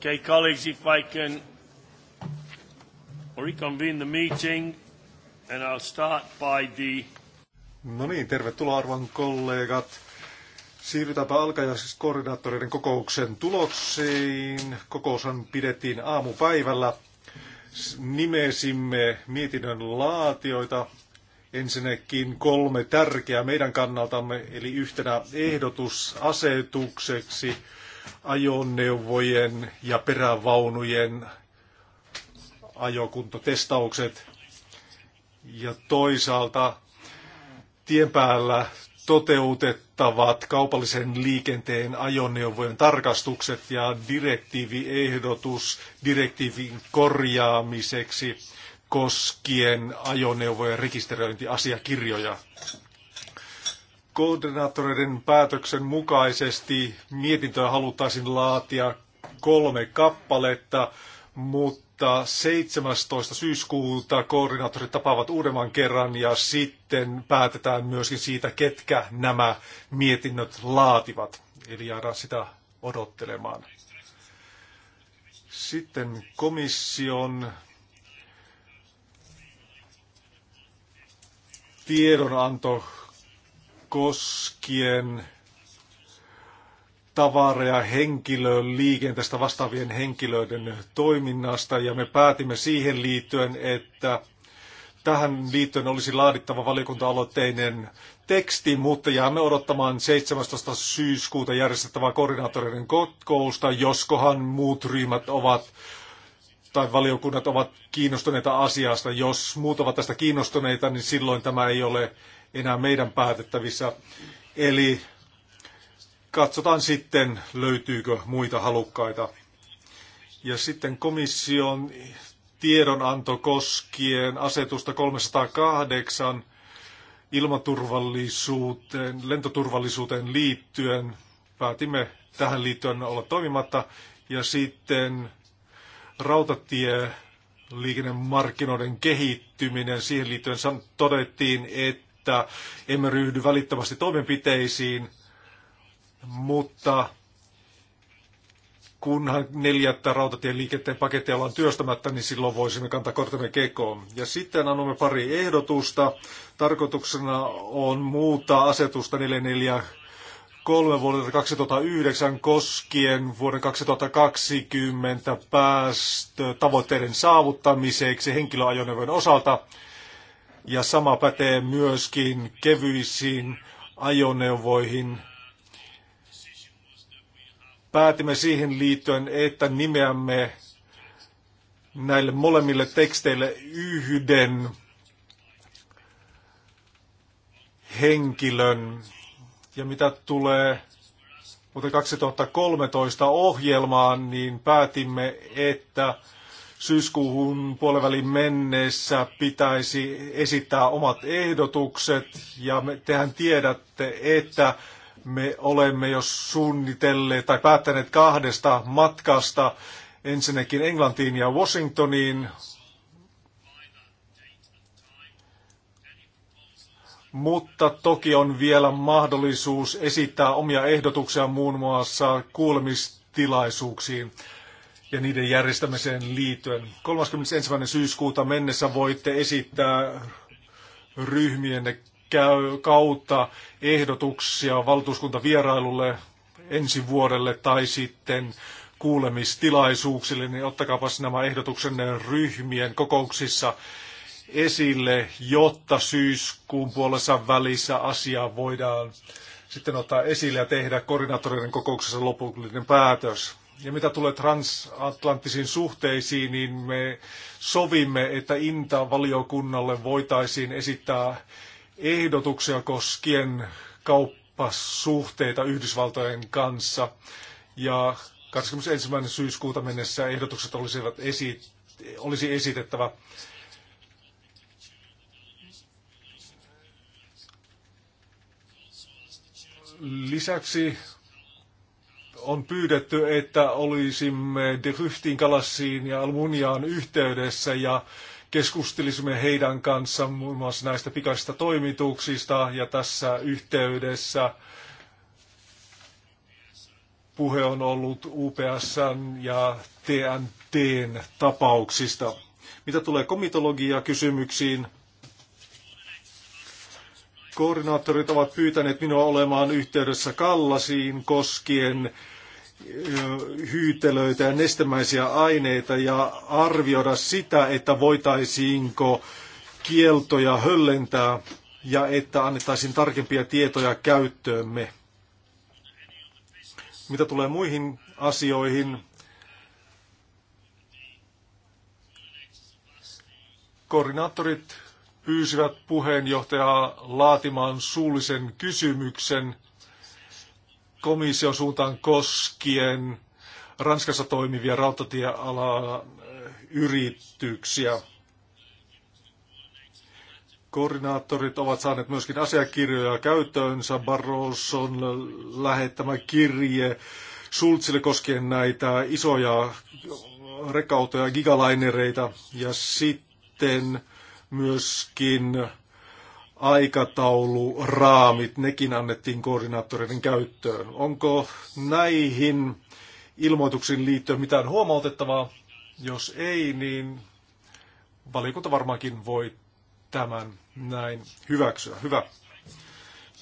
Okay, colleagues, if I can reconvene the meeting and I'll start by the... No niin, tervetuloa arvon kollegat. Siirrytäänpä alkajaiskoordinaattoreiden kokouksen tuloksiin. Kokoushan pidettiin aamupäivällä. Nimesimme mietinnön laatioita. Ensinnäkin kolme tärkeää meidän kannaltamme, eli yhtenä ehdotusasetukseksi – ajoneuvojen ja perävaunujen ajokuntotestaukset ja toisaalta tien päällä toteutettavat kaupallisen liikenteen ajoneuvojen tarkastukset ja direktiiviehdotus direktiivin korjaamiseksi koskien ajoneuvojen rekisteröintiasiakirjoja. Koordinaattoreiden päätöksen mukaisesti mietintöä haluttaisiin laatia kolme kappaletta, mutta 17. syyskuuta koordinaattorit tapaavat uudemman kerran ja sitten päätetään myöskin siitä, ketkä nämä mietinnöt laativat. Eli jäädään sitä odottelemaan. Sitten komission tiedonanto koskien tavara- ja henkilön liikenteestä vastaavien henkilöiden toiminnasta ja me päätimme siihen liittyen, että tähän liittyen olisi laadittava valiokunta-aloitteinen teksti, mutta jäämme odottamaan 17. syyskuuta järjestettävää koordinaattoreiden kokousta, joskohan muut ryhmät ovat tai valiokunnat ovat kiinnostuneita asiasta. Jos muut ovat tästä kiinnostuneita, niin silloin tämä ei ole enää meidän päätettävissä. Eli katsotaan sitten, löytyykö muita halukkaita. Ja sitten komission tiedonanto koskien asetusta 308 ilmaturvallisuuteen, lentoturvallisuuteen liittyen. Päätimme tähän liittyen olla toimimatta. Ja sitten rautatie liikennemarkkinoiden kehittyminen. Siihen liittyen todettiin, että että emme ryhdy välittömästi toimenpiteisiin, mutta kunhan neljättä rautatien liikenteen pakettia ollaan työstämättä, niin silloin voisimme kantaa kortemme kekoon. Ja sitten annamme pari ehdotusta. Tarkoituksena on muuttaa asetusta 443 vuodelta 2009 koskien vuoden 2020 päästötavoitteiden saavuttamiseksi henkilöajoneuvojen osalta – ja sama pätee myöskin kevyisiin ajoneuvoihin. Päätimme siihen liittyen, että nimeämme näille molemmille teksteille yhden henkilön. Ja mitä tulee vuoteen 2013 ohjelmaan, niin päätimme, että syyskuuhun puoliväliin mennessä pitäisi esittää omat ehdotukset ja me, tehän tiedätte, että me olemme jo suunnitelleet tai päättäneet kahdesta matkasta ensinnäkin Englantiin ja Washingtoniin, mutta toki on vielä mahdollisuus esittää omia ehdotuksia muun muassa kuulemistilaisuuksiin ja niiden järjestämiseen liittyen. 31. syyskuuta mennessä voitte esittää ryhmienne kautta ehdotuksia valtuuskuntavierailulle ensi vuodelle tai sitten kuulemistilaisuuksille, niin ottakaapas nämä ehdotuksenne ryhmien kokouksissa esille, jotta syyskuun puolessa välissä asia voidaan sitten ottaa esille ja tehdä koordinaattoreiden kokouksessa lopullinen päätös. Ja mitä tulee transatlanttisiin suhteisiin, niin me sovimme, että Inta-valiokunnalle voitaisiin esittää ehdotuksia koskien kauppasuhteita Yhdysvaltojen kanssa. Ja 21. syyskuuta mennessä ehdotukset olisivat esi- olisi esitettävä. Lisäksi on pyydetty, että olisimme De Ryhtiin, Kalassiin ja Almuniaan yhteydessä ja keskustelisimme heidän kanssaan muun muassa näistä pikaisista toimituksista ja tässä yhteydessä puhe on ollut UPS ja tnt tapauksista. Mitä tulee komitologia kysymyksiin, Koordinaattorit ovat pyytäneet minua olemaan yhteydessä Kallasiin koskien hyytelöitä ja nestemäisiä aineita ja arvioida sitä, että voitaisiinko kieltoja höllentää ja että annettaisiin tarkempia tietoja käyttöömme. Mitä tulee muihin asioihin, koordinaattorit pyysivät puheenjohtajaa laatimaan suullisen kysymyksen komission suuntaan koskien Ranskassa toimivia rautatiealan eh, yrityksiä. Koordinaattorit ovat saaneet myöskin asiakirjoja käyttöönsä. Barroson lähettämä kirje Sultsille koskien näitä isoja rekautoja, gigalainereita ja sitten myöskin aikatauluraamit, nekin annettiin koordinaattoreiden käyttöön. Onko näihin ilmoituksiin liittyen mitään huomautettavaa? Jos ei, niin valiokunta varmaankin voi tämän näin hyväksyä. Hyvä.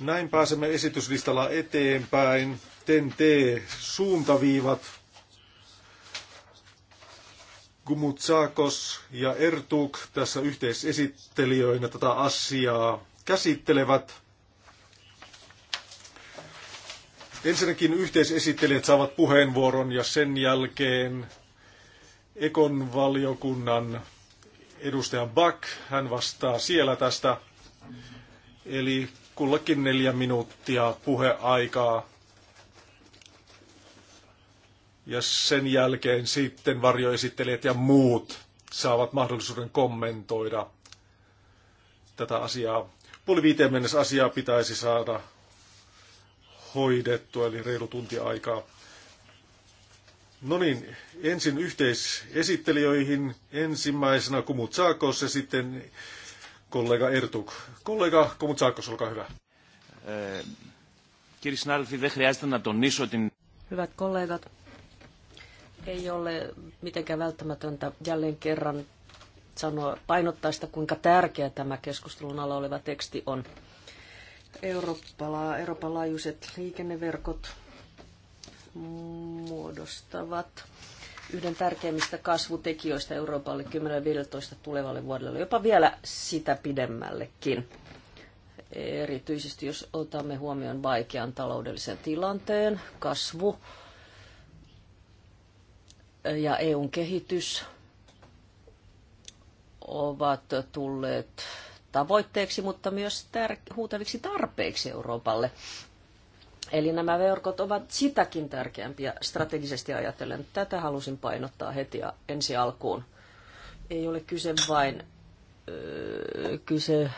Näin pääsemme esityslistalla eteenpäin. TEN-T-suuntaviivat Gumutsakos ja Ertuk tässä yhteisesittelijöinä tätä asiaa käsittelevät. Ensinnäkin yhteisesittelijät saavat puheenvuoron ja sen jälkeen Ekon valiokunnan edustajan Back, hän vastaa siellä tästä. Eli kullakin neljä minuuttia puheaikaa ja sen jälkeen sitten varjoesittelijät ja muut saavat mahdollisuuden kommentoida tätä asiaa. Puoli viiteen mennessä asiaa pitäisi saada hoidettua, eli reilu tunti aikaa. No niin, ensin yhteisesittelijöihin. Ensimmäisenä Kumut Saakos ja sitten kollega Ertuk. Kollega Kumut Saakos, olkaa hyvä. Äh, Hyvät kollegat, ei ole mitenkään välttämätöntä jälleen kerran sanoa, painottaa sitä, kuinka tärkeä tämä keskustelun alla oleva teksti on. Eurooppala, Euroopan laajuiset liikenneverkot muodostavat yhden tärkeimmistä kasvutekijöistä Euroopalle 10-15 tulevalle vuodelle, jopa vielä sitä pidemmällekin. Erityisesti jos otamme huomioon vaikean taloudellisen tilanteen, kasvu, ja EUn kehitys ovat tulleet tavoitteeksi, mutta myös tär- huutaviksi tarpeiksi Euroopalle. Eli nämä verkot ovat sitäkin tärkeämpiä strategisesti ajatellen. Tätä halusin painottaa heti ja ensi alkuun. Ei ole kyse vain öö, kyse,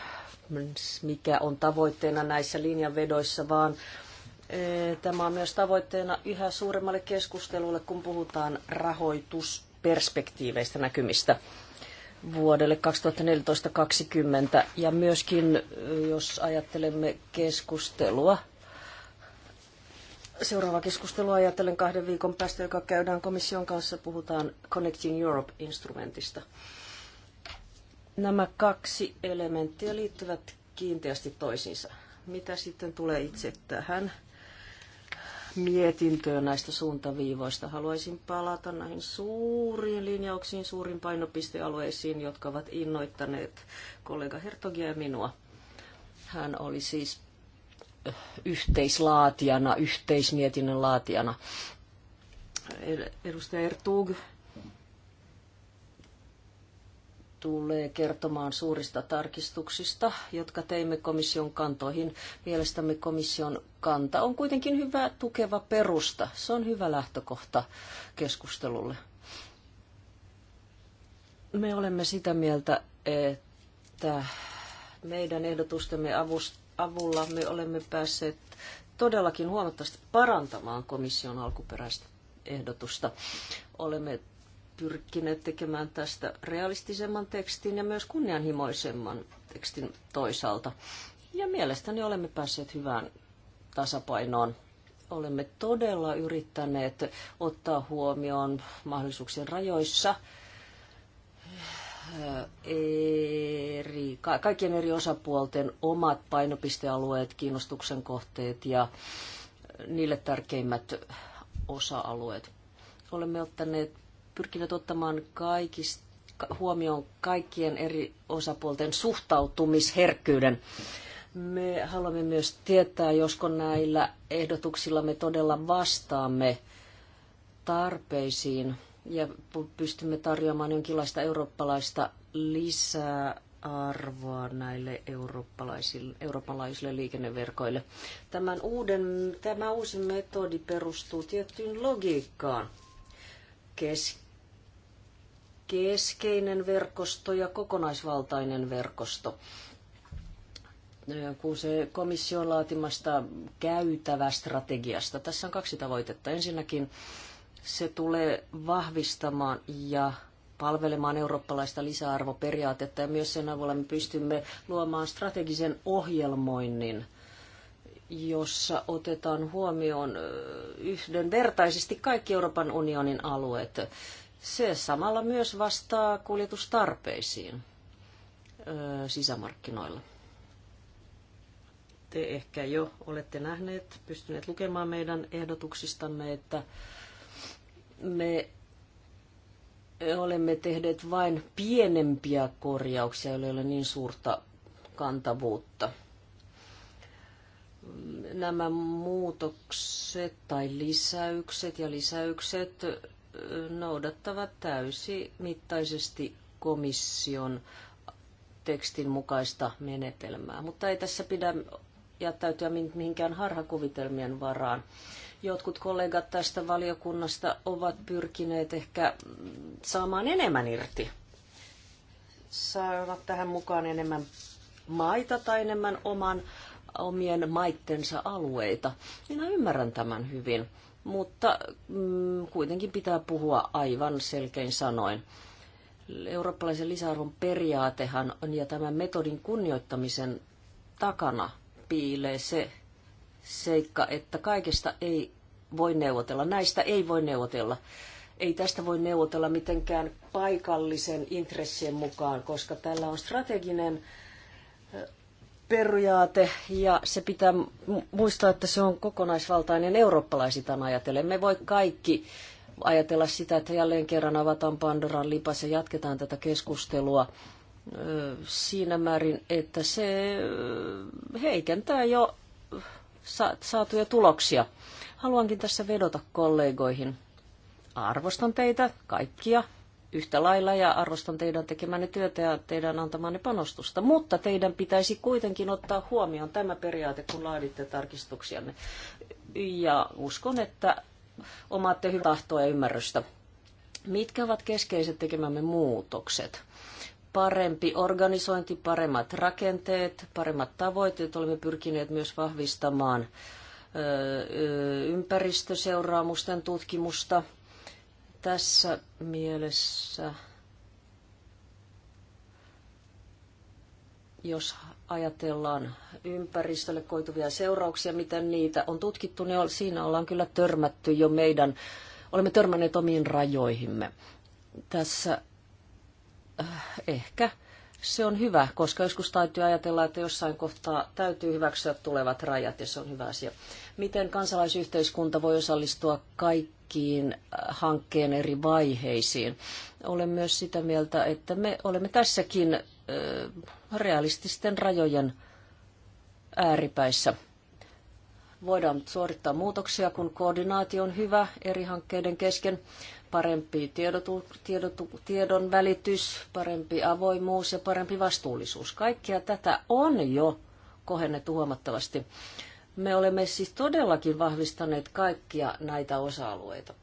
mikä on tavoitteena näissä linjanvedoissa, vaan Tämä on myös tavoitteena yhä suuremmalle keskustelulle, kun puhutaan rahoitusperspektiiveistä näkymistä vuodelle 2014-2020. Ja myöskin, jos ajattelemme keskustelua, seuraava keskustelu ajatellen kahden viikon päästä, joka käydään komission kanssa, puhutaan Connecting Europe-instrumentista. Nämä kaksi elementtiä liittyvät kiinteästi toisiinsa. Mitä sitten tulee itse tähän mietintöön näistä suuntaviivoista. Haluaisin palata näihin suuriin linjauksiin, suurin painopistealueisiin, jotka ovat innoittaneet kollega Hertogia ja minua. Hän oli siis eh, yhteislaatijana, yhteismietinnön laatijana. Edustaja Ertug tulee kertomaan suurista tarkistuksista, jotka teimme komission kantoihin. Mielestämme komission kanta on kuitenkin hyvä tukeva perusta. Se on hyvä lähtökohta keskustelulle. Me olemme sitä mieltä, että meidän ehdotustemme avulla me olemme päässeet todellakin huomattavasti parantamaan komission alkuperäistä ehdotusta. Olemme pyrkineet tekemään tästä realistisemman tekstin ja myös kunnianhimoisemman tekstin toisaalta. Ja mielestäni olemme päässeet hyvään tasapainoon. Olemme todella yrittäneet ottaa huomioon mahdollisuuksien rajoissa eh, eri, kaikkien eri osapuolten omat painopistealueet, kiinnostuksen kohteet ja niille tärkeimmät osa-alueet. Olemme ottaneet pyrkinyt ottamaan kaikista, huomioon kaikkien eri osapuolten suhtautumisherkkyyden. Me haluamme myös tietää, josko näillä ehdotuksilla me todella vastaamme tarpeisiin ja pystymme tarjoamaan jonkinlaista eurooppalaista lisää arvoa näille eurooppalaisille, eurooppalaisille liikenneverkoille. Tämän uuden, tämä uusi metodi perustuu tiettyyn logiikkaan. Kes, keskeinen verkosto ja kokonaisvaltainen verkosto. Kun se komission laatimasta käytävä strategiasta. Tässä on kaksi tavoitetta. Ensinnäkin se tulee vahvistamaan ja palvelemaan eurooppalaista lisäarvoperiaatetta ja myös sen avulla me pystymme luomaan strategisen ohjelmoinnin, jossa otetaan huomioon yhdenvertaisesti kaikki Euroopan unionin alueet se samalla myös vastaa kuljetustarpeisiin sisämarkkinoilla. Te ehkä jo olette nähneet, pystyneet lukemaan meidän ehdotuksistamme, että me olemme tehneet vain pienempiä korjauksia, joilla ei ole niin suurta kantavuutta. Nämä muutokset tai lisäykset ja lisäykset noudattavat täysimittaisesti komission tekstin mukaista menetelmää. Mutta ei tässä pidä jättäytyä mihinkään harhakuvitelmien varaan. Jotkut kollegat tästä valiokunnasta ovat pyrkineet ehkä saamaan enemmän irti. Saavat tähän mukaan enemmän maita tai enemmän oman omien maittensa alueita. Minä ymmärrän tämän hyvin mutta mm, kuitenkin pitää puhua aivan selkein sanoin. Eurooppalaisen lisäarvon periaatehan on ja tämän metodin kunnioittamisen takana piilee se seikka, että kaikesta ei voi neuvotella. Näistä ei voi neuvotella. Ei tästä voi neuvotella mitenkään paikallisen intressien mukaan, koska tällä on strateginen periaate ja se pitää muistaa, että se on kokonaisvaltainen eurooppalaisitan ajatellen. Me voi kaikki ajatella sitä, että jälleen kerran avataan Pandoran lipas ja jatketaan tätä keskustelua siinä määrin, että se heikentää jo saatuja tuloksia. Haluankin tässä vedota kollegoihin. Arvostan teitä kaikkia yhtä lailla ja arvostan teidän tekemänne työtä ja teidän antamanne panostusta. Mutta teidän pitäisi kuitenkin ottaa huomioon tämä periaate, kun laaditte tarkistuksianne. Ja uskon, että omaatte hyvää tahtoa ja ymmärrystä. Mitkä ovat keskeiset tekemämme muutokset? Parempi organisointi, paremmat rakenteet, paremmat tavoitteet. Olemme pyrkineet myös vahvistamaan ympäristöseuraamusten tutkimusta – tässä mielessä, jos ajatellaan ympäristölle koituvia seurauksia, miten niitä on tutkittu, niin siinä ollaan kyllä törmätty jo meidän, olemme törmänneet omiin rajoihimme. Tässä äh, ehkä se on hyvä, koska joskus täytyy ajatella, että jossain kohtaa täytyy hyväksyä tulevat rajat, ja se on hyvä asia. Miten kansalaisyhteiskunta voi osallistua kaikkiin äh, hankkeen eri vaiheisiin? Olen myös sitä mieltä, että me olemme tässäkin äh, realististen rajojen ääripäissä. Voidaan suorittaa muutoksia, kun koordinaatio on hyvä eri hankkeiden kesken parempi tiedotu, tiedotu, tiedon välitys, parempi avoimuus ja parempi vastuullisuus. Kaikkea tätä on jo kohennettu huomattavasti. Me olemme siis todellakin vahvistaneet kaikkia näitä osa-alueita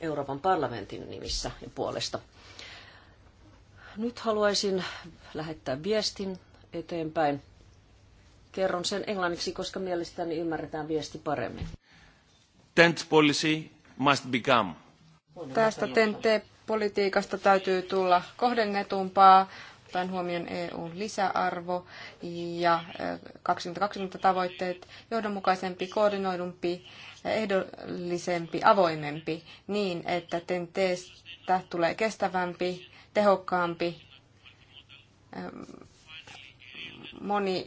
Euroopan parlamentin nimissä ja puolesta. Nyt haluaisin lähettää viestin eteenpäin. Kerron sen englanniksi, koska mielestäni ymmärretään viesti paremmin. Tent policy must become Tästä tnt politiikasta täytyy tulla kohdennetumpaa, ottaen huomioon EUn lisäarvo ja 2020 tavoitteet, johdonmukaisempi, koordinoidumpi, ehdollisempi, avoimempi, niin että ten tulee kestävämpi, tehokkaampi, moni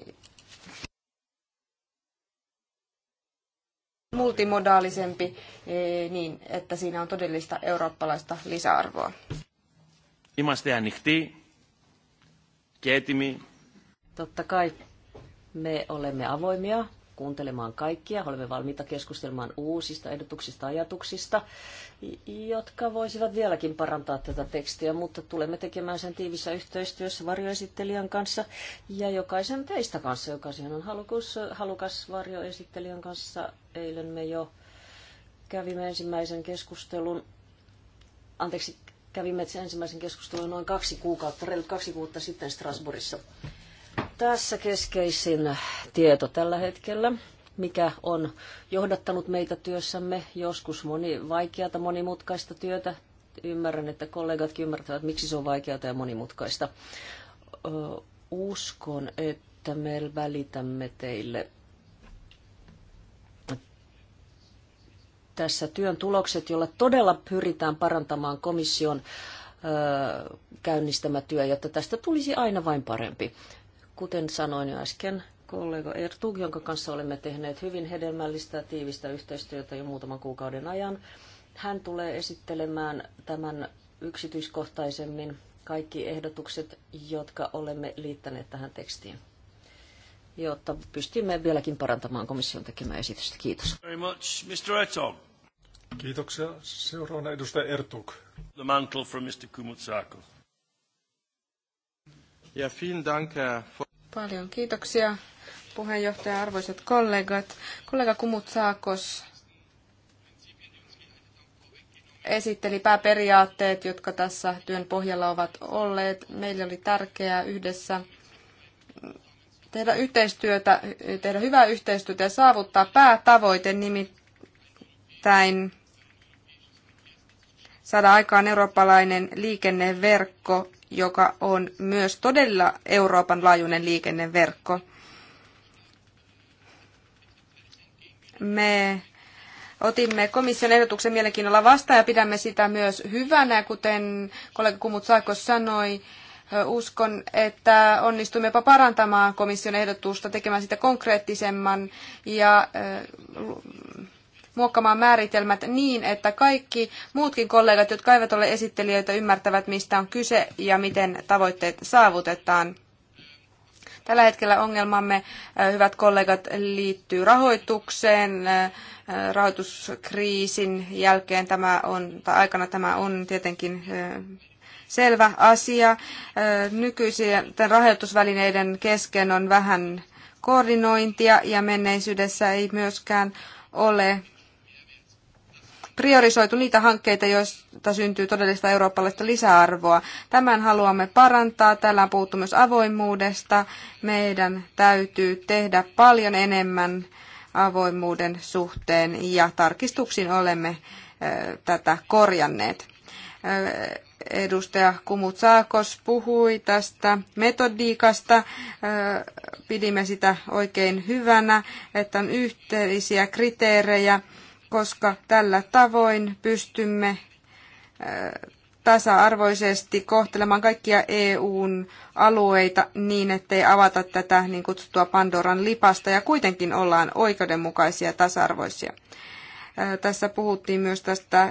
multimodaalisempi e, niin, että siinä on todellista eurooppalaista lisäarvoa. Είμαστε ανοιχτοί και Totta kai me olemme avoimia kuuntelemaan kaikkia. Olemme valmiita keskustelemaan uusista ehdotuksista, ajatuksista, jotka voisivat vieläkin parantaa tätä tekstiä, mutta tulemme tekemään sen tiivissä yhteistyössä varjoesittelijän kanssa ja jokaisen teistä kanssa, joka siihen on halukas, halukas varjoesittelijän kanssa. Eilen me jo kävimme ensimmäisen keskustelun, anteeksi, kävimme ensimmäisen keskustelun noin kaksi kuukautta, reilut kaksi kuukautta sitten Strasbourgissa. Tässä keskeisin tieto tällä hetkellä, mikä on johdattanut meitä työssämme, joskus moni, vaikeata, monimutkaista työtä. Ymmärrän, että kollegatkin ymmärtävät, miksi se on vaikeata ja monimutkaista. Uskon, että me välitämme teille tässä työn tulokset, jolla todella pyritään parantamaan komission käynnistämä työ, jotta tästä tulisi aina vain parempi. Kuten sanoin jo äsken, kollega Ertug, jonka kanssa olemme tehneet hyvin hedelmällistä ja tiivistä yhteistyötä jo muutaman kuukauden ajan, hän tulee esittelemään tämän yksityiskohtaisemmin kaikki ehdotukset, jotka olemme liittäneet tähän tekstiin, jotta pystymme vieläkin parantamaan komission tekemää esitystä. Kiitos. Very much, Mr. Ertug. Kiitoksia. Seuraavana edustaja Ertug. The mantle from Mr. Kumutsakos. Ja vielen Dank. Äh, Paljon kiitoksia puheenjohtaja, arvoisat kollegat. Kollega Kumut Saakos esitteli pääperiaatteet, jotka tässä työn pohjalla ovat olleet. Meille oli tärkeää yhdessä tehdä yhteistyötä, tehdä hyvää yhteistyötä ja saavuttaa päätavoite, nimittäin saada aikaan eurooppalainen liikenneverkko, joka on myös todella Euroopan laajuinen liikenneverkko. Me otimme komission ehdotuksen mielenkiinnolla vastaan ja pidämme sitä myös hyvänä, kuten kollega Kumut Saikos sanoi. Uskon, että onnistumme jopa parantamaan komission ehdotusta, tekemään sitä konkreettisemman ja muokkamaan määritelmät niin, että kaikki muutkin kollegat, jotka eivät ole esittelijöitä, ymmärtävät, mistä on kyse ja miten tavoitteet saavutetaan. Tällä hetkellä ongelmamme, äh, hyvät kollegat, liittyy rahoitukseen. Äh, rahoituskriisin jälkeen tämä on, tai aikana tämä on tietenkin äh, selvä asia. Nykyisten rahoitusvälineiden kesken on vähän koordinointia ja menneisyydessä ei myöskään ole priorisoitu niitä hankkeita, joista syntyy todellista eurooppalaista lisäarvoa. Tämän haluamme parantaa. Täällä on puhuttu myös avoimuudesta. Meidän täytyy tehdä paljon enemmän avoimuuden suhteen ja tarkistuksiin olemme tätä korjanneet. Edustaja Kumut Saakos puhui tästä metodiikasta. Pidimme sitä oikein hyvänä, että on yhteisiä kriteerejä koska tällä tavoin pystymme tasa-arvoisesti kohtelemaan kaikkia EUn alueita niin, ettei avata tätä niin kutsuttua Pandoran lipasta ja kuitenkin ollaan oikeudenmukaisia ja tasa-arvoisia. Tässä puhuttiin myös tästä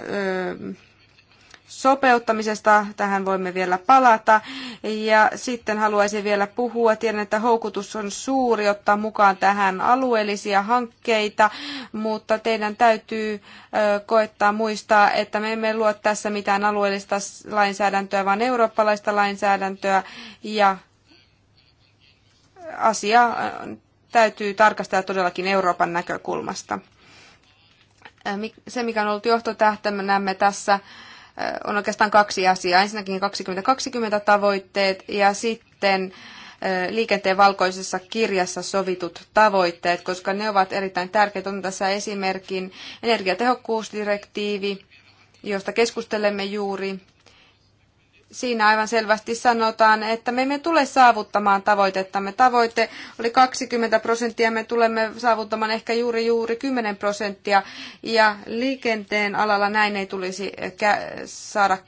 sopeuttamisesta. Tähän voimme vielä palata. Ja sitten haluaisin vielä puhua. Tiedän, että houkutus on suuri ottaa mukaan tähän alueellisia hankkeita, mutta teidän täytyy koettaa muistaa, että me emme luo tässä mitään alueellista lainsäädäntöä, vaan eurooppalaista lainsäädäntöä ja asia täytyy tarkastella todellakin Euroopan näkökulmasta. Se, mikä on ollut johtotähtämme, näemme tässä on oikeastaan kaksi asiaa. Ensinnäkin 2020 tavoitteet ja sitten liikenteen valkoisessa kirjassa sovitut tavoitteet, koska ne ovat erittäin tärkeitä. On tässä esimerkin energiatehokkuusdirektiivi, josta keskustelemme juuri, siinä aivan selvästi sanotaan, että me emme tule saavuttamaan tavoitettamme. Tavoite oli 20 prosenttia, me tulemme saavuttamaan ehkä juuri juuri 10 prosenttia, ja liikenteen alalla näin ei tulisi saada, äh,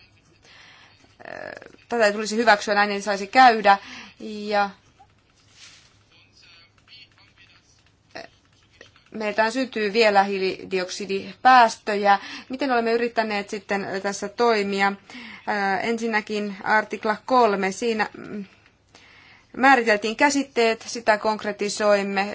tätä ei tulisi hyväksyä, näin ei saisi käydä, ja meiltä syntyy vielä hiilidioksidipäästöjä. Miten olemme yrittäneet sitten tässä toimia? Ensinnäkin artikla kolme siinä mm, määriteltiin käsitteet, sitä konkretisoimme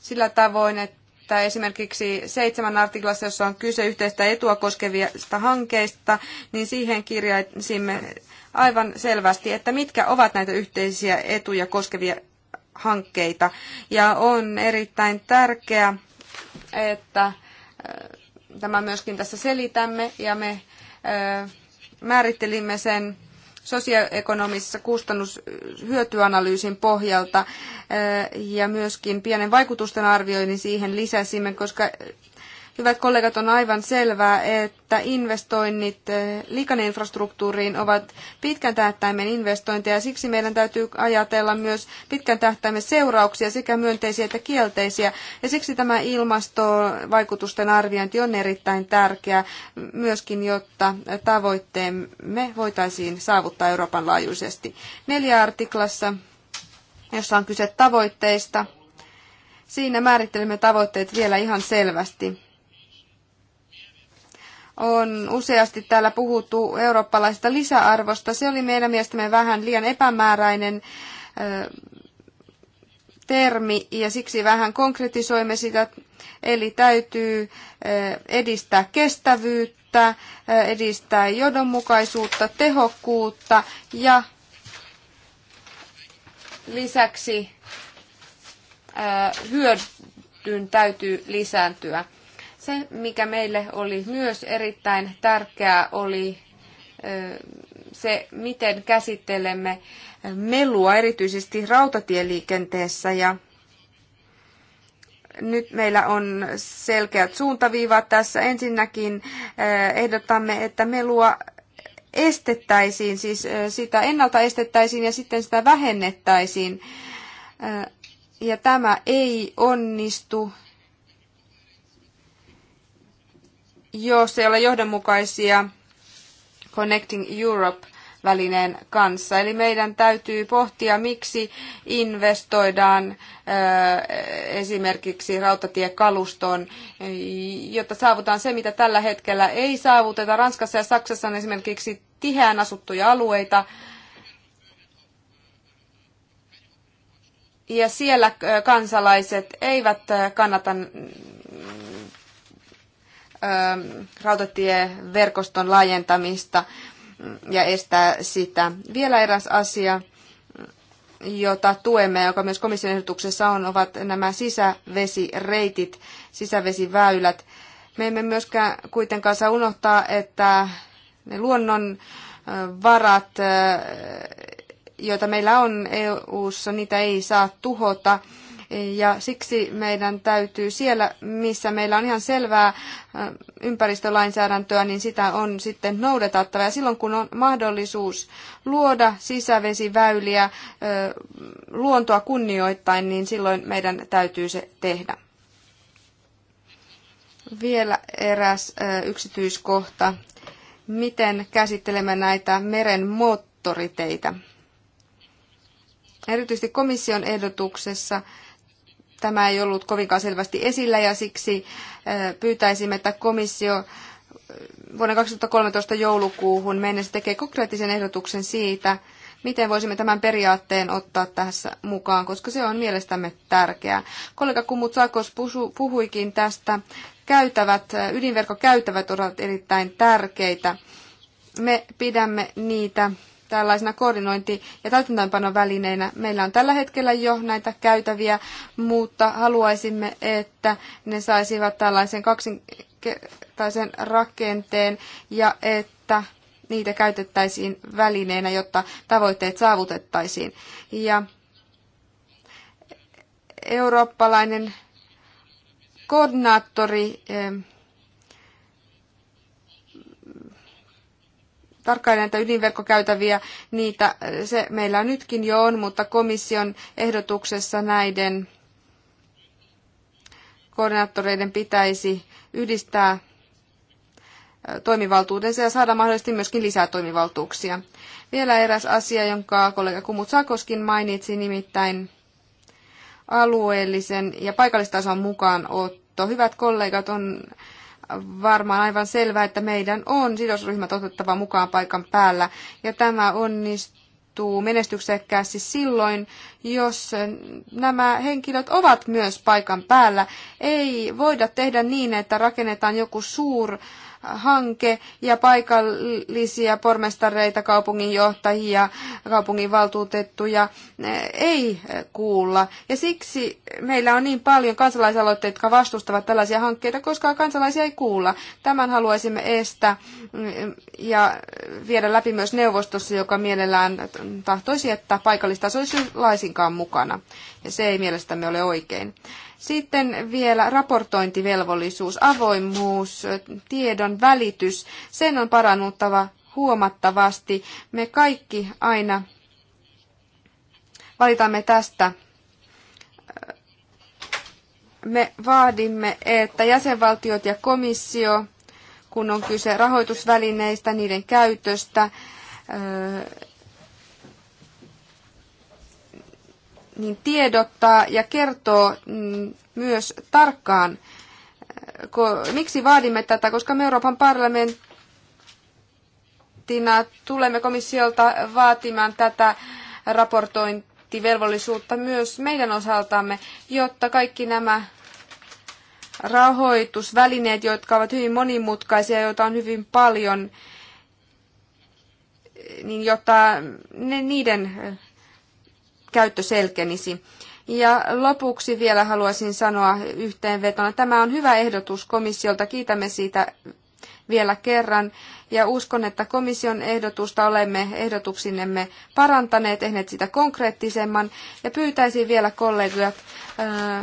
sillä tavoin, että esimerkiksi seitsemän artiklassa, jossa on kyse yhteistä etua koskevista hankkeista, niin siihen kirjaisimme aivan selvästi, että mitkä ovat näitä yhteisiä etuja koskevia hankkeita. Ja on erittäin tärkeää, että tämä myöskin tässä selitämme ja me määrittelimme sen sosioekonomisessa kustannushyötyanalyysin pohjalta ja myöskin pienen vaikutusten arvioinnin siihen lisäsimme, koska Hyvät kollegat, on aivan selvää, että investoinnit eh, liikenneinfrastruktuuriin ovat pitkän tähtäimen investointeja. Siksi meidän täytyy ajatella myös pitkän tähtäimen seurauksia, sekä myönteisiä että kielteisiä. Ja siksi tämä ilmastovaikutusten arviointi on erittäin tärkeää myöskin, jotta tavoitteemme voitaisiin saavuttaa Euroopan laajuisesti. Neljä artiklassa, jossa on kyse tavoitteista, Siinä määrittelemme tavoitteet vielä ihan selvästi on useasti täällä puhuttu eurooppalaisesta lisäarvosta. Se oli meidän mielestämme vähän liian epämääräinen termi ja siksi vähän konkretisoimme sitä. Eli täytyy edistää kestävyyttä, edistää johdonmukaisuutta, tehokkuutta ja lisäksi hyödyn täytyy lisääntyä. Se, mikä meille oli myös erittäin tärkeää, oli se, miten käsittelemme melua, erityisesti rautatieliikenteessä. Ja nyt meillä on selkeät suuntaviivat tässä. Ensinnäkin ehdotamme, että melua estettäisiin, siis sitä ennalta estettäisiin ja sitten sitä vähennettäisiin. Ja tämä ei onnistu jos ei ole johdonmukaisia Connecting Europe välineen kanssa. Eli meidän täytyy pohtia, miksi investoidaan äh, esimerkiksi rautatiekalustoon, jotta saavutaan se, mitä tällä hetkellä ei saavuteta. Ranskassa ja Saksassa on esimerkiksi tiheään asuttuja alueita, ja siellä äh, kansalaiset eivät äh, kannata Ähm, rautatieverkoston laajentamista ja estää sitä. Vielä eräs asia, jota tuemme, joka myös komission ehdotuksessa on, ovat nämä sisävesireitit, sisävesiväylät. Me emme myöskään kuitenkaan saa unohtaa, että ne luonnon äh, varat, äh, joita meillä on EU-ssa, niitä ei saa tuhota ja siksi meidän täytyy siellä, missä meillä on ihan selvää äh, ympäristölainsäädäntöä, niin sitä on sitten noudatettava. Ja silloin kun on mahdollisuus luoda sisävesiväyliä äh, luontoa kunnioittain, niin silloin meidän täytyy se tehdä. Vielä eräs äh, yksityiskohta. Miten käsittelemme näitä meren moottoriteitä? Erityisesti komission ehdotuksessa tämä ei ollut kovinkaan selvästi esillä ja siksi pyytäisimme, että komissio vuonna 2013 joulukuuhun mennessä tekee konkreettisen ehdotuksen siitä, miten voisimme tämän periaatteen ottaa tässä mukaan, koska se on mielestämme tärkeää. Kollega Kumut Sakos puhuikin tästä. Käytävät, ydinverkkokäytävät ovat erittäin tärkeitä. Me pidämme niitä tällaisena koordinointi- ja täytäntöönpanon välineinä. Meillä on tällä hetkellä jo näitä käytäviä, mutta haluaisimme, että ne saisivat tällaisen kaksinkertaisen rakenteen ja että niitä käytettäisiin välineinä, jotta tavoitteet saavutettaisiin. Ja eurooppalainen koordinaattori tarkkailla näitä ydinverkkokäytäviä, niitä eh, se meillä nytkin jo on, mutta komission ehdotuksessa näiden koordinaattoreiden pitäisi yhdistää eh, toimivaltuutensa ja saada mahdollisesti myöskin lisää toimivaltuuksia. Vielä eräs asia, jonka kollega Kumut Sakoskin mainitsi, nimittäin alueellisen ja paikallistason mukaanotto. Hyvät kollegat, on varmaan aivan selvää, että meidän on sidosryhmät otettava mukaan paikan päällä. Ja tämä onnistuu menestyksekkäästi silloin, jos nämä henkilöt ovat myös paikan päällä. Ei voida tehdä niin, että rakennetaan joku suur hanke ja paikallisia pormestareita, kaupunginjohtajia, kaupunginvaltuutettuja ei kuulla. Ja siksi meillä on niin paljon kansalaisaloitteita, jotka vastustavat tällaisia hankkeita, koska kansalaisia ei kuulla. Tämän haluaisimme estää ja viedä läpi myös neuvostossa, joka mielellään tahtoisi, että paikallistaso olisi laisinkaan mukana. Ja se ei mielestämme ole oikein. Sitten vielä raportointivelvollisuus, avoimuus, tiedon välitys. Sen on parannuttava huomattavasti. Me kaikki aina valitamme tästä. Me vaadimme, että jäsenvaltiot ja komissio, kun on kyse rahoitusvälineistä, niiden käytöstä, niin tiedottaa ja kertoo mm, myös tarkkaan, äh, miksi vaadimme tätä, koska me Euroopan parlamenttina tulemme komissiolta vaatimaan tätä raportointivelvollisuutta myös meidän osaltamme, jotta kaikki nämä rahoitusvälineet, jotka ovat hyvin monimutkaisia, joita on hyvin paljon, niin jotta ne, niiden käyttö selkenisi. Ja lopuksi vielä haluaisin sanoa yhteenvetona, tämä on hyvä ehdotus komissiolta, kiitämme siitä vielä kerran. Ja uskon, että komission ehdotusta olemme ehdotuksinemme parantaneet, tehneet sitä konkreettisemman. Ja pyytäisin vielä kollegat, äh,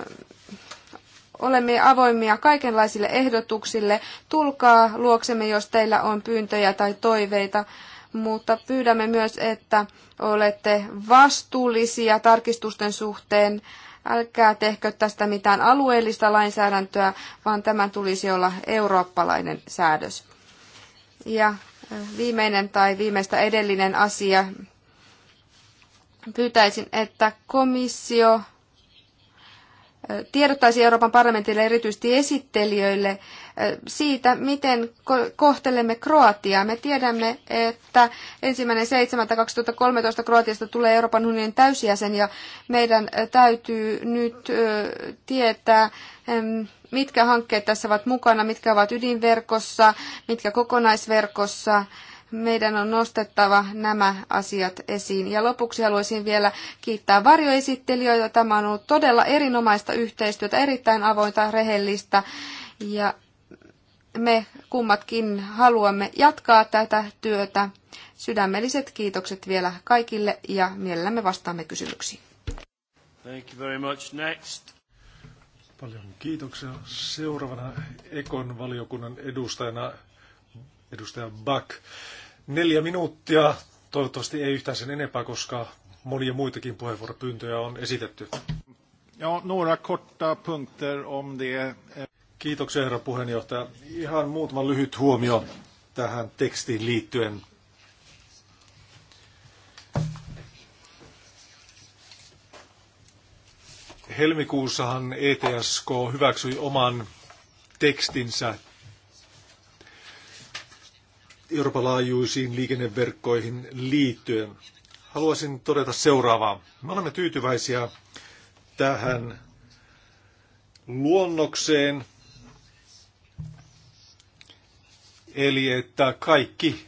olemme avoimia kaikenlaisille ehdotuksille. Tulkaa luoksemme, jos teillä on pyyntöjä tai toiveita mutta pyydämme myös, että olette vastuullisia tarkistusten suhteen. Älkää tehkö tästä mitään alueellista lainsäädäntöä, vaan tämän tulisi olla eurooppalainen säädös. Ja viimeinen tai viimeistä edellinen asia. Pyytäisin, että komissio tiedottaisi Euroopan parlamentille, erityisesti esittelijöille, siitä, miten kohtelemme Kroatiaa. Me tiedämme, että ensimmäinen 1.7.2013 Kroatiasta tulee Euroopan unionin täysjäsen ja meidän täytyy nyt tietää, mitkä hankkeet tässä ovat mukana, mitkä ovat ydinverkossa, mitkä kokonaisverkossa meidän on nostettava nämä asiat esiin. Ja lopuksi haluaisin vielä kiittää varjoesittelijöitä. Tämä on ollut todella erinomaista yhteistyötä, erittäin avointa, rehellistä ja me kummatkin haluamme jatkaa tätä työtä. Sydämelliset kiitokset vielä kaikille ja mielellämme vastaamme kysymyksiin. Thank you very much. Next. Paljon kiitoksia. Seuraavana Ekon valiokunnan edustajana edustaja Buck. Neljä minuuttia, toivottavasti ei yhtään sen enempää, koska monia muitakin puheenvuoropyyntöjä on esitetty. Ja, några korta punkter om det. Kiitoksia herra puheenjohtaja. Ihan muutama lyhyt huomio tähän tekstiin liittyen. Helmikuussahan ETSK hyväksyi oman tekstinsä Euroopan laajuisiin liikenneverkkoihin liittyen. Haluaisin todeta seuraavaa. Me olemme tyytyväisiä tähän luonnokseen, eli että kaikki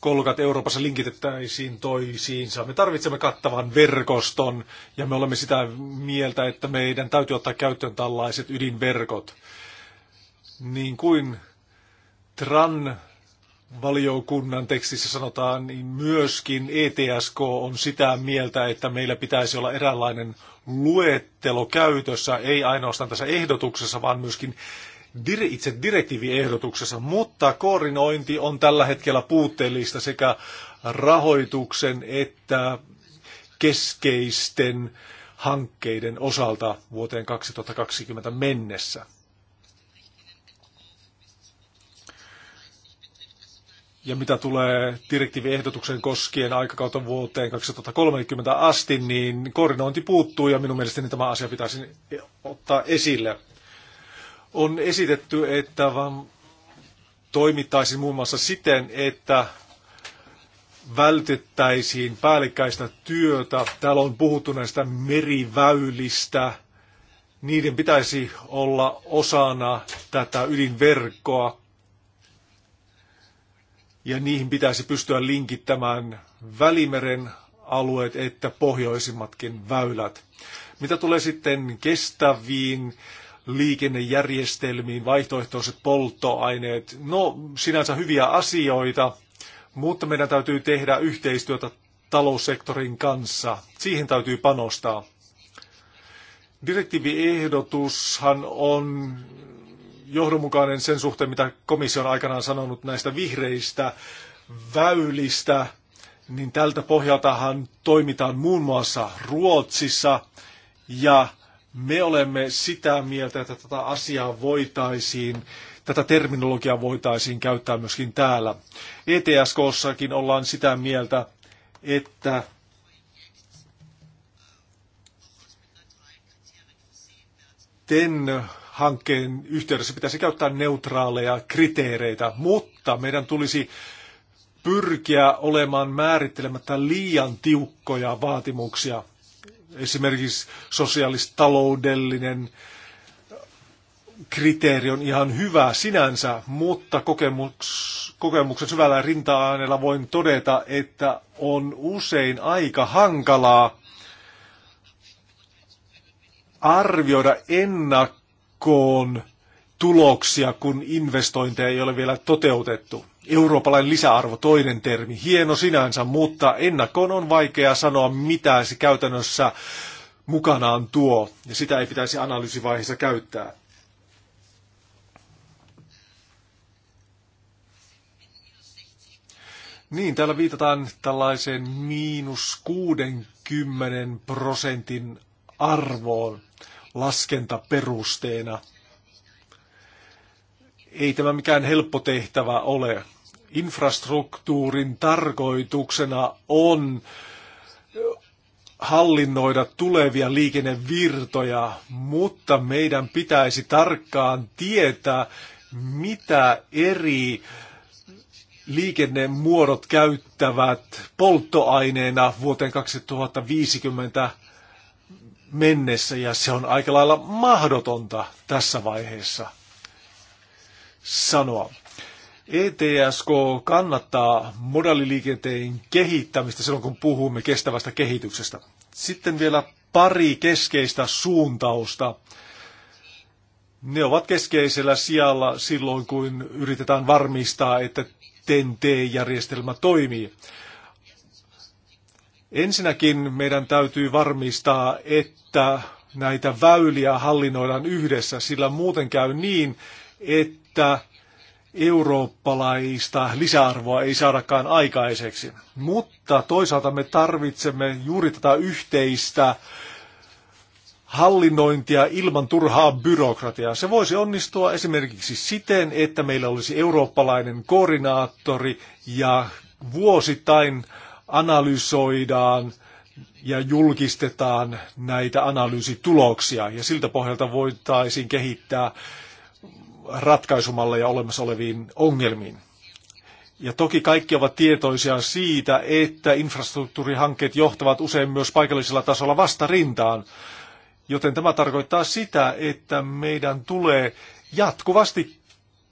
kolkat Euroopassa linkitettäisiin toisiinsa. Me tarvitsemme kattavan verkoston ja me olemme sitä mieltä, että meidän täytyy ottaa käyttöön tällaiset ydinverkot. Niin kuin TRAN valiokunnan tekstissä sanotaan, niin myöskin ETSK on sitä mieltä, että meillä pitäisi olla eräänlainen luettelo käytössä, ei ainoastaan tässä ehdotuksessa, vaan myöskin itse direktiiviehdotuksessa, mutta koordinointi on tällä hetkellä puutteellista sekä rahoituksen että keskeisten hankkeiden osalta vuoteen 2020 mennessä. Ja mitä tulee direktiiviehdotuksen koskien aikakautta vuoteen 2030 asti, niin koordinointi puuttuu ja minun mielestäni tämä asia pitäisi ottaa esille. On esitetty, että vaan toimittaisiin muun muassa siten, että vältettäisiin päällekkäistä työtä. Täällä on puhuttu näistä meriväylistä. Niiden pitäisi olla osana tätä ydinverkkoa ja niihin pitäisi pystyä linkittämään Välimeren alueet että pohjoisimmatkin väylät. Mitä tulee sitten kestäviin liikennejärjestelmiin, vaihtoehtoiset polttoaineet, no sinänsä hyviä asioita, mutta meidän täytyy tehdä yhteistyötä taloussektorin kanssa. Siihen täytyy panostaa. Direktiiviehdotushan on johdonmukainen sen suhteen, mitä komissio on aikanaan sanonut näistä vihreistä väylistä, niin tältä pohjaltahan toimitaan muun muassa Ruotsissa ja me olemme sitä mieltä, että tätä asiaa voitaisiin, tätä terminologiaa voitaisiin käyttää myöskin täällä. ETSKssakin ollaan sitä mieltä, että TEN hankkeen yhteydessä pitäisi käyttää neutraaleja kriteereitä, mutta meidän tulisi pyrkiä olemaan määrittelemättä liian tiukkoja vaatimuksia. Esimerkiksi sosiaalistaloudellinen kriteeri on ihan hyvä sinänsä, mutta kokemus, kokemuksen syvällä rinta-aineella voin todeta, että on usein aika hankalaa arvioida ennak, ennakkoon tuloksia, kun investointeja ei ole vielä toteutettu. Eurooppalainen lisäarvo, toinen termi, hieno sinänsä, mutta ennakkoon on vaikea sanoa, mitä se käytännössä mukanaan tuo, ja sitä ei pitäisi analyysivaiheessa käyttää. Niin, täällä viitataan tällaiseen miinus 60 prosentin arvoon laskentaperusteena. Ei tämä mikään helppo tehtävä ole. Infrastruktuurin tarkoituksena on hallinnoida tulevia liikennevirtoja, mutta meidän pitäisi tarkkaan tietää, mitä eri liikennemuodot käyttävät polttoaineena vuoteen 2050 mennessä ja se on aika lailla mahdotonta tässä vaiheessa sanoa. ETSK kannattaa modaliliikenteen kehittämistä silloin, kun puhumme kestävästä kehityksestä. Sitten vielä pari keskeistä suuntausta. Ne ovat keskeisellä sijalla silloin, kun yritetään varmistaa, että TEN-T-järjestelmä toimii. Ensinnäkin meidän täytyy varmistaa, että näitä väyliä hallinnoidaan yhdessä, sillä muuten käy niin, että eurooppalaista lisäarvoa ei saadakaan aikaiseksi. Mutta toisaalta me tarvitsemme juuri tätä yhteistä hallinnointia ilman turhaa byrokratiaa. Se voisi onnistua esimerkiksi siten, että meillä olisi eurooppalainen koordinaattori ja vuosittain analysoidaan ja julkistetaan näitä analyysituloksia ja siltä pohjalta voitaisiin kehittää ratkaisumalleja olemassa oleviin ongelmiin. Ja toki kaikki ovat tietoisia siitä, että infrastruktuurihankkeet johtavat usein myös paikallisella tasolla vastarintaan. Joten tämä tarkoittaa sitä, että meidän tulee jatkuvasti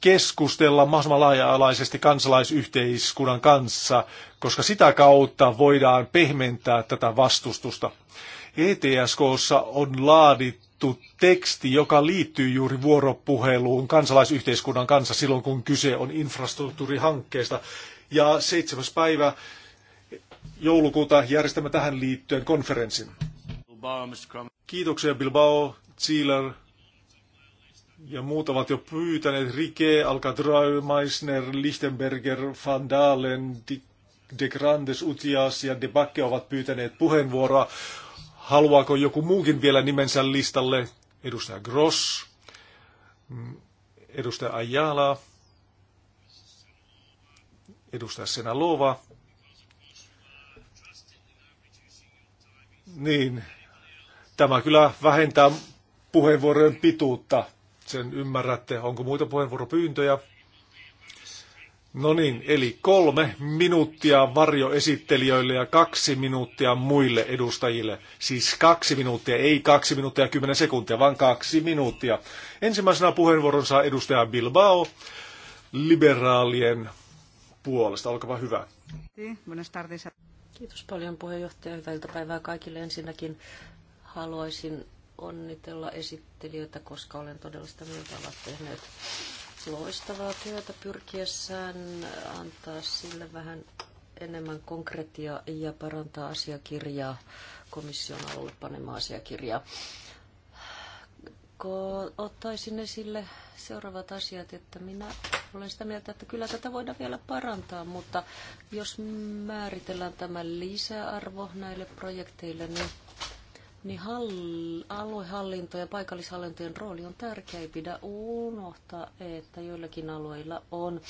keskustella mahdollisimman laaja-alaisesti kansalaisyhteiskunnan kanssa, koska sitä kautta voidaan pehmentää tätä vastustusta. ETSKssa on laadittu teksti, joka liittyy juuri vuoropuheluun kansalaisyhteiskunnan kanssa silloin, kun kyse on infrastruktuurihankkeesta. Ja seitsemäs päivä joulukuuta järjestämme tähän liittyen konferenssin. Kiitoksia Bilbao, Zieler, ja muut ovat jo pyytäneet Rike, Alcatraz, Meissner, Lichtenberger, Van Dalen, De Grandes, Utias ja De Backe ovat pyytäneet puheenvuoroa. Haluaako joku muukin vielä nimensä listalle? Edustaja Gross, mm, edustaja Ayala, edustaja Senalova. Niin, tämä kyllä vähentää puheenvuorojen pituutta sen ymmärrätte. Onko muita puheenvuoropyyntöjä? No niin, eli kolme minuuttia varjoesittelijöille ja kaksi minuuttia muille edustajille. Siis kaksi minuuttia, ei kaksi minuuttia ja kymmenen sekuntia, vaan kaksi minuuttia. Ensimmäisenä puheenvuoron saa edustaja Bilbao liberaalien puolesta. Olkaa hyvä. Kiitos paljon puheenjohtaja. Hyvää iltapäivää kaikille. Ensinnäkin haluaisin onnitella esittelijöitä, koska olen todella sitä mieltä, ovat tehneet loistavaa työtä pyrkiessään antaa sille vähän enemmän konkretia ja parantaa asiakirjaa, komission alulle panemaa asiakirjaa. Ottaisin esille seuraavat asiat, että minä olen sitä mieltä, että kyllä tätä voidaan vielä parantaa, mutta jos määritellään tämä lisäarvo näille projekteille, niin niin hall- aluehallinto ja paikallishallintojen rooli on tärkeä. Ei pidä unohtaa, että joillakin alueilla on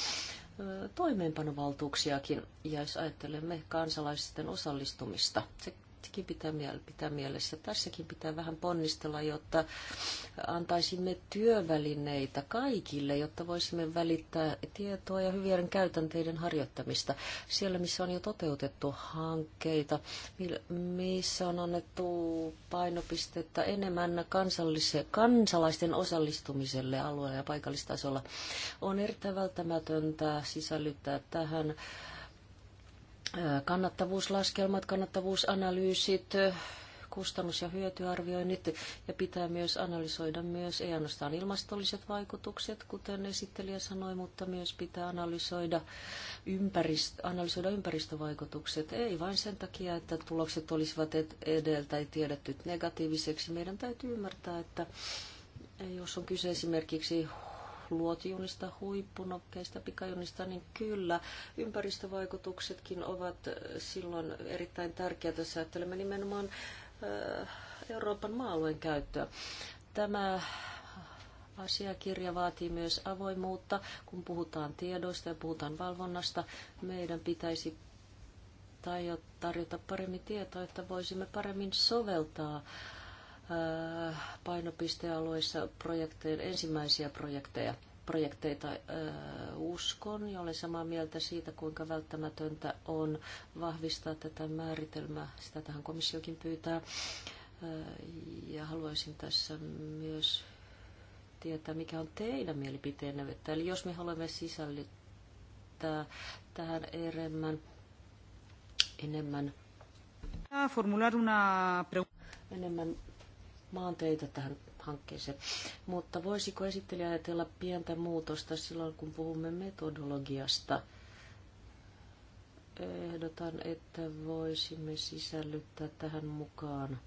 toimeenpanovaltuuksiakin, ja jos ajattelemme kansalaisten osallistumista, se tämäkin pitää, pitää mielessä. Tässäkin pitää vähän ponnistella, jotta antaisimme työvälineitä kaikille, jotta voisimme välittää tietoa ja hyvien käytänteiden harjoittamista. Siellä, missä on jo toteutettu hankkeita, missä on annettu painopistettä enemmän kansalaisten osallistumiselle alueella ja paikallistasolla, on erittäin välttämätöntä sisällyttää tähän kannattavuuslaskelmat, kannattavuusanalyysit, kustannus- ja hyötyarvioinnit ja pitää myös analysoida myös ei ainoastaan ilmastolliset vaikutukset, kuten esittelijä sanoi, mutta myös pitää analysoida, ympäristö, analysoida ympäristövaikutukset. Ei vain sen takia, että tulokset olisivat edeltä ei tiedetty negatiiviseksi. Meidän täytyy ymmärtää, että jos on kyse esimerkiksi luotijunista, huippunokkeista, pikajunista, niin kyllä ympäristövaikutuksetkin ovat silloin erittäin tärkeitä, jos ajattelemme nimenomaan äh, Euroopan maa-alueen käyttöä. Tämä asiakirja vaatii myös avoimuutta. Kun puhutaan tiedoista ja puhutaan valvonnasta, meidän pitäisi tarjota paremmin tietoa, että voisimme paremmin soveltaa äh, Äh, painopistealueissa projekteja, ensimmäisiä projekteja, projekteita äh, uskon ja olen samaa mieltä siitä, kuinka välttämätöntä on vahvistaa tätä määritelmää. Sitä tähän komissiokin pyytää. Äh, ja haluaisin tässä myös tietää, mikä on teidän mielipiteenne. Eli jos me haluamme sisällyttää tähän enemmän, enemmän enemmän maanteitä tähän hankkeeseen. Mutta voisiko esittelijä ajatella pientä muutosta silloin, kun puhumme metodologiasta? Ehdotan, että voisimme sisällyttää tähän mukaan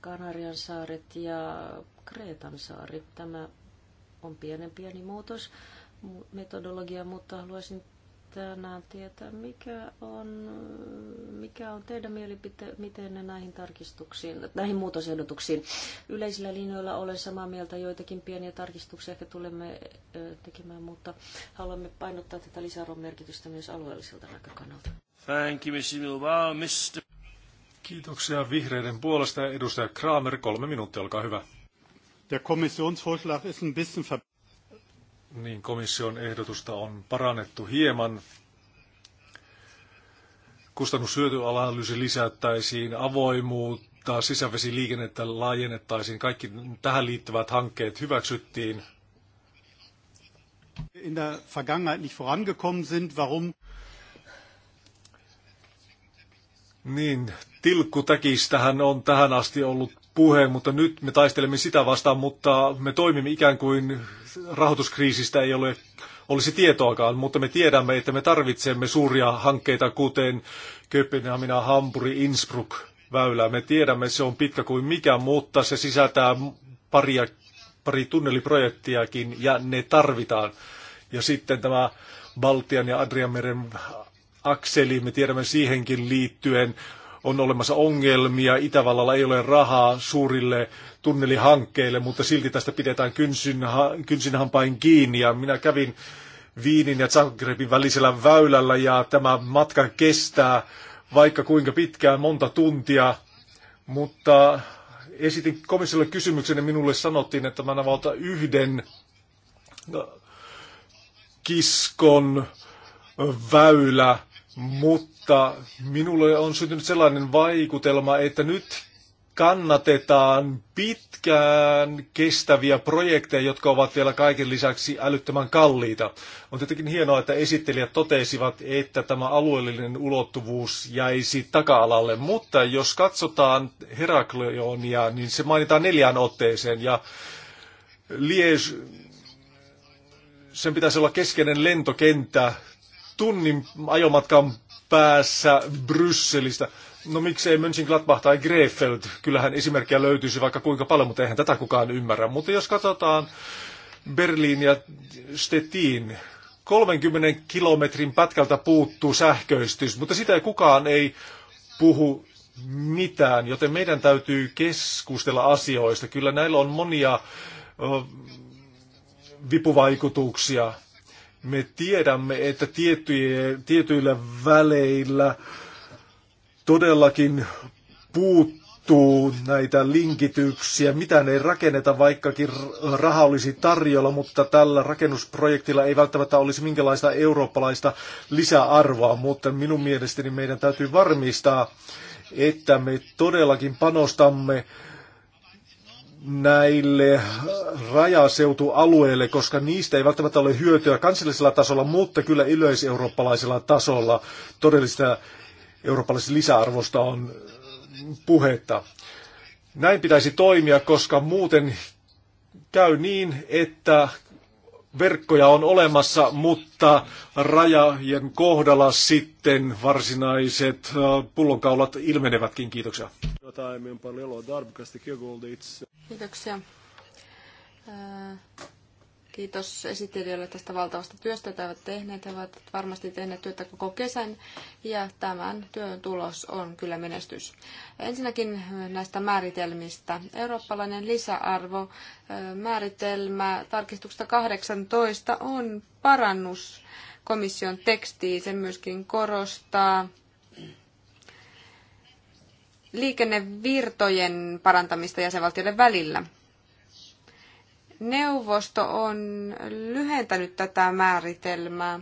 Kanarian saaret ja Kreetan saari. Tämä on pienen pieni muutos metodologia, mutta haluaisin tänään tietää, mikä on, mikä on teidän mielipite miten ne näihin tarkistuksiin, näihin muutosehdotuksiin. Yleisillä linjoilla olen samaa mieltä, joitakin pieniä tarkistuksia ehkä tulemme tekemään, mutta haluamme painottaa tätä lisäarvon merkitystä myös alueelliselta näkökannalta. Thank you, Mr. Kiitoksia vihreiden puolesta. Edustaja Kramer, kolme minuuttia, olkaa hyvä. Der Kommissionsvorschlag ist ein bisschen ver niin komission ehdotusta on parannettu hieman. Kustannushyötyanalyysi lisättäisiin avoimuutta, sisävesiliikennettä laajennettaisiin, kaikki tähän liittyvät hankkeet hyväksyttiin. In der Vergangenheit nicht vorangekommen sind, warum? Niin, tilkkutäkistähän on tähän asti ollut puheen, mutta nyt me taistelemme sitä vastaan, mutta me toimimme ikään kuin rahoituskriisistä ei ole, olisi tietoakaan, mutta me tiedämme, että me tarvitsemme suuria hankkeita, kuten Köpenhamina, Hamburi, Innsbruck väylää. Me tiedämme, että se on pitkä kuin mikä, mutta se sisältää paria, pari tunneliprojektiakin ja ne tarvitaan. Ja sitten tämä Baltian ja Adrianmeren akseli, me tiedämme siihenkin liittyen on olemassa ongelmia, Itävallalla ei ole rahaa suurille tunnelihankkeille, mutta silti tästä pidetään kynsin, kynsin hampain kiinni. Ja minä kävin Viinin ja Zagrebin välisellä väylällä ja tämä matka kestää vaikka kuinka pitkään, monta tuntia, mutta esitin komissiolle kysymyksen ja minulle sanottiin, että mä avautan yhden kiskon väylä mutta minulle on syntynyt sellainen vaikutelma, että nyt kannatetaan pitkään kestäviä projekteja, jotka ovat vielä kaiken lisäksi älyttömän kalliita. On tietenkin hienoa, että esittelijät totesivat, että tämä alueellinen ulottuvuus jäisi taka-alalle, mutta jos katsotaan Herakleonia, niin se mainitaan neljään otteeseen ja Liege, sen pitäisi olla keskeinen lentokenttä tunnin ajomatkan päässä Brysselistä. No miksei Mönchengladbach tai Grefeld, kyllähän esimerkkejä löytyisi vaikka kuinka paljon, mutta eihän tätä kukaan ymmärrä. Mutta jos katsotaan Berliin ja Stettin, 30 kilometrin pätkältä puuttuu sähköistys, mutta sitä ei kukaan ei puhu mitään, joten meidän täytyy keskustella asioista. Kyllä näillä on monia vipuvaikutuksia. Me tiedämme, että tiettyjä, tietyillä väleillä todellakin puuttuu näitä linkityksiä. Mitä ei rakenneta, vaikkakin raha olisi tarjolla, mutta tällä rakennusprojektilla ei välttämättä olisi minkälaista eurooppalaista lisäarvoa. Mutta minun mielestäni meidän täytyy varmistaa, että me todellakin panostamme näille rajaseutualueille, koska niistä ei välttämättä ole hyötyä kansallisella tasolla, mutta kyllä yleiseurooppalaisella tasolla todellista eurooppalaisesta lisäarvosta on puhetta. Näin pitäisi toimia, koska muuten käy niin, että verkkoja on olemassa, mutta rajajen kohdalla sitten varsinaiset äh, pullonkaulat ilmenevätkin. Kiitoksia. Kiitoksia. Äh, Kiitos esittelijöille tästä valtavasta työstä, jota ovat tehneet. He ovat varmasti tehneet työtä koko kesän ja tämän työn tulos on kyllä menestys. Ensinnäkin näistä määritelmistä. Eurooppalainen lisäarvo määritelmä tarkistuksesta 18 on parannus komission tekstiin. Se myöskin korostaa liikennevirtojen parantamista jäsenvaltioiden välillä. Neuvosto on lyhentänyt tätä määritelmää.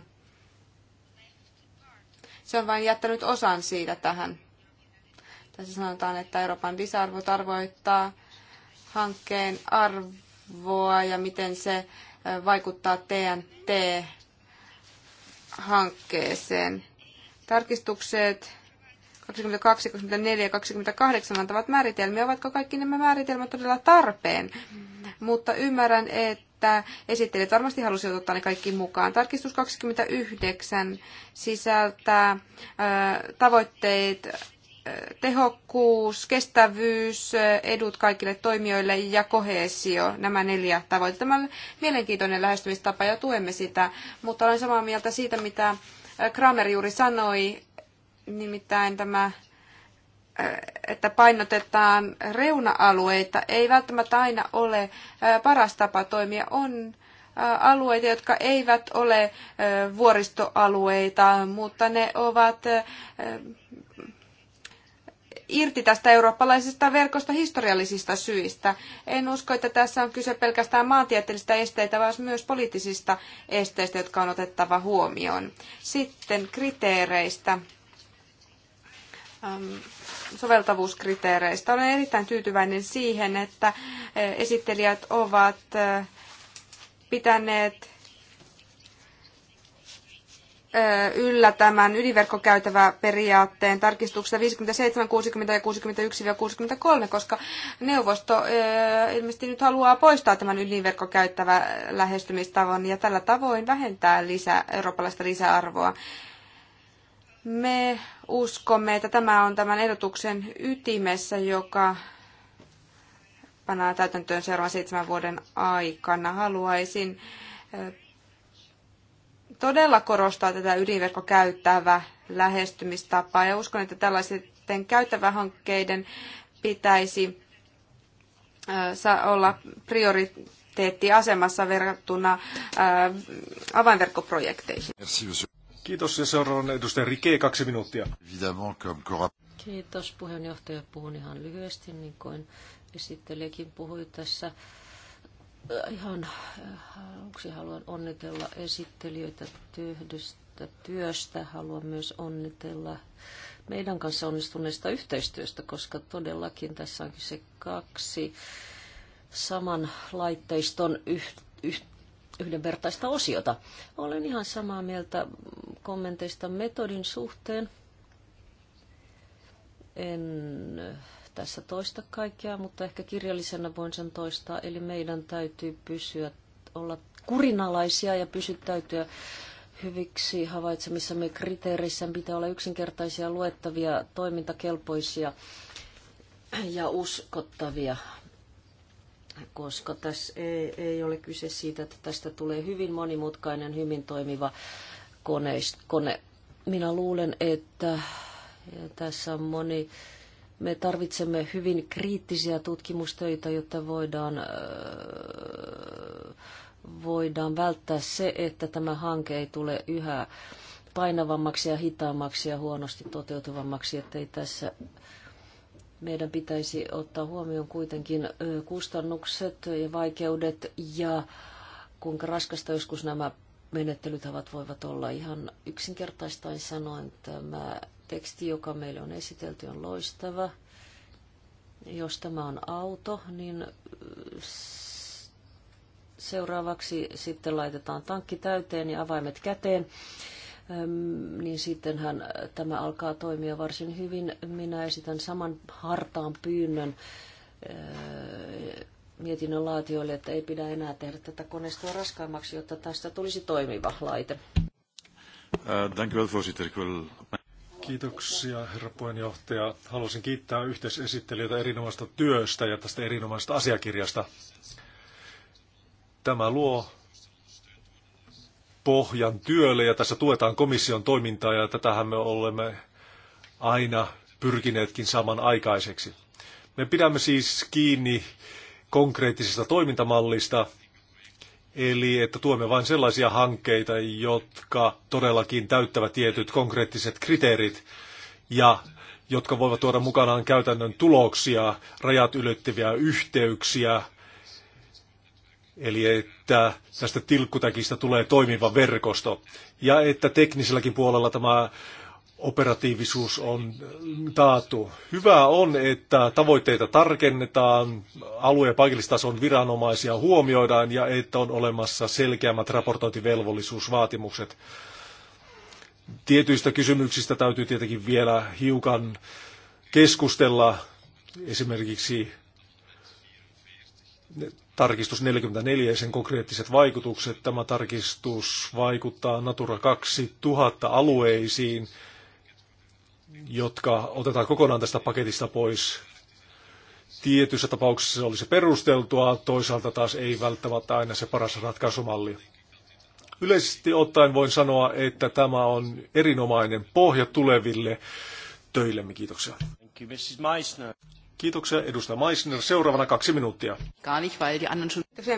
Se on vain jättänyt osan siitä tähän. Tässä sanotaan, että Euroopan lisäarvo tarkoittaa hankkeen arvoa ja miten se vaikuttaa TNT-hankkeeseen. Tarkistukset 22, 24 ja 28 antavat määritelmiä. Ovatko kaikki nämä määritelmät todella tarpeen? Mm-hmm. Mutta ymmärrän, että esittelijät varmasti halusivat ottaa ne kaikki mukaan. Tarkistus 29 sisältää tavoitteet tehokkuus, kestävyys, edut kaikille toimijoille ja kohesio, nämä neljä tavoitetta. Tämä on mielenkiintoinen lähestymistapa ja tuemme sitä, mutta olen samaa mieltä siitä, mitä Kramer juuri sanoi, Nimittäin tämä, että painotetaan reuna-alueita, ei välttämättä aina ole paras tapa toimia. On alueita, jotka eivät ole vuoristoalueita, mutta ne ovat irti tästä eurooppalaisesta verkosta historiallisista syistä. En usko, että tässä on kyse pelkästään maantieteellisistä esteitä, vaan myös poliittisista esteistä, jotka on otettava huomioon. Sitten kriteereistä. Ähm, soveltavuuskriteereistä. Olen erittäin tyytyväinen siihen, että äh, esittelijät ovat äh, pitäneet äh, yllä tämän ydinverkkokäytäväperiaatteen tarkistuksesta 57, 60 ja 61-63, koska neuvosto ilmeisesti nyt haluaa poistaa tämän ydinverkkokäyttävä lähestymistavan ja tällä tavoin vähentää lisää, eurooppalaista lisäarvoa. Me uskomme, että tämä on tämän ehdotuksen ytimessä, joka pannaan täytäntöön seuraavan seitsemän vuoden aikana. Haluaisin todella korostaa tätä ydinverkko käyttävä lähestymistapaa ja uskon, että tällaisten käyttävähankkeiden pitäisi olla prioriteettiasemassa verrattuna avainverkkoprojekteihin. Kiitos ja seuraavana edustaja Rike, kaksi minuuttia. Kiitos puheenjohtaja. Puhun ihan lyhyesti, niin kuin esittelijäkin puhui tässä. Äh, ihan äh, aluksi haluan onnitella esittelijöitä tyhdystä työstä. Haluan myös onnitella meidän kanssa onnistuneesta yhteistyöstä, koska todellakin tässä onkin se kaksi saman laitteiston yhteistyötä yhdenvertaista osiota. Olen ihan samaa mieltä kommenteista metodin suhteen. En tässä toista kaikkea, mutta ehkä kirjallisena voin sen toistaa. Eli meidän täytyy pysyä, olla kurinalaisia ja pysyttäytyä hyviksi havaitsemissamme kriteereissä. Pitää olla yksinkertaisia, luettavia, toimintakelpoisia ja uskottavia koska tässä ei, ei ole kyse siitä, että tästä tulee hyvin monimutkainen, hyvin toimiva koneist, kone. Minä luulen, että tässä on moni... Me tarvitsemme hyvin kriittisiä tutkimustöitä, jotta voidaan, voidaan välttää se, että tämä hanke ei tule yhä painavammaksi ja hitaammaksi ja huonosti toteutuvammaksi, ei tässä meidän pitäisi ottaa huomioon kuitenkin kustannukset ja vaikeudet ja kuinka raskasta joskus nämä menettelytavat voivat olla. Ihan yksinkertaistain sanoen tämä teksti, joka meille on esitelty, on loistava. Jos tämä on auto, niin seuraavaksi sitten laitetaan tankki täyteen ja avaimet käteen niin sittenhän tämä alkaa toimia varsin hyvin. Minä esitän saman hartaan pyynnön öö, mietinnön laatioille, että ei pidä enää tehdä tätä koneistoa raskaammaksi, jotta tästä tulisi toimiva laite. Äh, Kiitoksia, herra puheenjohtaja. Haluaisin kiittää yhteisesittelijöitä erinomaista työstä ja tästä erinomaista asiakirjasta. Tämä luo pohjan työlle ja tässä tuetaan komission toimintaa ja tätähän me olemme aina pyrkineetkin saman aikaiseksi. Me pidämme siis kiinni konkreettisesta toimintamallista, eli että tuemme vain sellaisia hankkeita, jotka todellakin täyttävät tietyt konkreettiset kriteerit ja jotka voivat tuoda mukanaan käytännön tuloksia, rajat ylittäviä yhteyksiä, Eli että tästä tilkkutäkistä tulee toimiva verkosto ja että tekniselläkin puolella tämä operatiivisuus on taattu. Hyvä on, että tavoitteita tarkennetaan, alue- ja paikallistason viranomaisia huomioidaan ja että on olemassa selkeämmät raportointivelvollisuusvaatimukset. Tietyistä kysymyksistä täytyy tietenkin vielä hiukan keskustella, esimerkiksi tarkistus 44 ja sen konkreettiset vaikutukset. Tämä tarkistus vaikuttaa Natura 2000 alueisiin, jotka otetaan kokonaan tästä paketista pois. Tietyissä tapauksissa olisi perusteltua, toisaalta taas ei välttämättä aina se paras ratkaisumalli. Yleisesti ottaen voin sanoa, että tämä on erinomainen pohja tuleville töillemme. Kiitoksia. Kiitoksia edustaja Maisner. Seuraavana kaksi minuuttia. Gar nicht,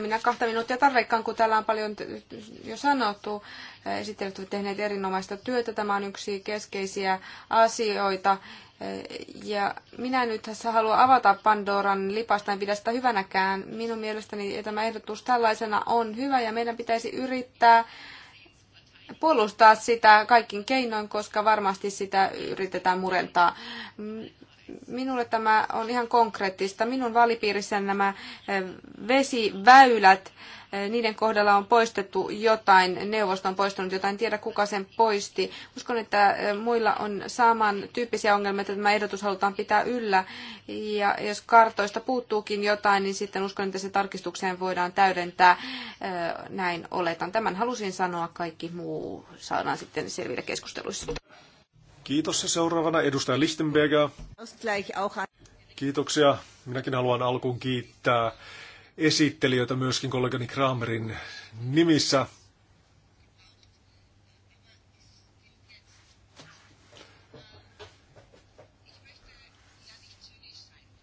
minä kahta minuuttia tarvekaan, kun täällä on paljon jo sanottu. Esittelyt ovat tehneet erinomaista työtä. Tämä on yksi keskeisiä asioita. Ja minä nyt tässä haluan avata Pandoran lipasta, en pidä sitä hyvänäkään. Minun mielestäni tämä ehdotus tällaisena on hyvä ja meidän pitäisi yrittää puolustaa sitä kaikin keinoin, koska varmasti sitä yritetään murentaa. Mm, Minulle tämä on ihan konkreettista. Minun vaalipiirissäni nämä eh, vesiväylät, eh, niiden kohdalla on poistettu jotain, neuvosto on poistanut jotain, en tiedä kuka sen poisti. Uskon, että eh, muilla on samantyyppisiä ongelmia, että tämä ehdotus halutaan pitää yllä. Ja jos kartoista puuttuukin jotain, niin sitten uskon, että se tarkistukseen voidaan täydentää. Näin oletan. Tämän halusin sanoa, kaikki muu saadaan sitten selville keskusteluissa. Kiitos. Seuraavana edustaja Lichtenberger. Kiitoksia. Minäkin haluan alkuun kiittää esittelijöitä myöskin kollegani Kramerin nimissä.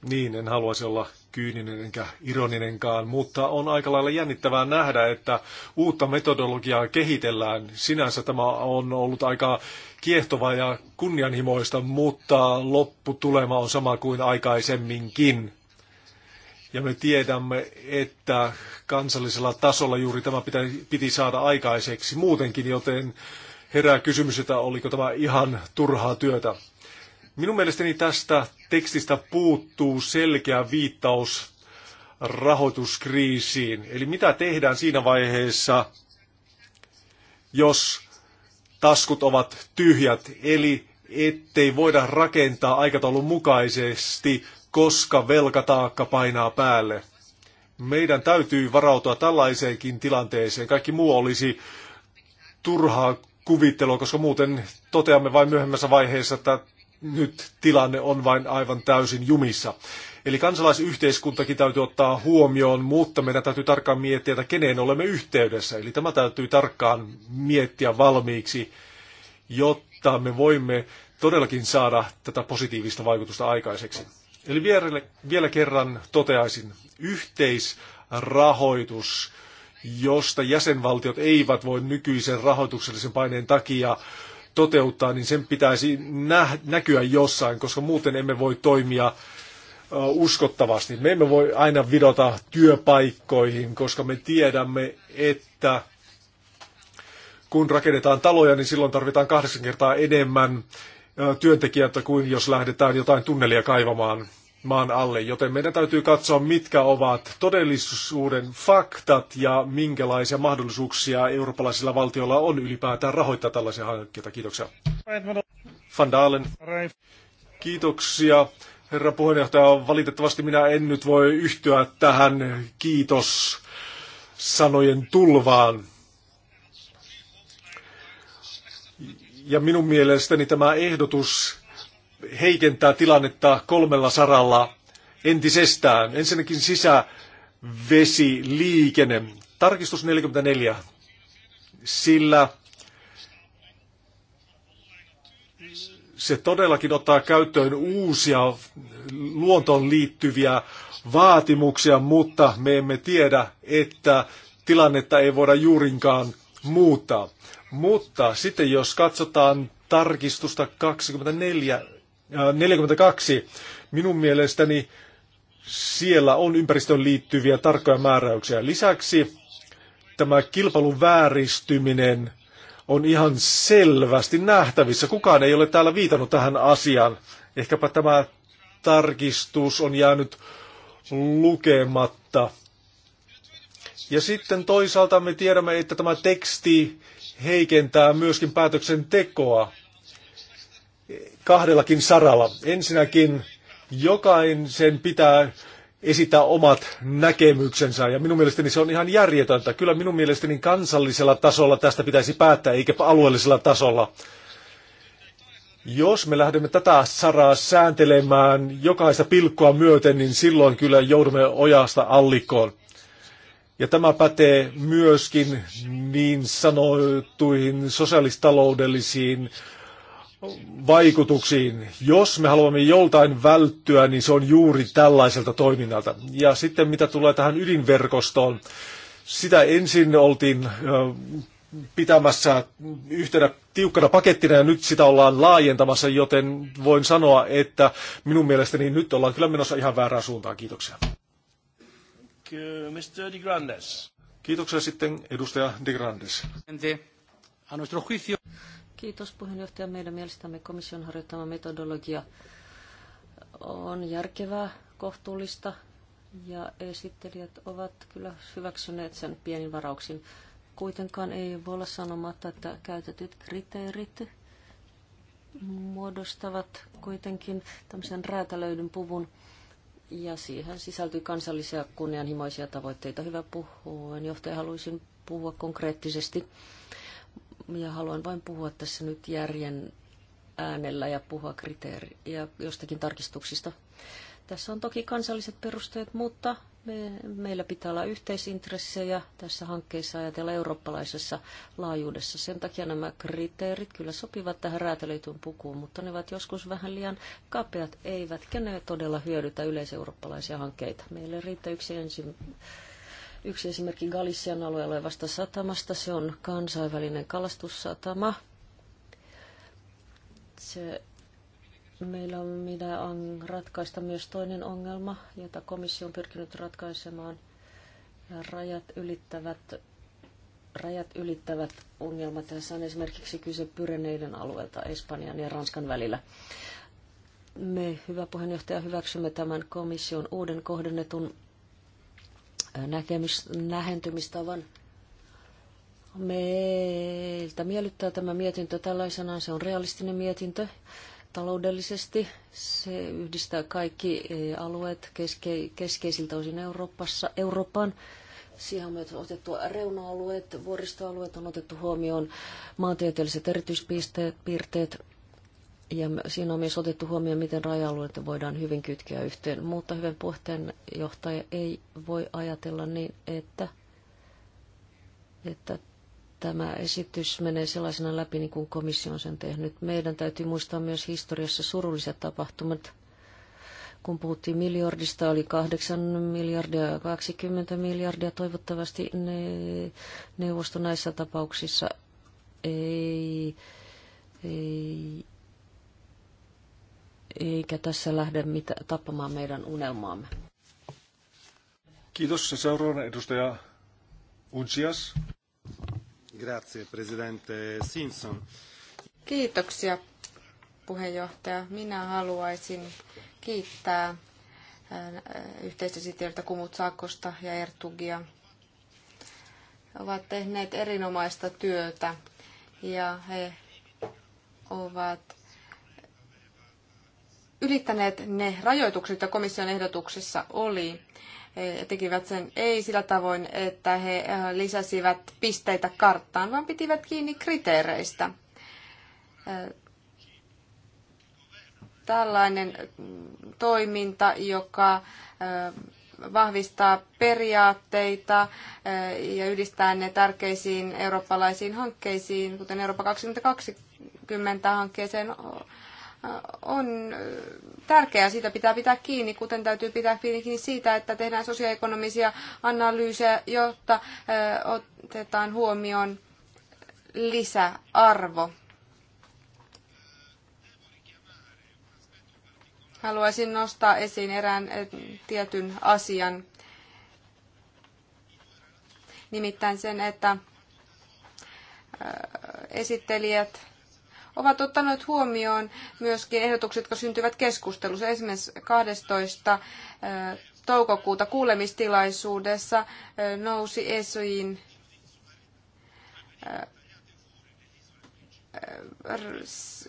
Niin, en haluaisi olla kyyninen enkä ironinenkaan, mutta on aika lailla jännittävää nähdä, että uutta metodologiaa kehitellään. Sinänsä tämä on ollut aika kiehtova ja kunnianhimoista, mutta lopputulema on sama kuin aikaisemminkin. Ja me tiedämme, että kansallisella tasolla juuri tämä piti saada aikaiseksi muutenkin, joten herää kysymys, että oliko tämä ihan turhaa työtä. Minun mielestäni tästä tekstistä puuttuu selkeä viittaus rahoituskriisiin. Eli mitä tehdään siinä vaiheessa, jos taskut ovat tyhjät, eli ettei voida rakentaa aikataulun mukaisesti, koska velkataakka painaa päälle. Meidän täytyy varautua tällaiseenkin tilanteeseen. Kaikki muu olisi turhaa kuvittelua, koska muuten toteamme vain myöhemmässä vaiheessa, että nyt tilanne on vain aivan täysin jumissa. Eli kansalaisyhteiskuntakin täytyy ottaa huomioon, mutta meidän täytyy tarkkaan miettiä, että keneen olemme yhteydessä. Eli tämä täytyy tarkkaan miettiä valmiiksi, jotta me voimme todellakin saada tätä positiivista vaikutusta aikaiseksi. Eli vielä, vielä kerran toteaisin, yhteisrahoitus, josta jäsenvaltiot eivät voi nykyisen rahoituksellisen paineen takia toteuttaa, niin sen pitäisi nä- näkyä jossain, koska muuten emme voi toimia uskottavasti. Me emme voi aina vidota työpaikkoihin, koska me tiedämme, että kun rakennetaan taloja, niin silloin tarvitaan kahdeksan kertaa enemmän työntekijöitä kuin jos lähdetään jotain tunnelia kaivamaan maan alle, joten meidän täytyy katsoa, mitkä ovat todellisuuden faktat ja minkälaisia mahdollisuuksia eurooppalaisilla valtioilla on ylipäätään rahoittaa tällaisia hankkeita. Kiitoksia. Van Dalen. Kiitoksia. Herra puheenjohtaja, valitettavasti minä en nyt voi yhtyä tähän kiitos sanojen tulvaan. Ja minun mielestäni tämä ehdotus heikentää tilannetta kolmella saralla entisestään. Ensinnäkin sisävesiliikenne. Tarkistus 44. Sillä se todellakin ottaa käyttöön uusia luontoon liittyviä vaatimuksia, mutta me emme tiedä, että tilannetta ei voida juurinkaan muuttaa. Mutta sitten jos katsotaan tarkistusta 24 42. Äh, Minun mielestäni siellä on ympäristöön liittyviä tarkkoja määräyksiä. Lisäksi tämä kilpailun vääristyminen on ihan selvästi nähtävissä. Kukaan ei ole täällä viitannut tähän asiaan. Ehkäpä tämä tarkistus on jäänyt lukematta. Ja sitten toisaalta me tiedämme, että tämä teksti heikentää myöskin päätöksentekoa kahdellakin saralla. Ensinnäkin jokaisen pitää esittää omat näkemyksensä, ja minun mielestäni se on ihan järjetöntä. Kyllä minun mielestäni kansallisella tasolla tästä pitäisi päättää, eikä alueellisella tasolla. Jos me lähdemme tätä saraa sääntelemään jokaista pilkkoa myöten, niin silloin kyllä joudumme ojasta allikkoon. Ja tämä pätee myöskin niin sanotuihin sosiaalistaloudellisiin vaikutuksiin. Jos me haluamme joltain välttyä, niin se on juuri tällaiselta toiminnalta. Ja sitten mitä tulee tähän ydinverkostoon, sitä ensin oltiin pitämässä yhtenä tiukkana pakettina ja nyt sitä ollaan laajentamassa, joten voin sanoa, että minun mielestäni nyt ollaan kyllä menossa ihan väärään suuntaan. Kiitoksia. Mr. De Grandes. Kiitoksia sitten edustaja De Grandes. Kiitos puheenjohtaja. Meidän mielestämme komission harjoittama metodologia on järkevää, kohtuullista ja esittelijät ovat kyllä hyväksyneet sen pienin varauksin. Kuitenkaan ei voi olla sanomatta, että käytetyt kriteerit muodostavat kuitenkin tämmöisen räätälöidyn puvun ja siihen sisältyy kansallisia kunnianhimoisia tavoitteita. Hyvä puhuen. Johtaja haluaisin puhua konkreettisesti minä haluan vain puhua tässä nyt järjen äänellä ja puhua kriteeri ja jostakin tarkistuksista. Tässä on toki kansalliset perusteet, mutta me, meillä pitää olla yhteisintressejä tässä hankkeessa ajatella eurooppalaisessa laajuudessa. Sen takia nämä kriteerit kyllä sopivat tähän räätälöityyn pukuun, mutta ne ovat joskus vähän liian kapeat, eivätkä ne todella hyödytä yleiseurooppalaisia hankkeita. Meille riittää yksi ensimmäinen. Yksi esimerkki Galician alueella olevasta satamasta, se on kansainvälinen kalastussatama. Se, meillä on, minä on ratkaista myös toinen ongelma, jota komissio on pyrkinyt ratkaisemaan. Rajat ylittävät rajat ylittävät ongelmat. Tässä on esimerkiksi kyse Pyreneiden alueelta Espanjan ja Ranskan välillä. Me, hyvä puheenjohtaja, hyväksymme tämän komission uuden kohdennetun näkemis, nähentymistavan. Meiltä miellyttää tämä mietintö tällaisenaan. Se on realistinen mietintö taloudellisesti. Se yhdistää kaikki e, alueet keske, keskeisiltä osin Euroopassa, Euroopan. Siihen on myös otettu reuna-alueet, vuoristoalueet on otettu huomioon, maantieteelliset erityispiirteet, ja siinä on myös otettu huomioon, miten raja-alueita voidaan hyvin kytkeä yhteen. Mutta hyvän pohteen johtaja ei voi ajatella niin, että, että tämä esitys menee sellaisena läpi, niin kuin komissio on sen tehnyt. Meidän täytyy muistaa myös historiassa surulliset tapahtumat. Kun puhuttiin miljardista, oli 8 miljardia ja 20 miljardia. Toivottavasti ne, neuvosto näissä tapauksissa ei, ei eikä tässä lähde mitä, tappamaan meidän unelmaamme. Kiitos. Seuraavana edustaja Uncias. Grazie, presidente Simpson. Kiitoksia, puheenjohtaja. Minä haluaisin kiittää äh, yhteistyösiteiltä Kumut Saakosta ja Ertugia. Ovat tehneet erinomaista työtä ja he ovat ylittäneet ne rajoitukset, joita komission ehdotuksessa oli. He tekivät sen ei sillä tavoin, että he äh, lisäsivät pisteitä karttaan, vaan pitivät kiinni kriteereistä. Äh, tällainen mm, toiminta, joka äh, vahvistaa periaatteita ja yhdistää ne tärkeisiin eurooppalaisiin hankkeisiin, kuten Eurooppa 2020 hankkeeseen, on tärkeää, siitä pitää pitää kiinni, kuten täytyy pitää kiinni siitä, että tehdään sosioekonomisia analyysejä, jotta otetaan huomioon lisäarvo. Haluaisin nostaa esiin erään tietyn asian, nimittäin sen, että esittelijät ovat ottaneet huomioon myöskin ehdotukset, jotka syntyvät keskustelussa. Esimerkiksi 12. toukokuuta kuulemistilaisuudessa nousi esiin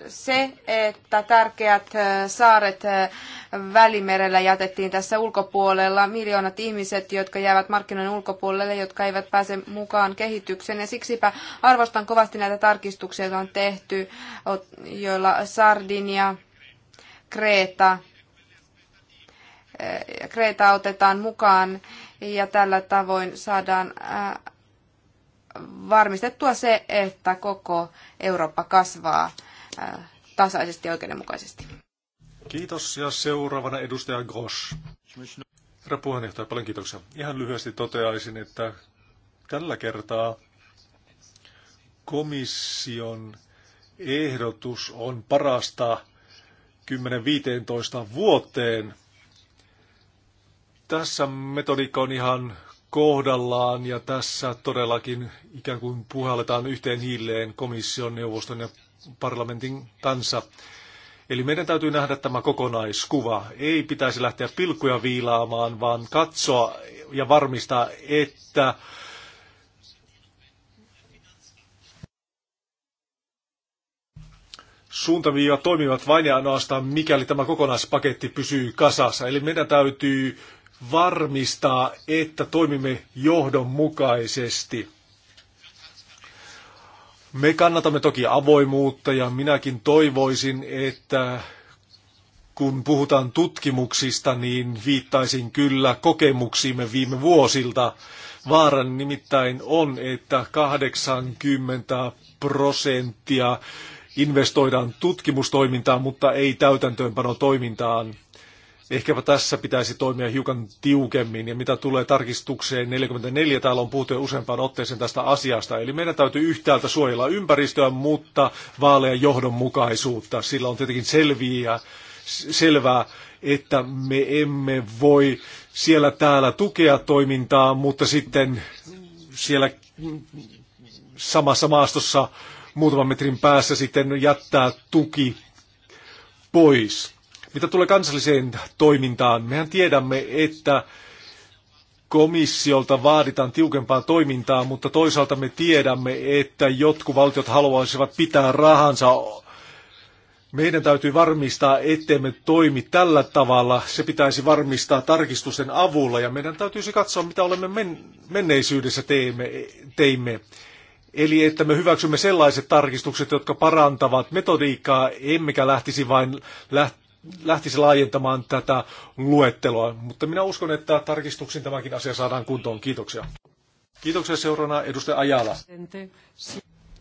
se, että tärkeät äh, saaret äh, Välimerellä jätettiin tässä ulkopuolella, miljoonat ihmiset, jotka jäävät markkinoiden ulkopuolelle, jotka eivät pääse mukaan kehitykseen. Ja siksipä arvostan kovasti näitä tarkistuksia, joita on tehty, joilla Sardinia, Kreta, äh, Kreta otetaan mukaan ja tällä tavoin saadaan varmistettua se, että koko Eurooppa kasvaa tasaisesti ja oikeudenmukaisesti. Kiitos ja seuraavana edustaja Grosch. Herra puheenjohtaja, paljon kiitoksia. Ihan lyhyesti toteaisin, että tällä kertaa komission ehdotus on parasta 10-15 vuoteen. Tässä metodiikka on ihan kohdallaan ja tässä todellakin ikään kuin puhalletaan yhteen hiileen komission, neuvoston ja parlamentin kanssa. Eli meidän täytyy nähdä tämä kokonaiskuva. Ei pitäisi lähteä pilkkuja viilaamaan, vaan katsoa ja varmistaa, että suuntaviivat toimivat vain ja ainoastaan, mikäli tämä kokonaispaketti pysyy kasassa. Eli meidän täytyy varmistaa, että toimimme johdonmukaisesti. Me kannatamme toki avoimuutta ja minäkin toivoisin, että kun puhutaan tutkimuksista, niin viittaisin kyllä kokemuksiimme viime vuosilta. Vaaran nimittäin on, että 80 prosenttia investoidaan tutkimustoimintaan, mutta ei täytäntöönpano toimintaan. Ehkäpä tässä pitäisi toimia hiukan tiukemmin. Ja mitä tulee tarkistukseen 44, täällä on puhuttu jo useampaan otteeseen tästä asiasta. Eli meidän täytyy yhtäältä suojella ympäristöä, mutta vaaleja johdonmukaisuutta. Sillä on tietenkin selviä, selvää, että me emme voi siellä täällä tukea toimintaa, mutta sitten siellä samassa maastossa muutaman metrin päässä sitten jättää tuki pois. Mitä tulee kansalliseen toimintaan, mehän tiedämme, että komissiolta vaaditaan tiukempaa toimintaa, mutta toisaalta me tiedämme, että jotkut valtiot haluaisivat pitää rahansa. Meidän täytyy varmistaa, ettemme toimi tällä tavalla. Se pitäisi varmistaa tarkistusten avulla ja meidän täytyisi katsoa, mitä olemme men- menneisyydessä teemme, teimme. Eli että me hyväksymme sellaiset tarkistukset, jotka parantavat metodiikkaa, emmekä lähtisi vain läht- lähtisi laajentamaan tätä luetteloa, mutta minä uskon, että tarkistuksin tämäkin asia saadaan kuntoon. Kiitoksia. Kiitoksia seurana edustaja Ajala.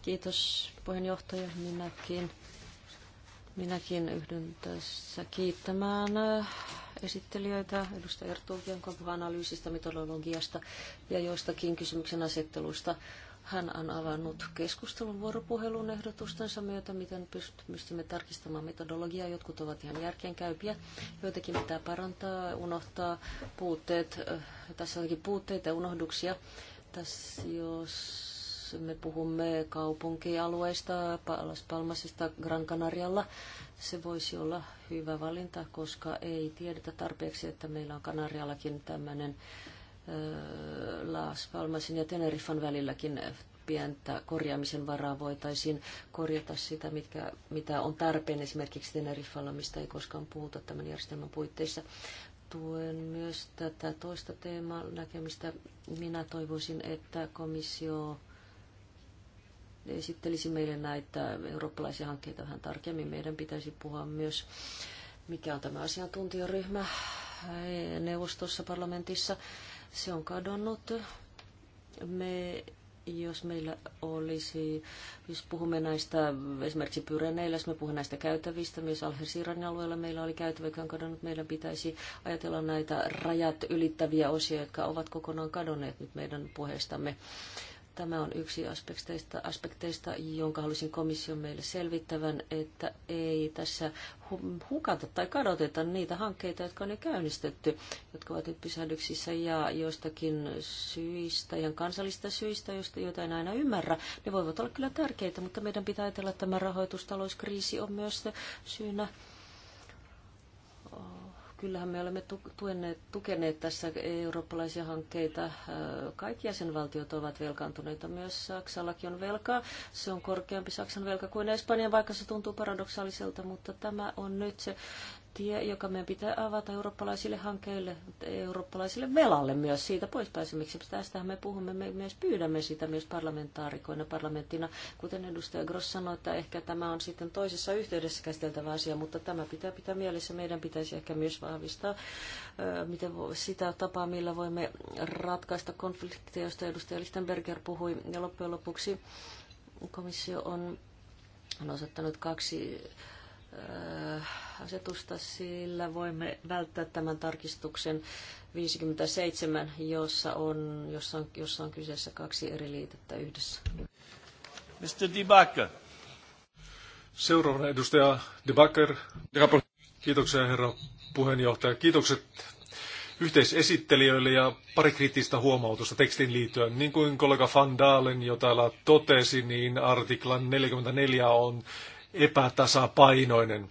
Kiitos puheenjohtaja. Minäkin, minäkin yhdyn tässä kiittämään äh, esittelijöitä, edustaja Erttuukin, jonka analyysistä, mitologiasta ja joistakin kysymyksen asetteluista. Hän on avannut keskustelun vuoropuhelun ehdotustensa myötä, miten pystymme tarkistamaan metodologiaa. Jotkut ovat ihan järkeenkäypiä, joitakin pitää parantaa, unohtaa puutteet. Äh, tässä onkin puutteita ja unohduksia. Tässä jos me puhumme kaupunkialueista, Las Palmasista, Gran Canarialla. Se voisi olla hyvä valinta, koska ei tiedetä tarpeeksi, että meillä on Kanariallakin tämmöinen Äh, Las Palmasin ja Teneriffan välilläkin pientä korjaamisen varaa voitaisiin korjata sitä, mitkä, mitä on tarpeen esimerkiksi Teneriffalla, mistä ei koskaan puhuta tämän järjestelmän puitteissa. Tuen myös tätä toista teemaa näkemistä. Minä toivoisin, että komissio esittelisi meille näitä eurooppalaisia hankkeita vähän tarkemmin. Meidän pitäisi puhua myös, mikä on tämä asiantuntijaryhmä eh, neuvostossa, parlamentissa se on kadonnut. Me, jos meillä olisi, jos puhumme näistä esimerkiksi Pyreneillä, jos me puhumme näistä käytävistä, myös Alhersiran alueella meillä oli käytävä, joka on kadonnut. Meillä pitäisi ajatella näitä rajat ylittäviä osia, jotka ovat kokonaan kadonneet nyt meidän puheestamme. Tämä on yksi aspekteista, aspekteista, jonka haluaisin komission meille selvittävän, että ei tässä hukata tai kadoteta niitä hankkeita, jotka on jo käynnistetty, jotka ovat nyt pysähdyksissä ja joistakin syistä, ihan kansallista syistä, joita en aina ymmärrä. Ne voivat olla kyllä tärkeitä, mutta meidän pitää ajatella, että tämä rahoitustalouskriisi on myös syynä Kyllähän me olemme tukeneet, tukeneet tässä eurooppalaisia hankkeita. Kaikki jäsenvaltiot ovat velkaantuneita, myös Saksallakin on velkaa. Se on korkeampi Saksan velka kuin Espanjan, vaikka se tuntuu paradoksaaliselta, mutta tämä on nyt se tie, joka meidän pitää avata eurooppalaisille hankkeille, eurooppalaisille velalle myös siitä poispääsemiksi. Tästähän me puhumme, me myös pyydämme sitä myös parlamentaarikoina, parlamenttina. Kuten edustaja Gross sanoi, että ehkä tämä on sitten toisessa yhteydessä käsiteltävä asia, mutta tämä pitää pitää mielessä. Meidän pitäisi ehkä myös vahvistaa miten sitä tapaa, millä voimme ratkaista konflikteja, josta edustaja Lichtenberger puhui. Ja loppujen lopuksi komissio on, on osoittanut kaksi Äh, asetusta, sillä voimme välttää tämän tarkistuksen 57, jossa on, jossa on, jossa on kyseessä kaksi eri liitettä yhdessä. Mr. Debacker. Seuraavana edustaja Debacker. Kiitoksia herra puheenjohtaja. Kiitokset yhteisesittelijöille ja pari kriittistä huomautusta tekstin liittyen. Niin kuin kollega Van Dalen jo täällä totesi, niin artiklan 44 on epätasapainoinen.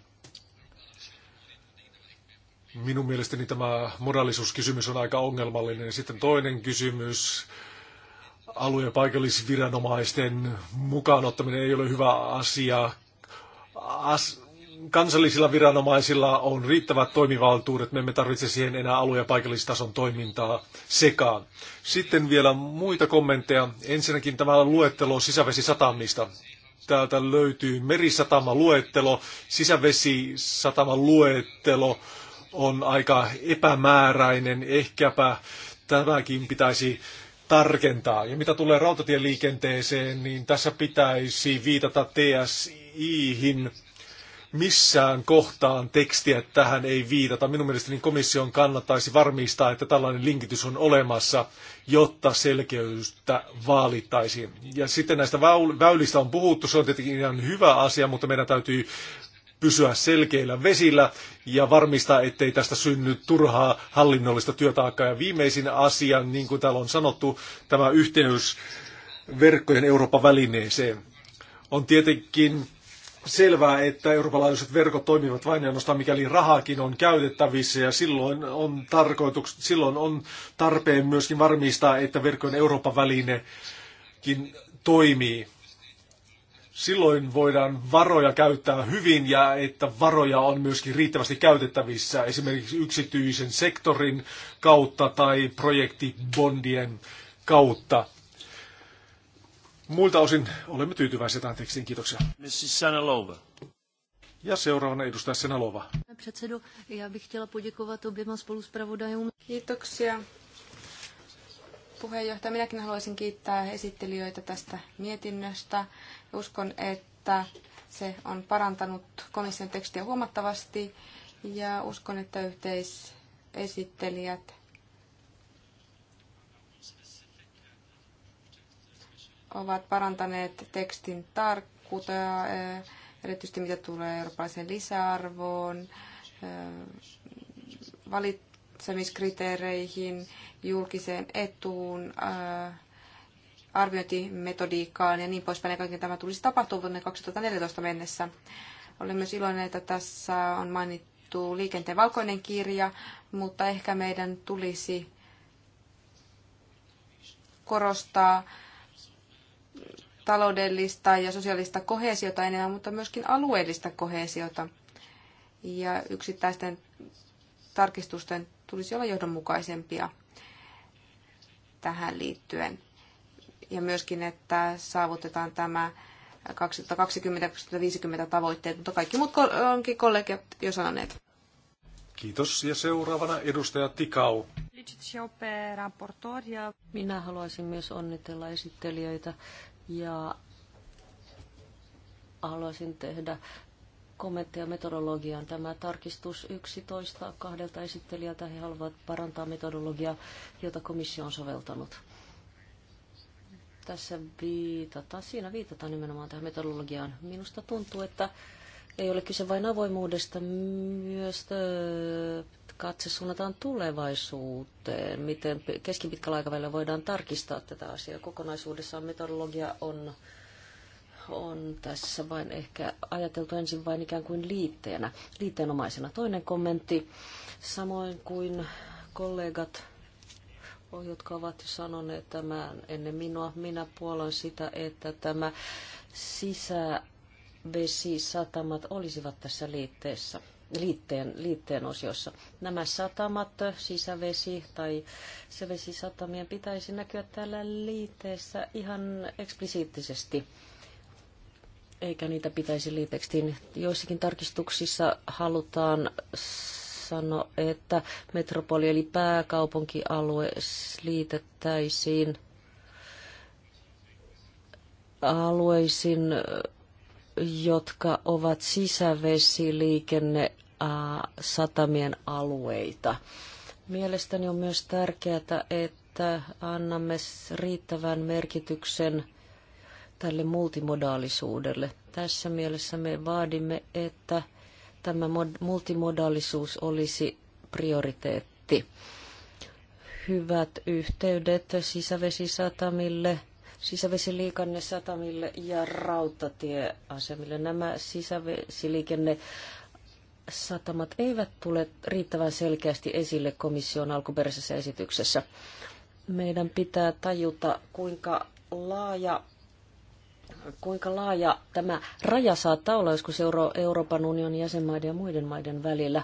Minun mielestäni tämä moraalisuuskysymys on aika ongelmallinen. Sitten toinen kysymys, alue- ja paikallisviranomaisten ottaminen ei ole hyvä asia. As- kansallisilla viranomaisilla on riittävät toimivaltuudet, me emme tarvitse siihen enää alue- ja paikallistason toimintaa sekaan. Sitten vielä muita kommentteja. Ensinnäkin tämä luettelo sisävesisatamista täältä löytyy merisatamaluettelo, sisävesisatamaluettelo on aika epämääräinen, ehkäpä tämäkin pitäisi tarkentaa. Ja mitä tulee rautatieliikenteeseen, niin tässä pitäisi viitata TSIhin, missään kohtaan tekstiä tähän ei viitata. Minun mielestäni komission kannattaisi varmistaa, että tällainen linkitys on olemassa, jotta selkeyttä vaalittaisiin. Ja sitten näistä väylistä on puhuttu, se on tietenkin ihan hyvä asia, mutta meidän täytyy pysyä selkeillä vesillä ja varmistaa, ettei tästä synny turhaa hallinnollista työtaakkaa. Ja viimeisin asia, niin kuin täällä on sanottu, tämä yhteys verkkojen Euroopan välineeseen. On tietenkin selvää, että Euroopan laajuiset verkot toimivat vain ja ainoastaan, mikäli rahakin on käytettävissä, ja silloin on, tarkoituks, silloin on tarpeen myöskin varmistaa, että verkkojen Euroopan välinekin toimii. Silloin voidaan varoja käyttää hyvin ja että varoja on myöskin riittävästi käytettävissä esimerkiksi yksityisen sektorin kautta tai projektibondien kautta. Muilta osin olemme tyytyväisiä tähän tekstiin. Kiitoksia. Mrs. Sanalova. Ja seuraavana edustaja Senalova. Předsedo, já bych chtěla poděkovat oběma spoluspravodajům. Kiitoksia. Puheenjohtaja, minäkin haluaisin kiittää esittelijöitä tästä mietinnöstä. Uskon, että se on parantanut komission tekstiä huomattavasti ja uskon, että yhteisesittelijät ovat parantaneet tekstin tarkkuutta, eh, erityisesti mitä tulee eurooppalaiseen lisäarvoon, eh, valitsemiskriteereihin, julkiseen etuun, eh, arviointimetodiikkaan ja niin poispäin. Ja kaiken tämä tulisi tapahtua vuonna 2014 mennessä. Olen myös iloinen, että tässä on mainittu liikenteen valkoinen kirja, mutta ehkä meidän tulisi korostaa taloudellista ja sosiaalista kohesiota enemmän, mutta myöskin alueellista kohesiota. Ja yksittäisten tarkistusten tulisi olla johdonmukaisempia tähän liittyen. Ja myöskin, että saavutetaan tämä 2020-2050 tavoitteet, mutta kaikki muut onkin kollegiat jo sanoneet. Kiitos. Ja seuraavana edustaja Tikau. Minä haluaisin myös onnitella esittelijöitä ja haluaisin tehdä kommentteja metodologiaan. Tämä tarkistus 11 kahdelta esittelijältä, he haluavat parantaa metodologiaa, jota komissio on soveltanut. Tässä viitataan, siinä viitataan nimenomaan tähän metodologiaan. Minusta tuntuu, että ei ole kyse vain avoimuudesta, myös katse suunnataan tulevaisuuteen? Miten keskipitkällä aikavälillä voidaan tarkistaa tätä asiaa? Kokonaisuudessaan metodologia on, on tässä vain ehkä ajateltu ensin vain ikään kuin liitteenä, liitteenomaisena. Toinen kommentti, samoin kuin kollegat jotka ovat jo sanoneet tämän ennen minua. Minä puolan sitä, että tämä sisävesisatamat olisivat tässä liitteessä liitteen, liitteen osiossa. Nämä satamat, sisävesi tai sisävesisatamien pitäisi näkyä täällä liitteessä ihan eksplisiittisesti eikä niitä pitäisi liitekstiin. Joissakin tarkistuksissa halutaan sanoa, että metropoli eli pääkaupunkialue liitettäisiin alueisiin, jotka ovat sisävesiliikenne satamien alueita. Mielestäni on myös tärkeää, että annamme riittävän merkityksen tälle multimodaalisuudelle. Tässä mielessä me vaadimme, että tämä multimodaalisuus olisi prioriteetti. Hyvät yhteydet sisävesisatamille, sisävesiliikannesatamille ja rautatieasemille. Nämä sisävesiliikenne satamat eivät tule riittävän selkeästi esille komission alkuperäisessä esityksessä. Meidän pitää tajuta, kuinka laaja kuinka laaja tämä raja saattaa olla joskus Euro- Euroopan unionin jäsenmaiden ja muiden maiden välillä.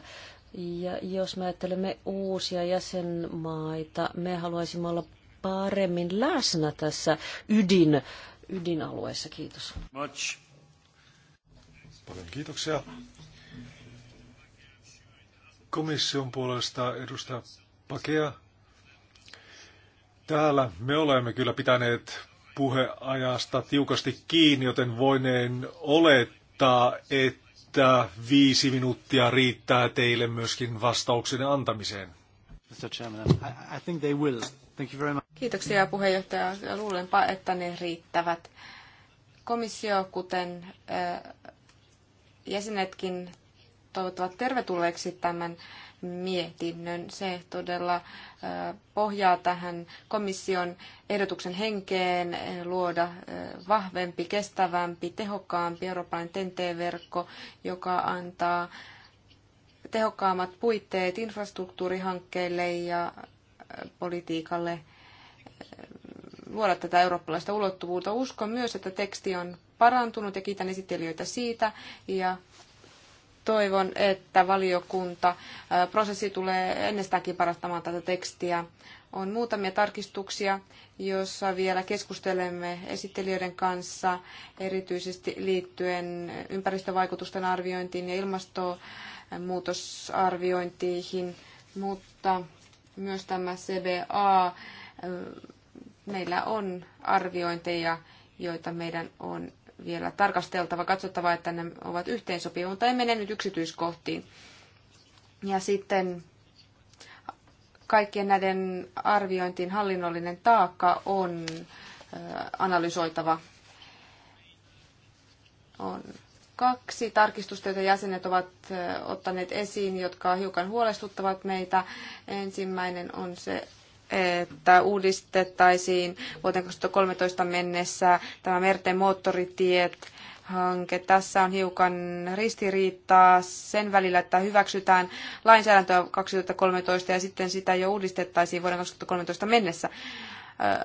Ja jos me ajattelemme uusia jäsenmaita, me haluaisimme olla paremmin läsnä tässä ydin, ydinalueessa. Kiitos. Much. Paljon kiitoksia komission puolesta edustaja Pakea. Täällä me olemme kyllä pitäneet puheajasta tiukasti kiinni, joten voineen olettaa, että viisi minuuttia riittää teille myöskin vastauksen antamiseen. Kiitoksia puheenjohtaja. Luulenpa, että ne riittävät. Komissio, kuten jäsenetkin toivottavat tervetulleeksi tämän mietinnön. Se todella pohjaa tähän komission ehdotuksen henkeen luoda vahvempi, kestävämpi, tehokkaampi Euroopan TNT-verkko, joka antaa tehokkaammat puitteet infrastruktuurihankkeille ja politiikalle luoda tätä eurooppalaista ulottuvuutta. Uskon myös, että teksti on parantunut ja kiitän esittelijöitä siitä ja toivon, että valiokunta, prosessi tulee ennestäänkin parastamaan tätä tekstiä. On muutamia tarkistuksia, joissa vielä keskustelemme esittelijöiden kanssa, erityisesti liittyen ympäristövaikutusten arviointiin ja ilmastonmuutosarviointiin, mutta myös tämä CBA, meillä on arviointeja, joita meidän on vielä tarkasteltava, katsottava, että ne ovat yhteensopivia, mutta ei mene nyt yksityiskohtiin. Ja sitten kaikkien näiden arviointiin hallinnollinen taakka on analysoitava. On kaksi tarkistusta, joita jäsenet ovat ottaneet esiin, jotka hiukan huolestuttavat meitä. Ensimmäinen on se, että uudistettaisiin vuoteen 2013 mennessä tämä merten moottoritiet hanke. Tässä on hiukan ristiriitaa sen välillä, että hyväksytään lainsäädäntöä 2013 ja sitten sitä jo uudistettaisiin vuoden 2013 mennessä. Äh,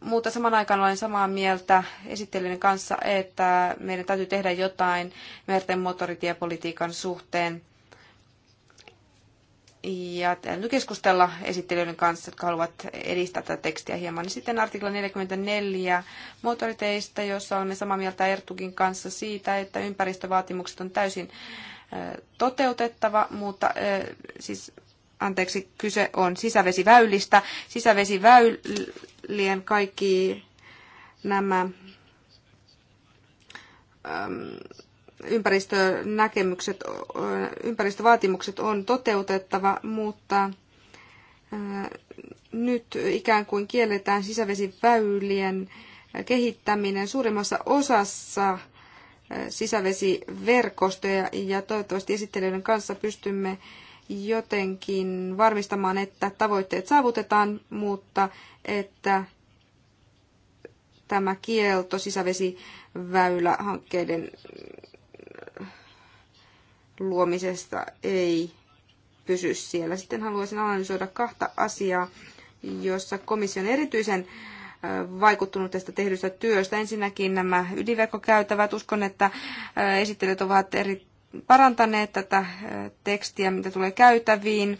mutta saman aikaan olen samaa mieltä esittelijän kanssa, että meidän täytyy tehdä jotain merten moottoritiepolitiikan suhteen ja täytyy keskustella esittelijöiden kanssa, jotka haluavat edistää tätä tekstiä hieman. Niin sitten artikla 44 moottoriteistä, jossa olemme samaa mieltä Ertukin kanssa siitä, että ympäristövaatimukset on täysin toteutettava, mutta siis anteeksi, kyse on sisävesiväylistä. Sisävesiväylien kaikki nämä ympäristönäkemykset, ympäristövaatimukset on toteutettava, mutta nyt ikään kuin kielletään sisävesiväylien kehittäminen suurimmassa osassa sisävesiverkostoja ja toivottavasti esittelijöiden kanssa pystymme jotenkin varmistamaan, että tavoitteet saavutetaan, mutta että tämä kielto sisävesiväylähankkeiden luomisesta ei pysy siellä. Sitten haluaisin analysoida kahta asiaa, jossa komissio on erityisen vaikuttunut tästä tehdystä työstä. Ensinnäkin nämä ydinverkkokäytävät. Uskon, että esittelijät ovat eri, parantaneet tätä tekstiä, mitä tulee käytäviin.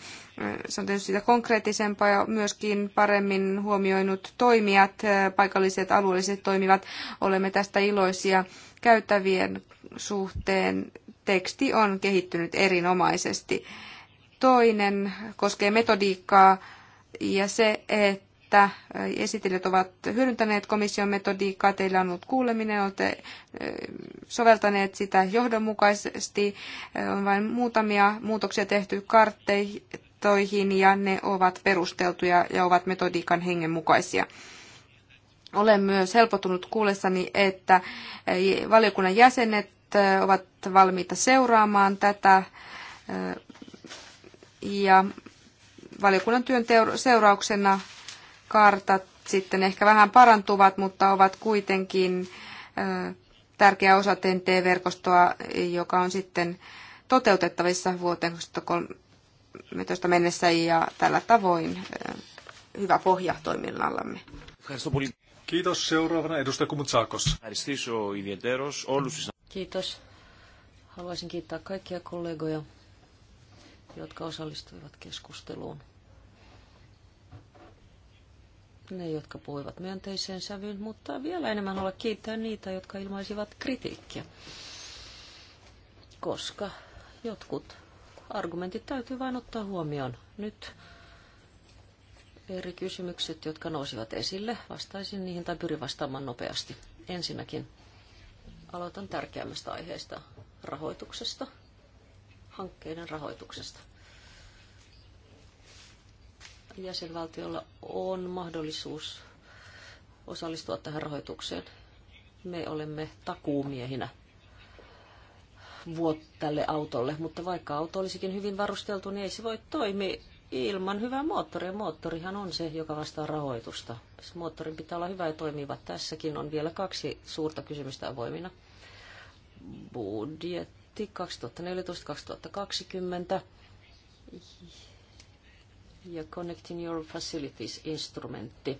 Se on tietysti sitä konkreettisempaa ja myöskin paremmin huomioinut toimijat, paikalliset, alueelliset toimivat. Olemme tästä iloisia käytävien suhteen teksti on kehittynyt erinomaisesti. Toinen koskee metodiikkaa ja se, että esittelijät ovat hyödyntäneet komission metodiikkaa, teillä on ollut kuuleminen, olette soveltaneet sitä johdonmukaisesti, on vain muutamia muutoksia tehty kartteitoihin ja ne ovat perusteltuja ja ovat metodiikan hengen mukaisia. Olen myös helpottunut kuullessani, että valiokunnan jäsenet ovat valmiita seuraamaan tätä ja valiokunnan työn seurauksena kartat sitten ehkä vähän parantuvat, mutta ovat kuitenkin tärkeä osa TNT-verkostoa, joka on sitten toteutettavissa vuoteen 2013 mennessä ja tällä tavoin hyvä pohja toiminnallamme. Kiitos. Seuraavana edustaja Kumutsakos. Kiitos. Haluaisin kiittää kaikkia kollegoja, jotka osallistuivat keskusteluun. Ne, jotka puhuivat myönteiseen sävyyn, mutta vielä enemmän olla kiittää niitä, jotka ilmaisivat kritiikkiä. Koska jotkut argumentit täytyy vain ottaa huomioon. Nyt eri kysymykset, jotka nousivat esille, vastaisin niihin tai pyrin vastaamaan nopeasti. Ensinnäkin Aloitan tärkeämmästä aiheesta, rahoituksesta, hankkeiden rahoituksesta. Jäsenvaltiolla on mahdollisuus osallistua tähän rahoitukseen. Me olemme takuumiehinä vuot tälle autolle, mutta vaikka auto olisikin hyvin varusteltu, niin ei se voi toimia ilman hyvää moottoria. Moottorihan on se, joka vastaa rahoitusta. Moottorin pitää olla hyvä ja toimiva. Tässäkin on vielä kaksi suurta kysymystä avoimina budjetti 2014-2020 ja Connecting Your Facilities-instrumentti.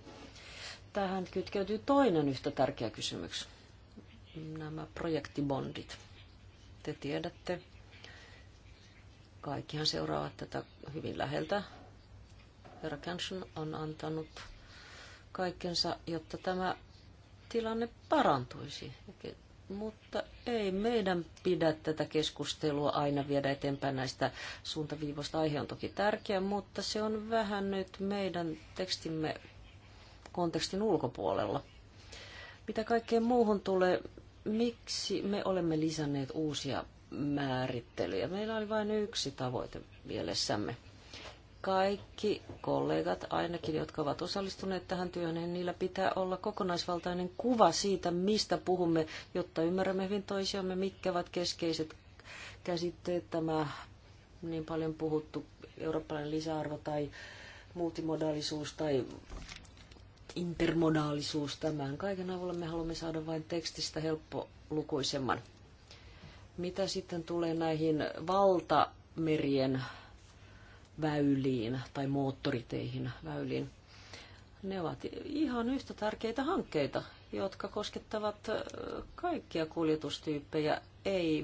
Tähän kytkeytyy toinen yhtä tärkeä kysymys, nämä projektibondit. Te tiedätte, kaikkihan seuraavat tätä hyvin läheltä. Herra Kanson on antanut kaikkensa, jotta tämä tilanne parantuisi mutta ei meidän pidä tätä keskustelua aina viedä eteenpäin näistä suuntaviivoista. Aihe on toki tärkeä, mutta se on vähän nyt meidän tekstimme kontekstin ulkopuolella. Mitä kaikkeen muuhun tulee, miksi me olemme lisänneet uusia määrittelyjä? Meillä oli vain yksi tavoite mielessämme kaikki kollegat, ainakin jotka ovat osallistuneet tähän työhön, niin niillä pitää olla kokonaisvaltainen kuva siitä, mistä puhumme, jotta ymmärrämme hyvin toisiamme, mitkä ovat keskeiset käsitteet, tämä niin paljon puhuttu eurooppalainen lisäarvo tai multimodaalisuus tai intermodaalisuus. Tämän kaiken avulla me haluamme saada vain tekstistä helppolukuisemman. Mitä sitten tulee näihin valtamerien väyliin tai moottoriteihin väyliin. Ne ovat ihan yhtä tärkeitä hankkeita, jotka koskettavat kaikkia kuljetustyyppejä. Ei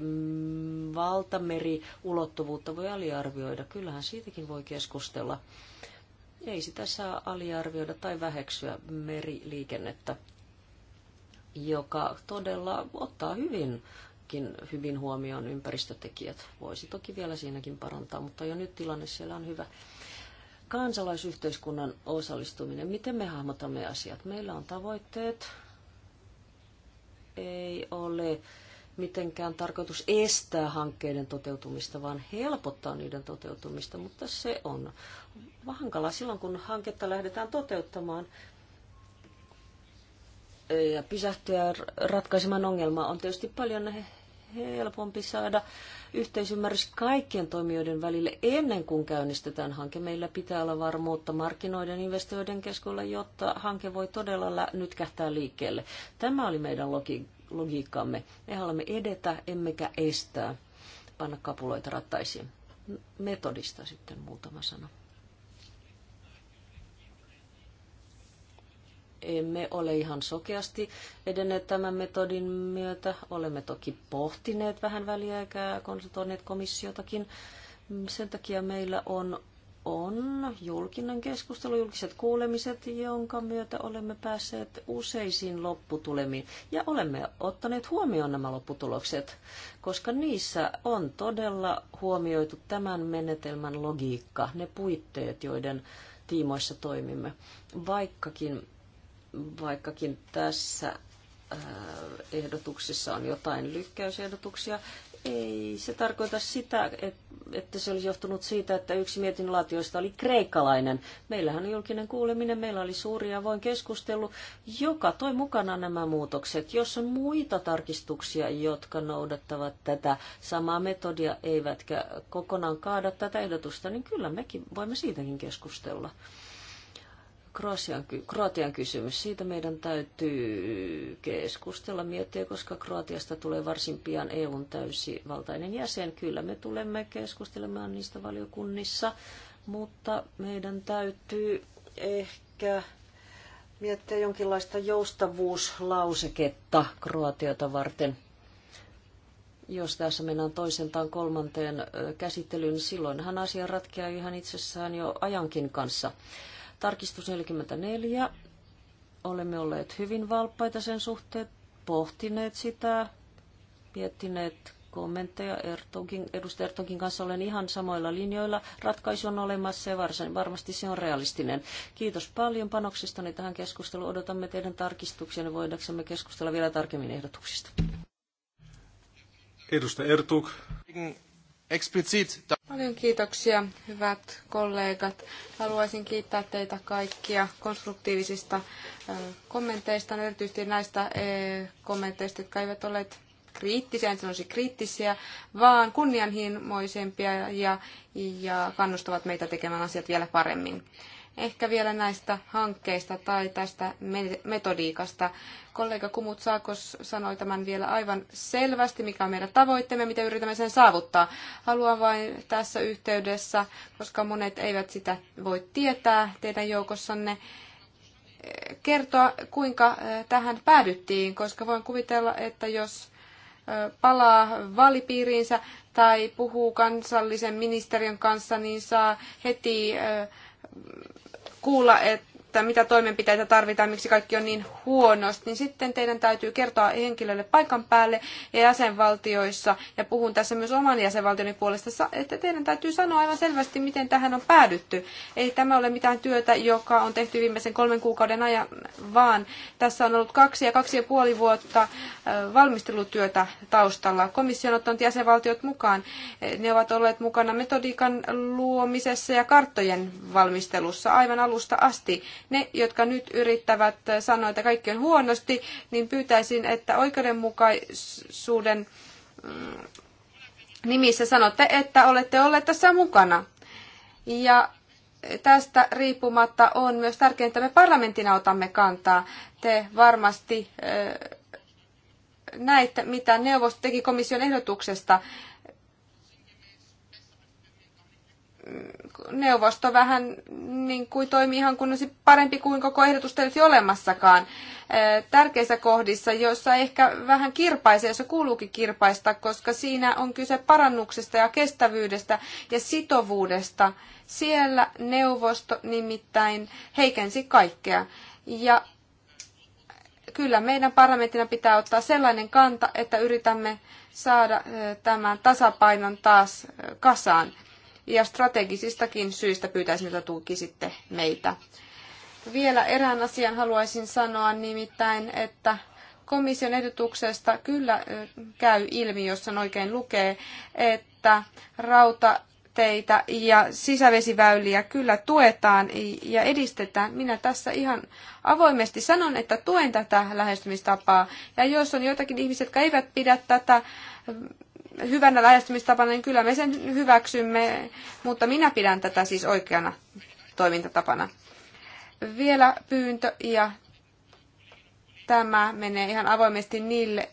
valtameri ulottuvuutta voi aliarvioida. Kyllähän siitäkin voi keskustella. Ei sitä saa aliarvioida tai väheksyä meriliikennettä, joka todella ottaa hyvin todellakin hyvin huomioon ympäristötekijät. Voisi toki vielä siinäkin parantaa, mutta jo nyt tilanne siellä on hyvä. Kansalaisyhteiskunnan osallistuminen. Miten me hahmotamme asiat? Meillä on tavoitteet. Ei ole mitenkään tarkoitus estää hankkeiden toteutumista, vaan helpottaa niiden toteutumista, mutta se on hankala silloin, kun hanketta lähdetään toteuttamaan ja pysähtyä ratkaisemaan ongelmaa on tietysti paljon helpompi saada yhteisymmärrys kaikkien toimijoiden välille ennen kuin käynnistetään hanke. Meillä pitää olla varmuutta markkinoiden investoiden keskuudella, jotta hanke voi todella nyt kähtää liikkeelle. Tämä oli meidän logi- logiikkamme. Me haluamme edetä, emmekä estää, panna kapuloita rattaisiin. Metodista sitten muutama sana. emme ole ihan sokeasti edenneet tämän metodin myötä. Olemme toki pohtineet vähän väliaikaa, konsultoineet komissiotakin. Sen takia meillä on on julkinen keskustelu, julkiset kuulemiset, jonka myötä olemme päässeet useisiin lopputulemiin. Ja olemme ottaneet huomioon nämä lopputulokset, koska niissä on todella huomioitu tämän menetelmän logiikka, ne puitteet, joiden tiimoissa toimimme. Vaikkakin vaikkakin tässä äh, ehdotuksissa on jotain lykkäysehdotuksia, ei se tarkoita sitä, että se olisi johtunut siitä, että yksi mietinlaatioista oli kreikkalainen. Meillähän on julkinen kuuleminen, meillä oli suuri ja voin keskustelu, joka toi mukana nämä muutokset. Jos on muita tarkistuksia, jotka noudattavat tätä samaa metodia, eivätkä kokonaan kaada tätä ehdotusta, niin kyllä mekin voimme siitäkin keskustella. Kroatian, Kroatian kysymys. Siitä meidän täytyy keskustella, miettiä, koska Kroatiasta tulee varsin pian EUn täysivaltainen jäsen. Kyllä me tulemme keskustelemaan niistä valiokunnissa, mutta meidän täytyy ehkä miettiä jonkinlaista joustavuuslauseketta Kroatiota varten. Jos tässä mennään toisen tai kolmanteen käsittelyyn, silloinhan asia ratkeaa ihan itsessään jo ajankin kanssa. Tarkistus 44. Olemme olleet hyvin valppaita sen suhteen, pohtineet sitä, miettineet kommentteja Ertonkin, edustaja Ertonkin kanssa olen ihan samoilla linjoilla. Ratkaisu on olemassa ja varsin, varmasti se on realistinen. Kiitos paljon panoksistani tähän keskusteluun. Odotamme teidän tarkistuksianne. Niin voidaksemme keskustella vielä tarkemmin ehdotuksista. Edustaja Ertuk. Paljon kiitoksia, hyvät kollegat. Haluaisin kiittää teitä kaikkia konstruktiivisista kommenteista, no, erityisesti näistä kommenteista, jotka eivät ole kriittisiä, en sanoisi kriittisiä, vaan kunnianhimoisempia ja, ja kannustavat meitä tekemään asiat vielä paremmin. Ehkä vielä näistä hankkeista tai tästä metodiikasta. Kollega Kumut Saakos sanoi tämän vielä aivan selvästi, mikä on meidän tavoitteemme, mitä yritämme sen saavuttaa. Haluan vain tässä yhteydessä, koska monet eivät sitä voi tietää teidän joukossanne, kertoa, kuinka tähän päädyttiin, koska voin kuvitella, että jos palaa vaalipiiriinsä tai puhuu kansallisen ministeriön kanssa, niin saa heti kuulla, että että mitä toimenpiteitä tarvitaan, miksi kaikki on niin huonosti, niin sitten teidän täytyy kertoa henkilölle paikan päälle ja jäsenvaltioissa, ja puhun tässä myös oman jäsenvaltioni puolesta, että teidän täytyy sanoa aivan selvästi, miten tähän on päädytty. Ei tämä ole mitään työtä, joka on tehty viimeisen kolmen kuukauden ajan, vaan tässä on ollut kaksi ja kaksi ja puoli vuotta valmistelutyötä taustalla. Komissio on ottanut jäsenvaltiot mukaan. Ne ovat olleet mukana metodiikan luomisessa ja karttojen valmistelussa aivan alusta asti. Ne, jotka nyt yrittävät sanoa, että kaikki on huonosti, niin pyytäisin, että oikeudenmukaisuuden mm, nimissä sanotte, että olette olleet tässä mukana. Ja tästä riippumatta on myös tärkeintä, että me parlamentina otamme kantaa. Te varmasti näitä mitä neuvosto teki komission ehdotuksesta. neuvosto vähän niin kuin toimii ihan kun olisi parempi kuin koko ehdotus olisi olemassakaan. Tärkeissä kohdissa, joissa ehkä vähän kirpaisee, jossa kuuluukin kirpaista, koska siinä on kyse parannuksesta ja kestävyydestä ja sitovuudesta. Siellä neuvosto nimittäin heikensi kaikkea. Ja kyllä meidän parlamentina pitää ottaa sellainen kanta, että yritämme saada tämän tasapainon taas kasaan ja strategisistakin syistä pyytäisin, että sitten meitä. Vielä erään asian haluaisin sanoa nimittäin, että komission ehdotuksesta kyllä käy ilmi, jos sen oikein lukee, että rauta teitä ja sisävesiväyliä kyllä tuetaan ja edistetään. Minä tässä ihan avoimesti sanon, että tuen tätä lähestymistapaa. Ja jos on joitakin ihmisiä, jotka eivät pidä tätä hyvänä lähestymistapana, niin kyllä me sen hyväksymme, mutta minä pidän tätä siis oikeana toimintatapana. Vielä pyyntö ja tämä menee ihan avoimesti niille,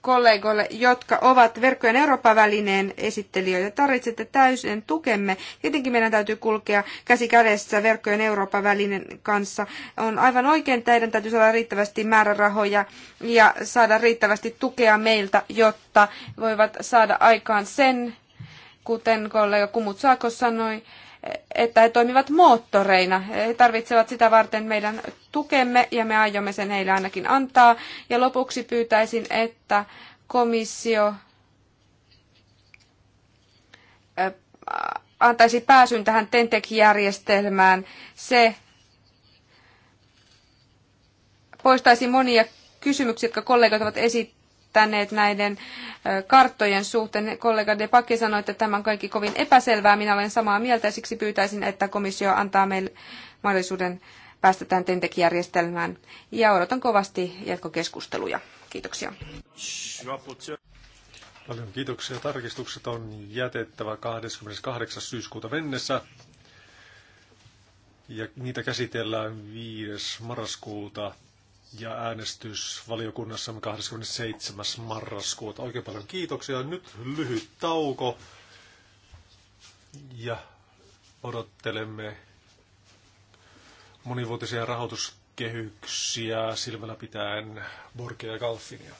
kollegoille, jotka ovat verkkojen eurooppa välineen esittelijöitä. Tarvitsette täysin tukemme. Tietenkin meidän täytyy kulkea käsi kädessä verkkojen Eurooppa-välineen kanssa. On aivan oikein, teidän täytyy saada riittävästi määrärahoja ja saada riittävästi tukea meiltä, jotta voivat saada aikaan sen, kuten kollega Kumut Saakos sanoi, että he toimivat moottoreina. He tarvitsevat sitä varten meidän tukemme ja me aiomme sen heille ainakin antaa. Ja lopuksi pyytäisin, että komissio antaisi pääsyn tähän tentec järjestelmään Se poistaisi monia kysymyksiä, jotka kollegat ovat esittäneet esittäneet näiden karttojen suhteen. Kollega De Paki sanoi, että tämä on kaikki kovin epäselvää. Minä olen samaa mieltä ja siksi pyytäisin, että komissio antaa meille mahdollisuuden päästä tämän TENTEK-järjestelmään. Ja odotan kovasti jatkokeskusteluja. Kiitoksia. Paljon kiitoksia. Tarkistukset on jätettävä 28. syyskuuta mennessä. Ja niitä käsitellään 5. marraskuuta ja äänestys valiokunnassamme 27. marraskuuta. Oikein paljon kiitoksia. Nyt lyhyt tauko ja odottelemme monivuotisia rahoituskehyksiä silmällä pitäen Borgia ja Galfinia.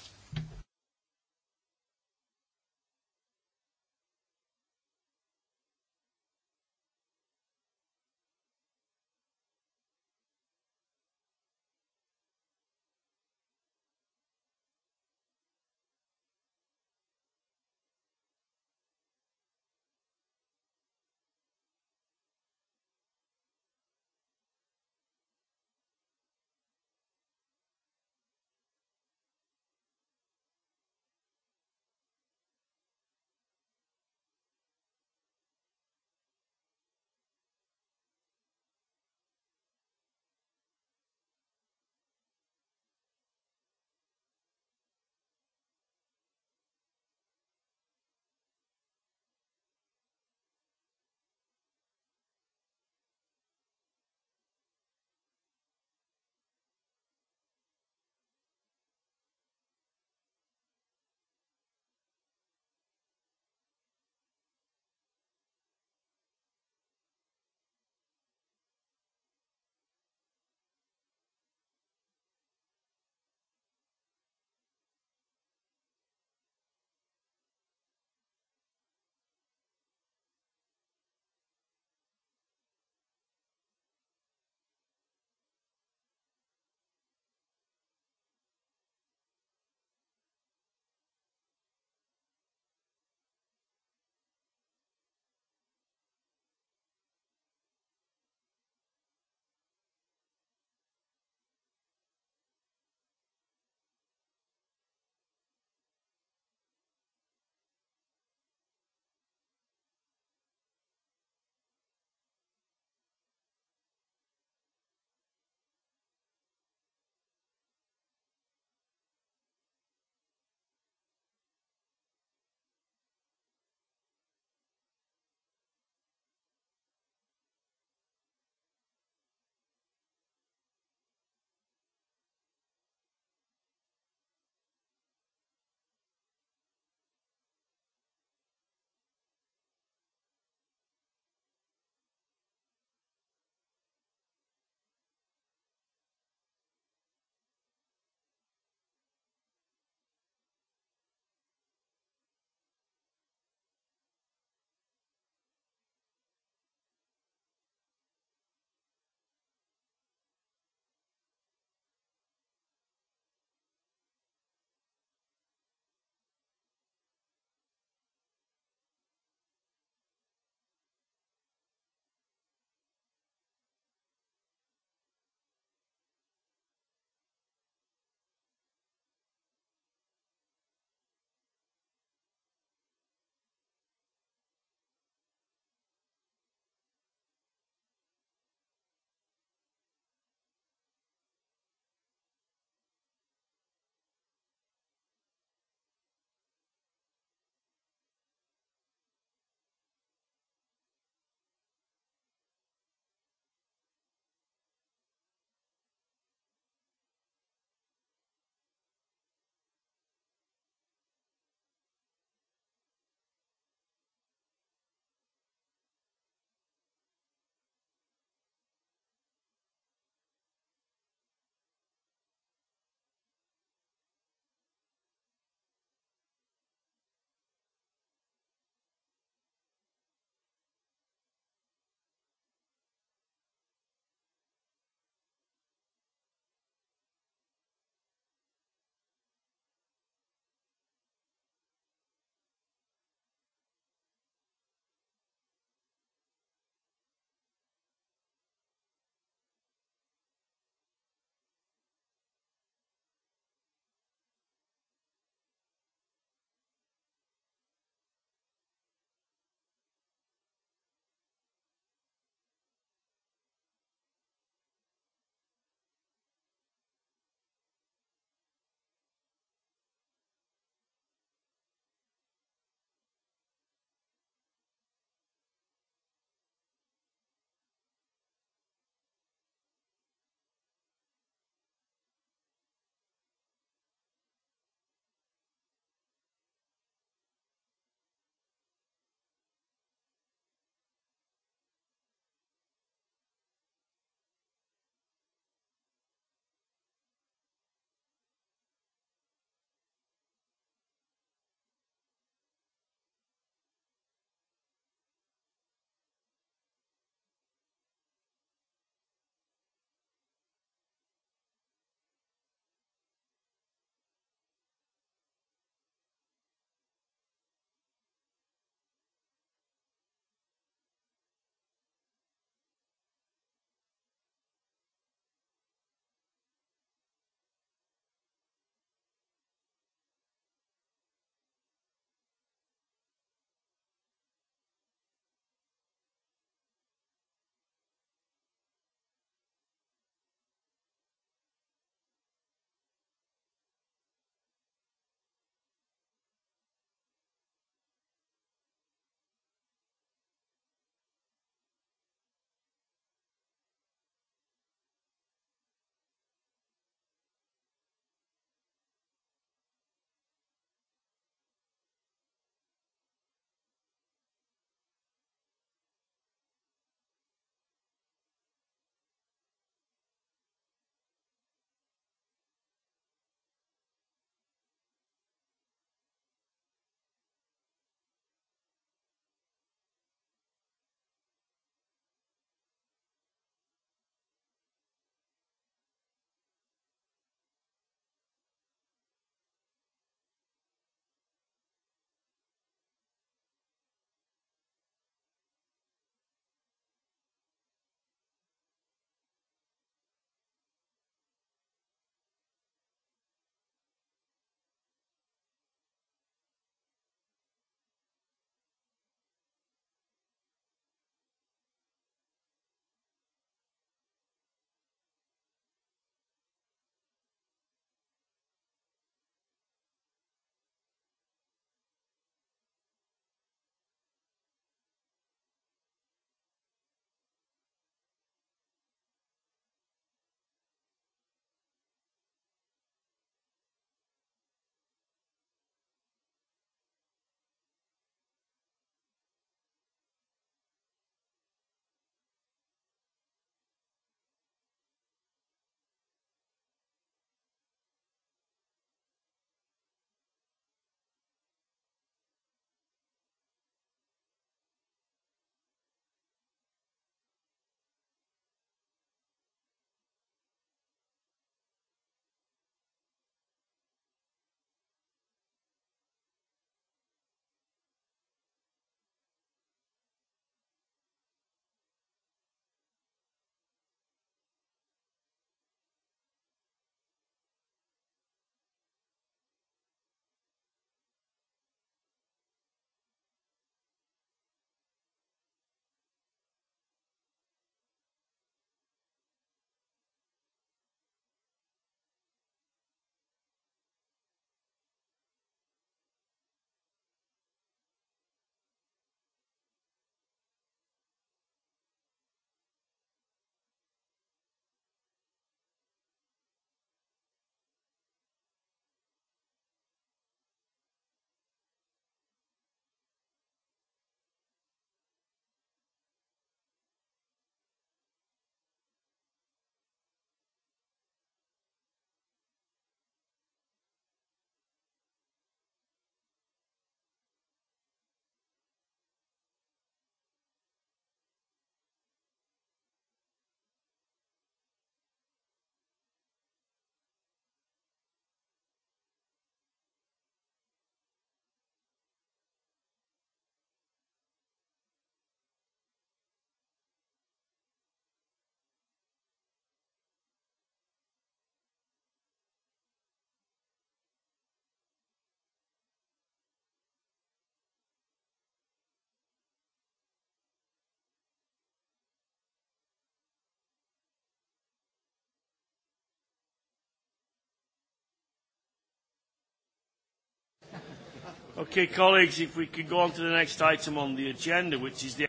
Okay, colleagues, if we could go on to the next item on the agenda, which is the...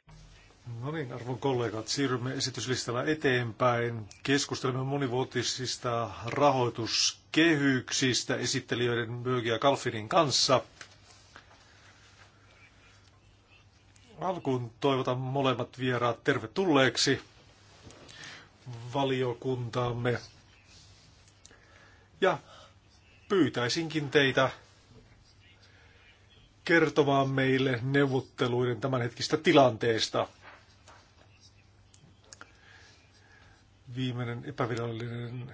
No niin, arvon kollegat, siirrymme esityslistalla eteenpäin. Keskustelemme monivuotisista rahoituskehyksistä esittelijöiden Böge ja Kalfinin kanssa. Alkuun toivotan molemmat vieraat tervetulleeksi valiokuntaamme. Ja pyytäisinkin teitä kertomaan meille neuvotteluiden tämänhetkistä tilanteesta. Viimeinen epävirallinen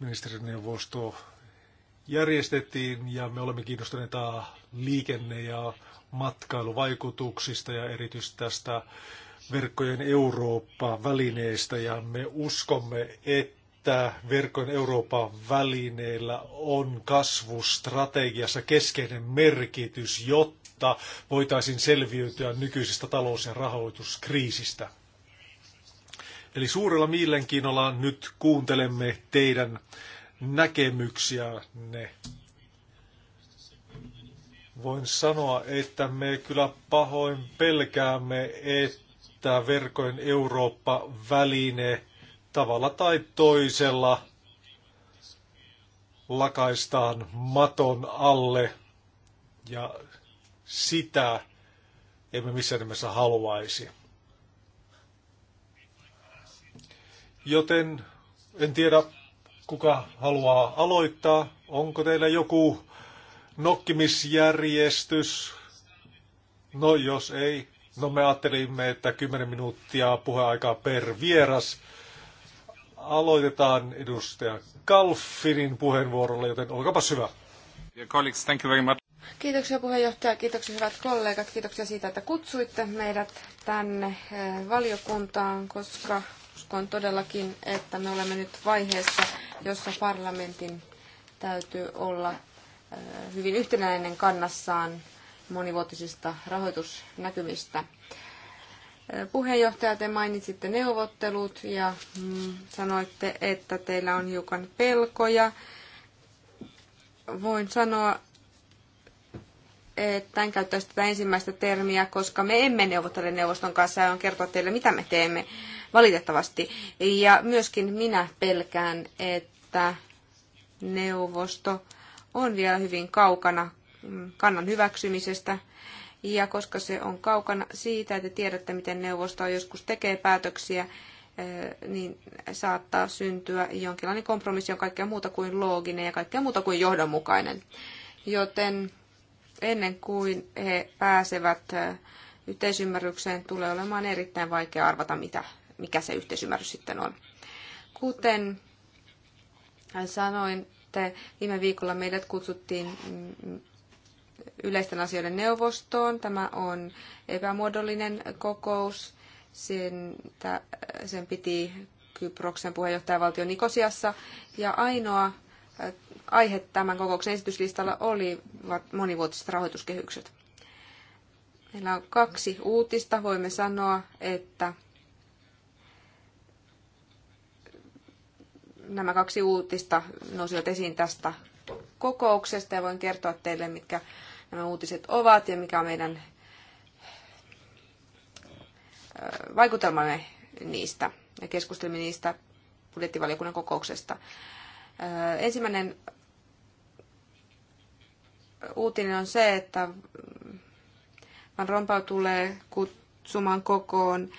ministerineuvosto järjestettiin ja me olemme kiinnostuneita liikenne- ja matkailuvaikutuksista ja erityisesti tästä verkkojen Eurooppa-välineestä ja me uskomme, että että verkon Euroopan välineillä on kasvustrategiassa keskeinen merkitys, jotta voitaisiin selviytyä nykyisestä talous- ja rahoituskriisistä. Eli suurella mielenkiinnolla nyt kuuntelemme teidän näkemyksiänne. Voin sanoa, että me kyllä pahoin pelkäämme, että verkojen Eurooppa-väline – tavalla tai toisella lakaistaan maton alle ja sitä emme missään nimessä haluaisi. Joten en tiedä, kuka haluaa aloittaa. Onko teillä joku nokkimisjärjestys? No jos ei, no me ajattelimme, että 10 minuuttia puheaikaa per vieras. Aloitetaan edustaja Kalfinin puheenvuorolla, joten olkaapa hyvä. Colleagues, thank you very much. Kiitoksia puheenjohtaja, kiitoksia hyvät kollegat, kiitoksia siitä, että kutsuitte meidät tänne eh, valiokuntaan, koska uskon todellakin, että me olemme nyt vaiheessa, jossa parlamentin täytyy olla eh, hyvin yhtenäinen kannassaan monivuotisista rahoitusnäkymistä. Puheenjohtaja, te mainitsitte neuvottelut ja mm, sanoitte, että teillä on hiukan pelkoja. Voin sanoa, että en käyttäisi tätä ensimmäistä termiä, koska me emme neuvottele neuvoston kanssa ja on kertoa teille, mitä me teemme valitettavasti. Ja myöskin minä pelkään, että neuvosto on vielä hyvin kaukana mm, kannan hyväksymisestä. Ja koska se on kaukana siitä, että tiedätte, miten neuvosto joskus tekee päätöksiä, eh, niin saattaa syntyä jonkinlainen kompromissi on kaikkea muuta kuin looginen ja kaikkea muuta kuin johdonmukainen. Joten ennen kuin he pääsevät eh, yhteisymmärrykseen, tulee olemaan erittäin vaikea arvata, mitä, mikä se yhteisymmärrys sitten on. Kuten sanoin, viime viikolla meidät kutsuttiin mm, yleisten asioiden neuvostoon. Tämä on epämuodollinen kokous. Sen, sen piti Kyproksen puheenjohtajavaltio Nikosiassa. Ja ainoa äh, aihe tämän kokouksen esityslistalla oli monivuotiset rahoituskehykset. Meillä on kaksi uutista. Voimme sanoa, että nämä kaksi uutista nousivat esiin tästä kokouksesta ja voin kertoa teille, mitkä nämä uutiset ovat ja mikä on meidän vaikutelmamme niistä ja keskustelimme niistä budjettivaliokunnan kokouksesta. Ensimmäinen uutinen on se, että Van Rompau tulee kutsumaan kokoon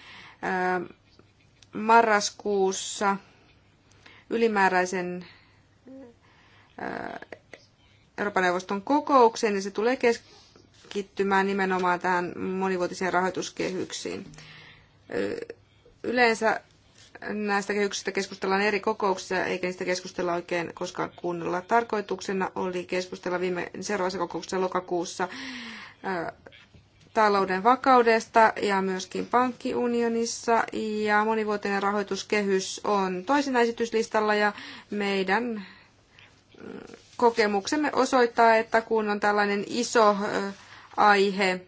marraskuussa ylimääräisen Euroopan neuvoston kokoukseen, niin se tulee keskittymään nimenomaan tähän monivuotiseen rahoituskehyksiin. Yleensä näistä kehyksistä keskustellaan eri kokouksissa, eikä niistä keskustella oikein koskaan kunnolla. Tarkoituksena oli keskustella viime seuraavassa kokouksessa lokakuussa talouden vakaudesta ja myöskin pankkiunionissa. Ja monivuotinen rahoituskehys on toisena esityslistalla ja meidän kokemuksemme osoittaa, että kun on tällainen iso aihe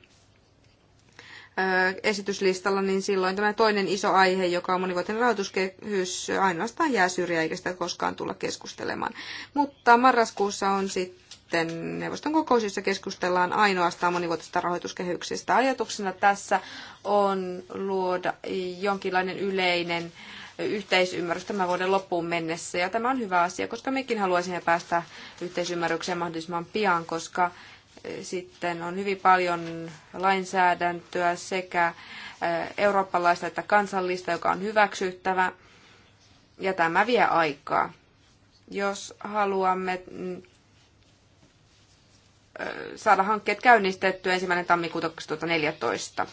esityslistalla, niin silloin tämä toinen iso aihe, joka on monivuotinen rahoituskehys, ainoastaan jää syrjä eikä sitä koskaan tulla keskustelemaan. Mutta marraskuussa on sitten neuvoston kokousissa keskustellaan ainoastaan monivuotisesta rahoituskehyksestä. Ajatuksena tässä on luoda jonkinlainen yleinen äh, yhteisymmärrys tämän vuoden loppuun mennessä. Ja tämä on hyvä asia, koska mekin haluaisimme päästä yhteisymmärrykseen mahdollisimman pian, koska e, sitten on hyvin paljon lainsäädäntöä sekä e, eurooppalaista että kansallista, joka on hyväksyttävä. Ja tämä vie aikaa. Jos haluamme mm, e, saada hankkeet käynnistettyä ensimmäinen tammikuuta 2014.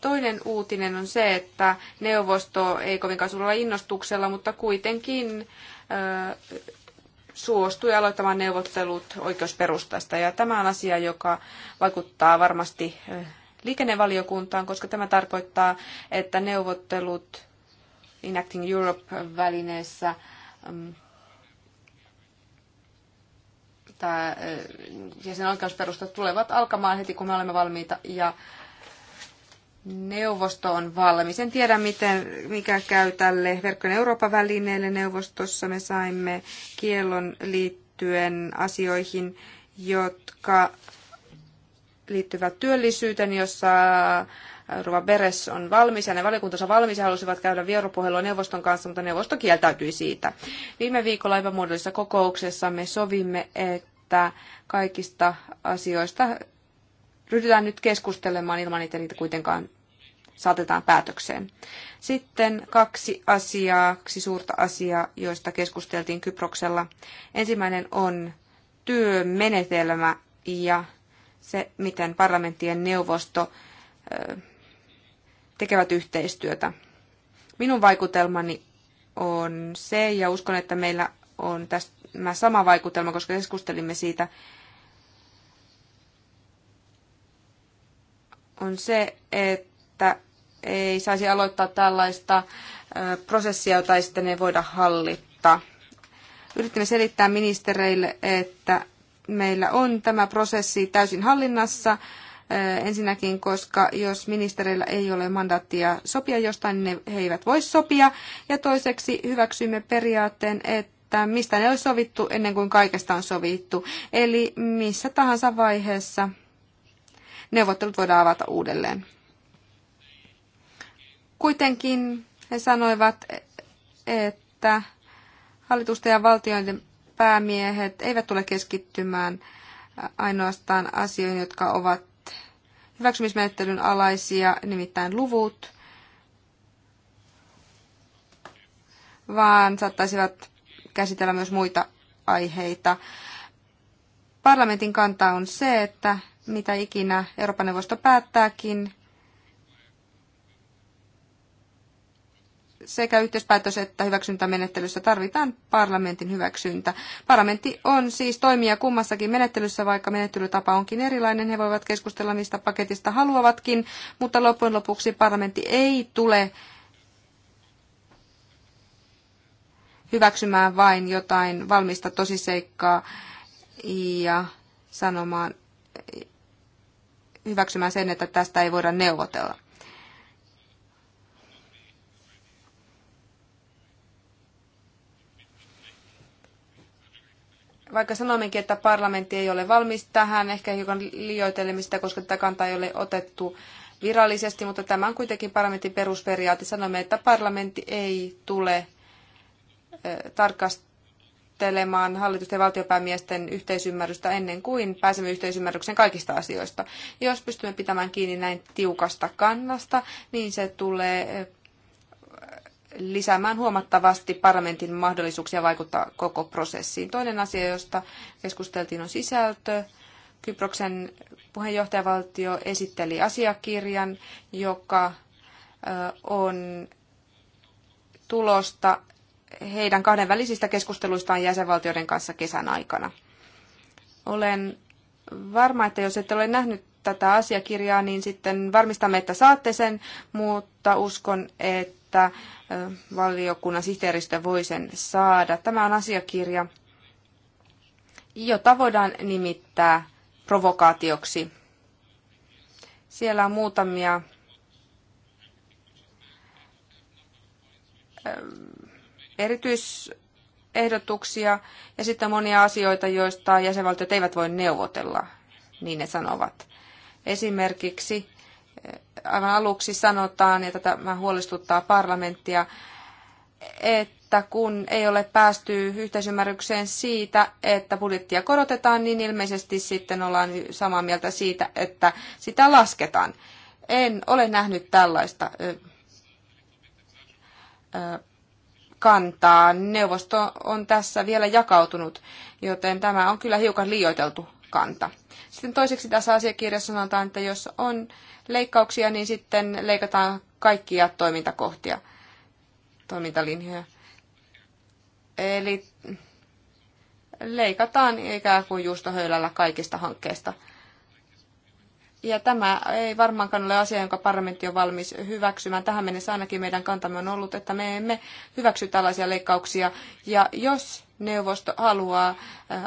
Toinen uutinen on se, että neuvosto ei kovinkaan suurella innostuksella, mutta kuitenkin suostui aloittamaan neuvottelut oikeusperustasta. Ja tämä on asia, joka vaikuttaa varmasti liikennevaliokuntaan, koska tämä tarkoittaa, että neuvottelut Enacting Europe-välineessä mm, ja sen oikeusperustat tulevat alkamaan heti, kun me olemme valmiita ja neuvosto on valmis. En tiedä, miten, mikä käy tälle verkkojen Euroopan välineelle neuvostossa. Me saimme kiellon liittyen asioihin, jotka liittyvät työllisyyteen, jossa Ruva Beres on valmis, ne valiokuntansa valmis ja halusivat käydä vieropuhelua neuvoston kanssa, mutta neuvosto kieltäytyi siitä. Viime viikolla epämuodollisessa kokouksessa me sovimme, että kaikista asioista ryhdytään nyt keskustelemaan ilman, että niitä kuitenkaan saatetaan päätökseen. Sitten kaksi asiaa, kaksi suurta asiaa, joista keskusteltiin Kyproksella. Ensimmäinen on työmenetelmä ja se, miten parlamenttien neuvosto tekevät yhteistyötä. Minun vaikutelmani on se, ja uskon, että meillä on tämä sama vaikutelma, koska keskustelimme siitä, on se, että ei saisi aloittaa tällaista prosessia, jota ei sitten ei voida hallita. Yritimme selittää ministereille, että meillä on tämä prosessi täysin hallinnassa. Ensinnäkin, koska jos ministereillä ei ole mandaattia sopia jostain, niin he eivät voi sopia. Ja toiseksi hyväksymme periaatteen, että mistä ne on sovittu ennen kuin kaikesta on sovittu. Eli missä tahansa vaiheessa neuvottelut voidaan avata uudelleen. Kuitenkin he sanoivat, että hallitusten ja valtioiden päämiehet eivät tule keskittymään ainoastaan asioihin, jotka ovat hyväksymismenettelyn alaisia, nimittäin luvut, vaan saattaisivat käsitellä myös muita aiheita. Parlamentin kanta on se, että mitä ikinä Euroopan neuvosto päättääkin, sekä yhteispäätös- että hyväksyntämenettelyssä tarvitaan parlamentin hyväksyntä. Parlamentti on siis toimija kummassakin menettelyssä, vaikka menettelytapa onkin erilainen. He voivat keskustella mistä paketista haluavatkin, mutta loppujen lopuksi parlamentti ei tule hyväksymään vain jotain valmista tosiseikkaa ja sanomaan, hyväksymään sen, että tästä ei voida neuvotella. vaikka sanommekin, että parlamentti ei ole valmis tähän, ehkä hiukan liioitelemista, koska tätä kantaa ei ole otettu virallisesti, mutta tämä on kuitenkin parlamentin perusperiaate. Sanomme, että parlamentti ei tule tarkastelemaan hallitusten ja valtiopäämiesten yhteisymmärrystä ennen kuin pääsemme yhteisymmärryksen kaikista asioista. Jos pystymme pitämään kiinni näin tiukasta kannasta, niin se tulee lisäämään huomattavasti parlamentin mahdollisuuksia vaikuttaa koko prosessiin. Toinen asia, josta keskusteltiin, on sisältö. Kyproksen puheenjohtajavaltio esitteli asiakirjan, joka on tulosta heidän kahdenvälisistä keskusteluistaan jäsenvaltioiden kanssa kesän aikana. Olen varma, että jos ette ole nähnyt tätä asiakirjaa, niin sitten varmistamme, että saatte sen, mutta uskon, että että valiokunnan sihteeristö voi sen saada. Tämä on asiakirja, jota voidaan nimittää provokaatioksi. Siellä on muutamia erityisehdotuksia ja sitten monia asioita, joista jäsenvaltiot eivät voi neuvotella, niin ne sanovat. Esimerkiksi aivan aluksi sanotaan, ja tämä huolestuttaa parlamenttia, että kun ei ole päästy yhteisymmärrykseen siitä, että budjettia korotetaan, niin ilmeisesti sitten ollaan samaa mieltä siitä, että sitä lasketaan. En ole nähnyt tällaista kantaa. Neuvosto on tässä vielä jakautunut, joten tämä on kyllä hiukan liioiteltu kanta. Sitten toiseksi tässä asiakirjassa sanotaan, että jos on leikkauksia, niin sitten leikataan kaikkia toimintakohtia, toimintalinjoja. Eli leikataan ikään kuin juustohöylällä kaikista hankkeista. Ja tämä ei varmaankaan ole asia, jonka parlamentti on valmis hyväksymään. Tähän mennessä ainakin meidän kantamme on ollut, että me emme hyväksy tällaisia leikkauksia. Ja jos neuvosto haluaa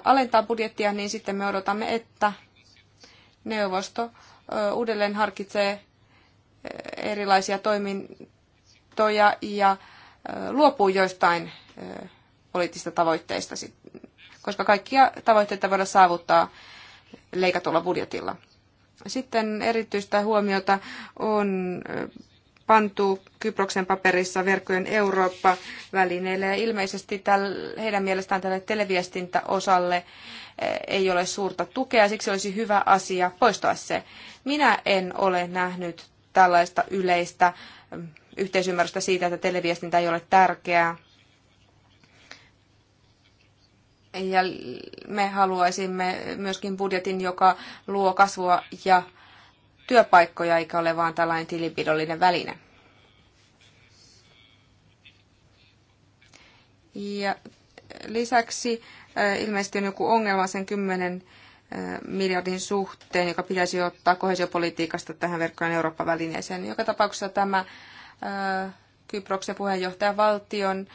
alentaa budjettia, niin sitten me odotamme, että neuvosto uudelleen harkitsee erilaisia toimintoja ja luopuu joistain poliittisista tavoitteista, koska kaikkia tavoitteita voidaan saavuttaa leikatulla budjetilla. Sitten erityistä huomiota on pantu Kyproksen paperissa verkkojen Eurooppa-välineelle ja ilmeisesti täl, heidän mielestään tälle televiestintäosalle eh, ei ole suurta tukea, siksi olisi hyvä asia poistaa se. Minä en ole nähnyt tällaista yleistä mm, yhteisymmärrystä siitä, että televiestintä ei ole tärkeää. Ja me haluaisimme myöskin budjetin, joka luo kasvua ja työpaikkoja eikä ole vain tällainen tilinpidollinen väline. Ja lisäksi ilmeisesti on joku ongelma sen 10 miljardin suhteen, joka pitäisi ottaa kohesiopolitiikasta tähän verkkojen Eurooppa-välineeseen. Joka tapauksessa tämä Kyproksen puheenjohtajan valtion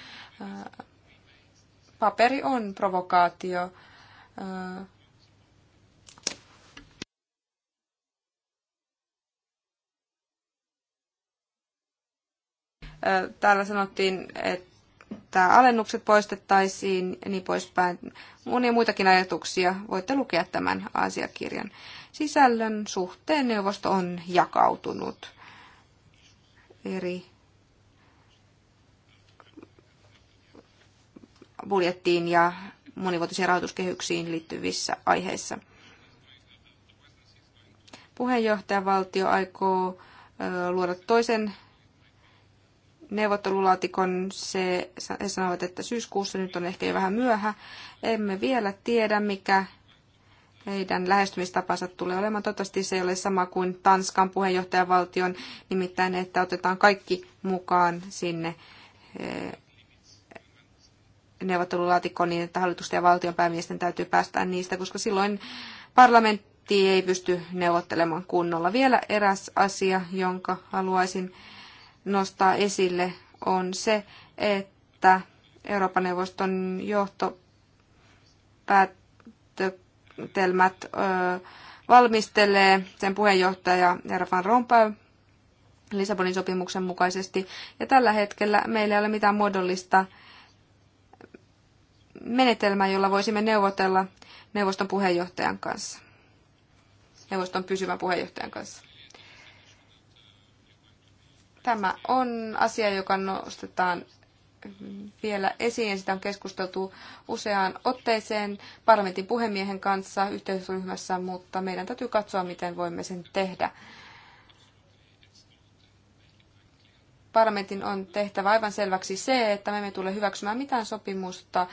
paperi on provokaatio. Täällä sanottiin, että alennukset poistettaisiin ja niin poispäin. Monia muitakin ajatuksia. Voitte lukea tämän asiakirjan. Sisällön suhteen neuvosto on jakautunut eri budjettiin ja monivuotisiin rahoituskehyksiin liittyvissä aiheissa. Puheenjohtajavaltio aikoo luoda toisen neuvottelulaatikon. Se, he sanovat, että syyskuussa nyt on ehkä jo vähän myöhä. Emme vielä tiedä, mikä heidän lähestymistapansa tulee olemaan. Toivottavasti se ei ole sama kuin Tanskan puheenjohtajavaltion, nimittäin että otetaan kaikki mukaan sinne eh, neuvottelulaatikkoon niin, että hallitusten ja valtion päämiesten täytyy päästää niistä, koska silloin parlamentti ei pysty neuvottelemaan kunnolla. Vielä eräs asia, jonka haluaisin nostaa esille, on se, että Euroopan neuvoston johtopäätelmät valmistelee sen puheenjohtaja Herra Van Rompuy Lissabonin sopimuksen mukaisesti. Ja tällä hetkellä meillä ei ole mitään muodollista menetelmää, jolla voisimme neuvotella neuvoston puheenjohtajan kanssa, neuvoston pysyvän puheenjohtajan kanssa. Tämä on asia, joka nostetaan vielä esiin. Sitä on keskusteltu useaan otteeseen parlamentin puhemiehen kanssa yhteisryhmässä, mutta meidän täytyy katsoa, miten voimme sen tehdä. Parlamentin on tehtävä aivan selväksi se, että me emme tule hyväksymään mitään sopimusta,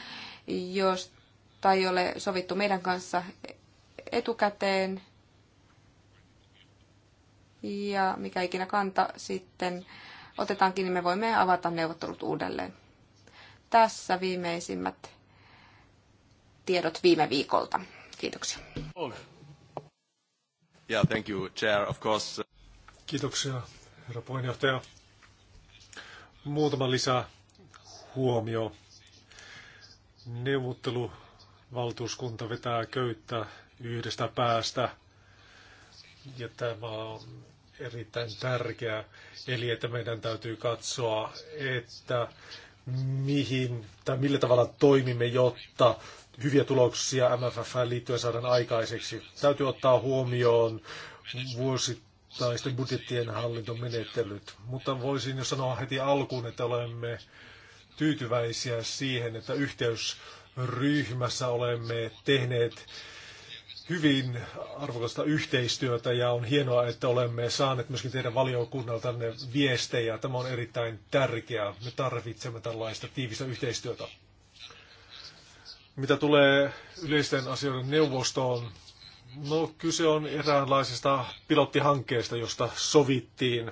jos tai ei ole sovittu meidän kanssa etukäteen ja mikä ikinä kanta sitten otetaankin, niin me voimme avata neuvottelut uudelleen. Tässä viimeisimmät tiedot viime viikolta. Kiitoksia. Yeah, thank you, Chair, of course. Uh, Kiitoksia, herra puheenjohtaja. Muutama lisää huomio. Neuvotteluvaltuuskunta vetää köyttä yhdestä päästä – ja tämä on erittäin tärkeä Eli että meidän täytyy katsoa, että mihin tai millä tavalla toimimme, jotta hyviä tuloksia MFF liittyen saadaan aikaiseksi. Täytyy ottaa huomioon vuosittaisten budjettien hallintomenettelyt, mutta voisin jo sanoa heti alkuun, että olemme tyytyväisiä siihen, että yhteysryhmässä olemme tehneet hyvin arvokasta yhteistyötä ja on hienoa, että olemme saaneet myöskin teidän valiokunnaltanne viestejä. Tämä on erittäin tärkeää. Me tarvitsemme tällaista tiivistä yhteistyötä. Mitä tulee yleisten asioiden neuvostoon, no kyse on eräänlaisesta pilottihankkeesta, josta sovittiin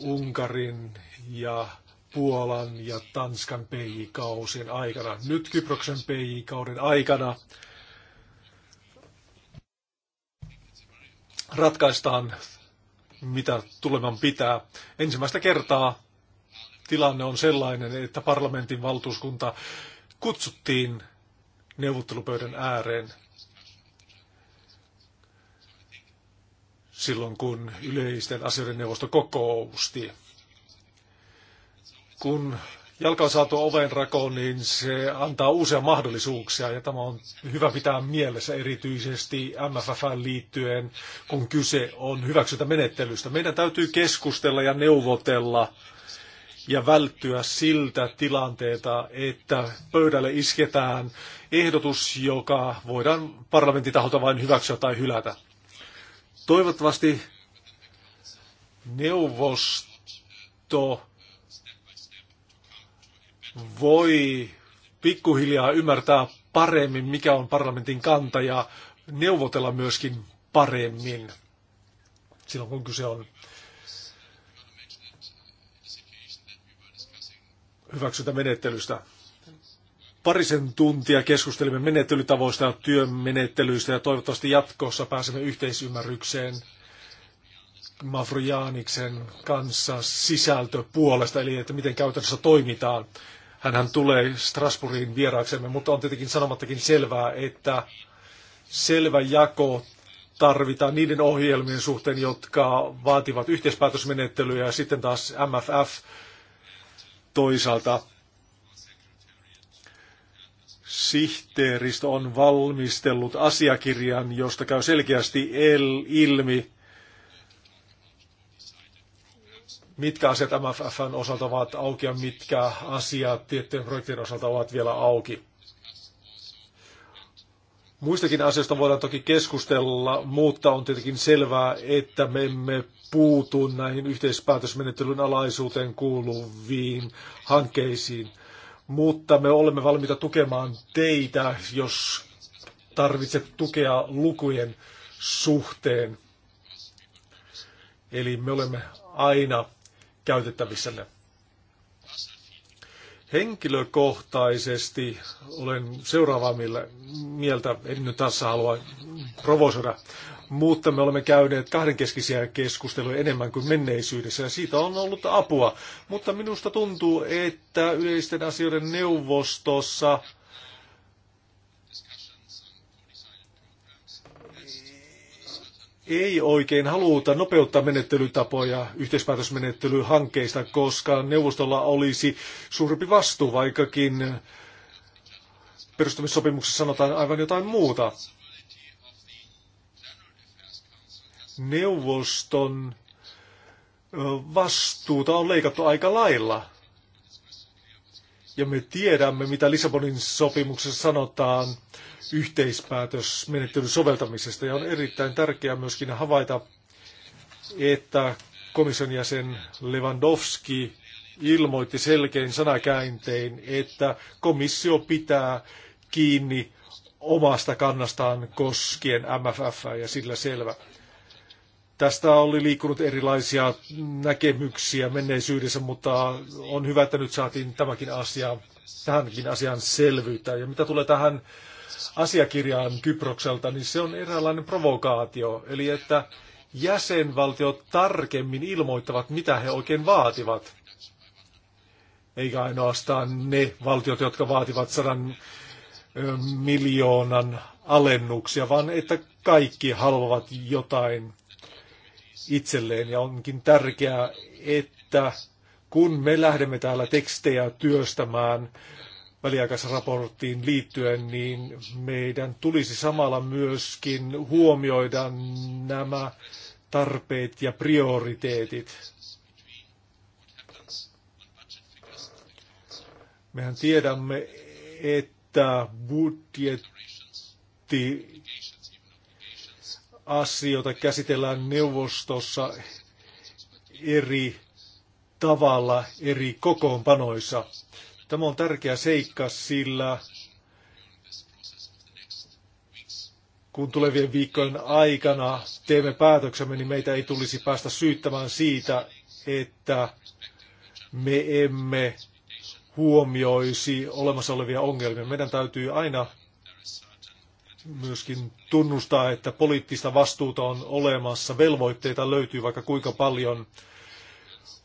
Unkarin ja Puolan ja Tanskan PJ-kausien aikana. Nyt Kyproksen PJ-kauden aikana ratkaistaan, mitä tuleman pitää. Ensimmäistä kertaa tilanne on sellainen, että parlamentin valtuuskunta kutsuttiin neuvottelupöydän ääreen silloin, kun yleisten asioiden neuvosto kokousti kun jalka on saatu oven rakoon, niin se antaa uusia mahdollisuuksia ja tämä on hyvä pitää mielessä erityisesti MFF liittyen, kun kyse on hyväksyntämenettelystä. Meidän täytyy keskustella ja neuvotella ja välttyä siltä tilanteelta, että pöydälle isketään ehdotus, joka voidaan parlamentin taholta vain hyväksyä tai hylätä. Toivottavasti neuvosto voi pikkuhiljaa ymmärtää paremmin, mikä on parlamentin kanta ja neuvotella myöskin paremmin silloin, kun kyse on hyväksyntämenettelystä. Parisen tuntia keskustelimme menettelytavoista ja työmenettelyistä ja toivottavasti jatkossa pääsemme yhteisymmärrykseen Mavrojaniksen kanssa sisältöpuolesta, eli että miten käytännössä toimitaan Hänhän tulee Strasbourgin vieraaksemme, mutta on tietenkin sanomattakin selvää, että selvä jako tarvitaan niiden ohjelmien suhteen, jotka vaativat yhteispäätösmenettelyä ja sitten taas MFF toisaalta sihteeristö on valmistellut asiakirjan, josta käy selkeästi ilmi, mitkä asiat MFFn osalta ovat auki ja mitkä asiat tiettyjen projektien osalta ovat vielä auki. Muistakin asioista voidaan toki keskustella, mutta on tietenkin selvää, että me emme puutu näihin yhteispäätösmenettelyn alaisuuteen kuuluviin hankkeisiin. Mutta me olemme valmiita tukemaan teitä, jos tarvitset tukea lukujen suhteen. Eli me olemme aina käytettävissänne. Henkilökohtaisesti olen seuraavaa mieltä, en nyt tässä halua provosoida, mutta me olemme käyneet kahdenkeskisiä keskusteluja enemmän kuin menneisyydessä ja siitä on ollut apua. Mutta minusta tuntuu, että yleisten asioiden neuvostossa ei oikein haluta nopeuttaa menettelytapoja yhteispäätösmenettelyhankkeista, koska neuvostolla olisi suurempi vastuu, vaikkakin perustamissopimuksessa sanotaan aivan jotain muuta. Neuvoston vastuuta on leikattu aika lailla. Ja me tiedämme, mitä Lissabonin sopimuksessa sanotaan yhteispäätösmenettelyn soveltamisesta. Ja on erittäin tärkeää myöskin havaita, että komission jäsen Lewandowski ilmoitti selkein sanakääntein, että komissio pitää kiinni omasta kannastaan koskien MFF ja sillä selvä. Tästä oli liikkunut erilaisia näkemyksiä menneisyydessä, mutta on hyvä, että nyt saatiin tämäkin asia, tähänkin asiaan selvyyttä. Ja mitä tulee tähän asiakirjaan Kyprokselta, niin se on eräänlainen provokaatio. Eli että jäsenvaltiot tarkemmin ilmoittavat, mitä he oikein vaativat. Eikä ainoastaan ne valtiot, jotka vaativat sadan miljoonan alennuksia, vaan että kaikki haluavat jotain itselleen. Ja onkin tärkeää, että kun me lähdemme täällä tekstejä työstämään väliaikaisraporttiin liittyen, niin meidän tulisi samalla myöskin huomioida nämä tarpeet ja prioriteetit. Mehän tiedämme, että budjetti asioita käsitellään neuvostossa eri tavalla eri kokoonpanoissa. Tämä on tärkeä seikka, sillä kun tulevien viikkojen aikana teemme päätöksemme, niin meitä ei tulisi päästä syyttämään siitä, että me emme huomioisi olemassa olevia ongelmia. Meidän täytyy aina myöskin tunnustaa, että poliittista vastuuta on olemassa, velvoitteita löytyy vaikka kuinka paljon.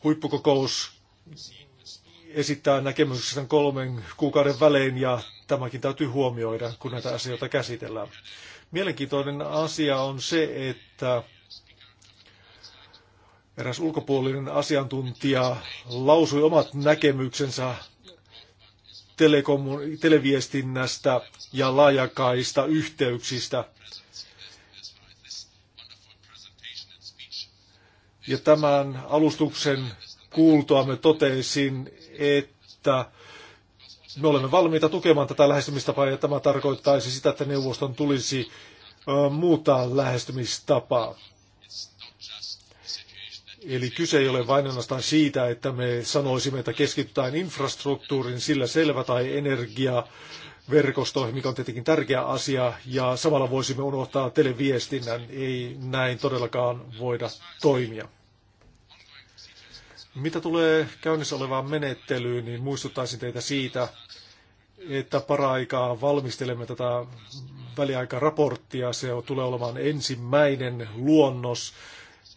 Huippukokous esittää näkemyksensä kolmen kuukauden välein ja tämäkin täytyy huomioida, kun näitä asioita käsitellään. Mielenkiintoinen asia on se, että eräs ulkopuolinen asiantuntija lausui omat näkemyksensä telekomun, televiestinnästä ja laajakaista yhteyksistä. Ja tämän alustuksen kuultuamme totesin, että me olemme valmiita tukemaan tätä lähestymistapaa ja tämä tarkoittaisi sitä, että neuvoston tulisi muuttaa lähestymistapaa. Eli kyse ei ole vain ainoastaan siitä, että me sanoisimme, että keskitytään infrastruktuurin sillä selvä tai energia mikä on tietenkin tärkeä asia, ja samalla voisimme unohtaa televiestinnän. Ei näin todellakaan voida toimia. Mitä tulee käynnissä olevaan menettelyyn, niin muistuttaisin teitä siitä, että paraikaa valmistelemme tätä väliaikaraporttia. Se tulee olemaan ensimmäinen luonnos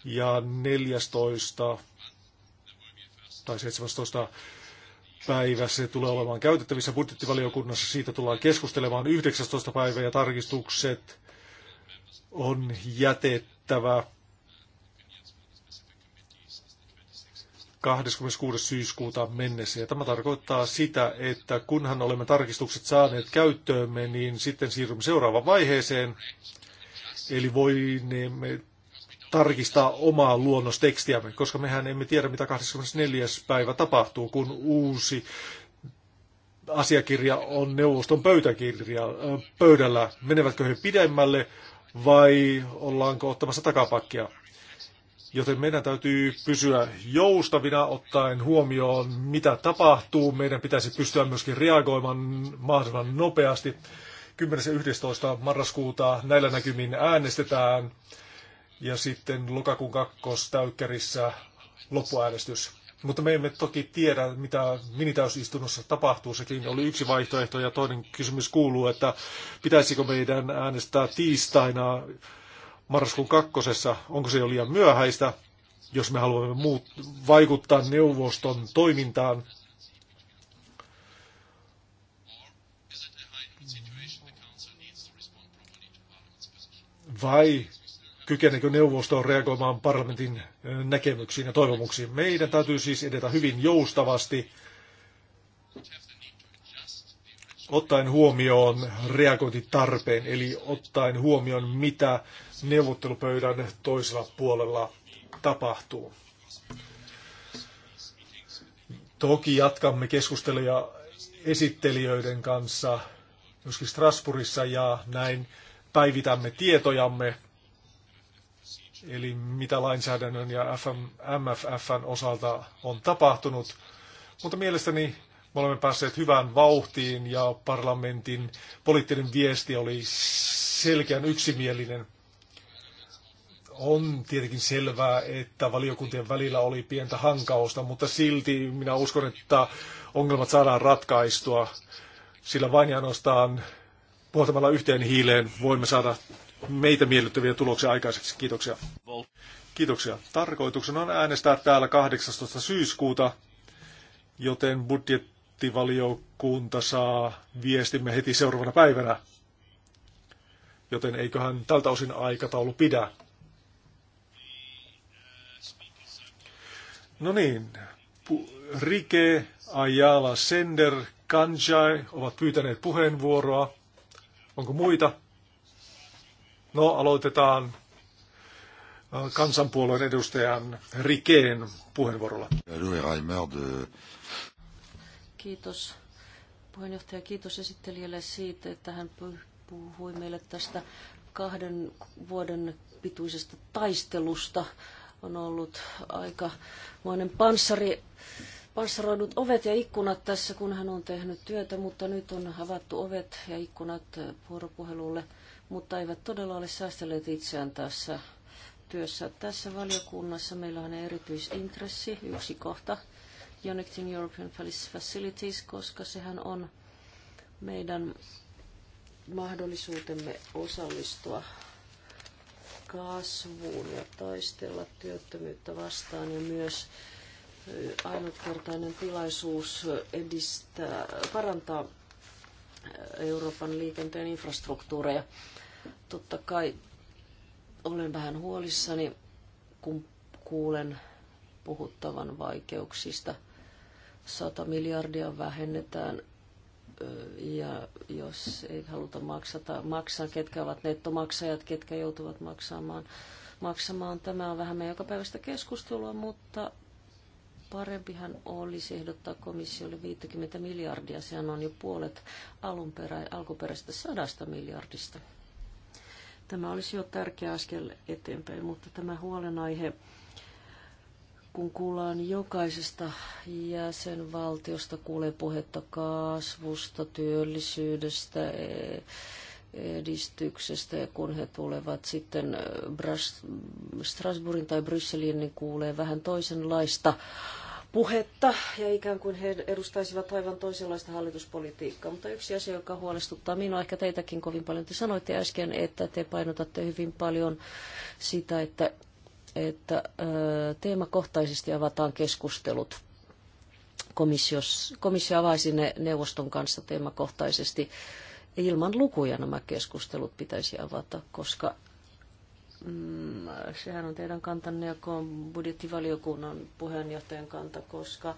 ja 14 tai 17 päivä se tulee olemaan käytettävissä budjettivaliokunnassa. Siitä tullaan keskustelemaan 19. päivä ja tarkistukset on jätettävä 26. syyskuuta mennessä. Ja tämä tarkoittaa sitä, että kunhan olemme tarkistukset saaneet käyttöömme, niin sitten siirrymme seuraavaan vaiheeseen. Eli voimme tarkistaa omaa luonnostekstiämme, koska mehän emme tiedä, mitä 24. päivä tapahtuu, kun uusi asiakirja on neuvoston pöytäkirja, pöydällä. Menevätkö he pidemmälle vai ollaanko ottamassa takapakkia? Joten meidän täytyy pysyä joustavina ottaen huomioon, mitä tapahtuu. Meidän pitäisi pystyä myöskin reagoimaan mahdollisimman nopeasti. 10. ja 11. marraskuuta näillä näkymin äänestetään ja sitten lokakuun kakkostäykkärissä loppuäänestys. Mutta me emme toki tiedä, mitä minitäysistunnossa tapahtuu. Sekin oli yksi vaihtoehto ja toinen kysymys kuuluu, että pitäisikö meidän äänestää tiistaina marraskuun kakkosessa, onko se jo liian myöhäistä, jos me haluamme muut, vaikuttaa neuvoston toimintaan. Vai kykeneekö neuvosto reagoimaan parlamentin näkemyksiin ja toivomuksiin. Meidän täytyy siis edetä hyvin joustavasti, ottaen huomioon reagointitarpeen, eli ottaen huomioon, mitä neuvottelupöydän toisella puolella tapahtuu. Toki jatkamme keskusteluja esittelijöiden kanssa myöskin Strasbourgissa ja näin päivitämme tietojamme eli mitä lainsäädännön ja FM, MFFn osalta on tapahtunut. Mutta mielestäni me olemme päässeet hyvään vauhtiin ja parlamentin poliittinen viesti oli selkeän yksimielinen. On tietenkin selvää, että valiokuntien välillä oli pientä hankausta, mutta silti minä uskon, että ongelmat saadaan ratkaistua, sillä vain ja ainoastaan puhaltamalla yhteen hiileen voimme saada meitä miellyttäviä tuloksia aikaiseksi. Kiitoksia. Kiitoksia. Tarkoituksena on äänestää täällä 18. syyskuuta, joten budjettivaliokunta saa viestimme heti seuraavana päivänä. Joten eiköhän tältä osin aikataulu pidä. No niin, Rike, Ayala, Sender, Kanjai ovat pyytäneet puheenvuoroa. Onko muita? No, aloitetaan äh, kansanpuolueen edustajan Rikeen puheenvuorolla. Kiitos puheenjohtaja, kiitos esittelijälle siitä, että hän puhui meille tästä kahden vuoden pituisesta taistelusta. On ollut aika monen panssari, panssaroidut ovet ja ikkunat tässä, kun hän on tehnyt työtä, mutta nyt on avattu ovet ja ikkunat vuoropuhelulle – mutta eivät todella ole säästelleet itseään tässä työssä. Tässä valiokunnassa meillä on erityisintressi, yksi kohta, Connecting European Facilities, koska sehän on meidän mahdollisuutemme osallistua kasvuun ja taistella työttömyyttä vastaan ja myös ainutkertainen tilaisuus edistää, parantaa Euroopan liikenteen infrastruktuureja. Totta kai olen vähän huolissani, kun kuulen puhuttavan vaikeuksista. 100 miljardia vähennetään ja jos ei haluta maksata, maksaa, ketkä ovat nettomaksajat, ketkä joutuvat maksamaan, maksamaan. Tämä on vähän meidän jokapäiväistä keskustelua, mutta parempihan olisi ehdottaa komissiolle 50 miljardia. Sehän on jo puolet alunperä, alkuperäisestä sadasta miljardista. Tämä olisi jo tärkeä askel eteenpäin, mutta tämä huolenaihe, kun kuullaan jokaisesta jäsenvaltiosta, kuulee puhetta kasvusta, työllisyydestä, edistyksestä ja kun he tulevat sitten äh, Strasbourgin tai Brysseliin, niin kuulee vähän toisenlaista puhetta ja ikään kuin he edustaisivat aivan toisenlaista hallituspolitiikkaa. Mutta yksi asia, joka huolestuttaa minua, ehkä teitäkin kovin paljon, te sanoitte äsken, että te painotatte hyvin paljon sitä, että, että teemakohtaisesti avataan keskustelut. Komissios, komissio avaisi ne neuvoston kanssa teemakohtaisesti. Ilman lukuja nämä keskustelut pitäisi avata, koska mm, sehän on teidän kantanne, joka on budjettivaliokunnan puheenjohtajan kanta, koska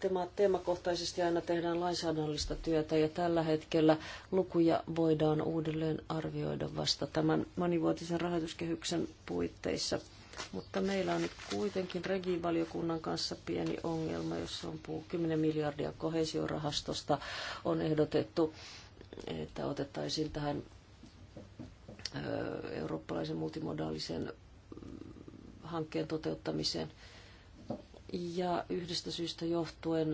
teema, teemakohtaisesti aina tehdään lainsäädännöllistä työtä ja tällä hetkellä lukuja voidaan uudelleen arvioida vasta tämän monivuotisen rahoituskehyksen puitteissa. Mutta meillä on nyt kuitenkin regivaliokunnan kanssa pieni ongelma, jossa on puu 10 miljardia kohesiorahastosta on ehdotettu, että otettaisiin tähän eurooppalaisen multimodaalisen hankkeen toteuttamiseen. Ja yhdestä syystä johtuen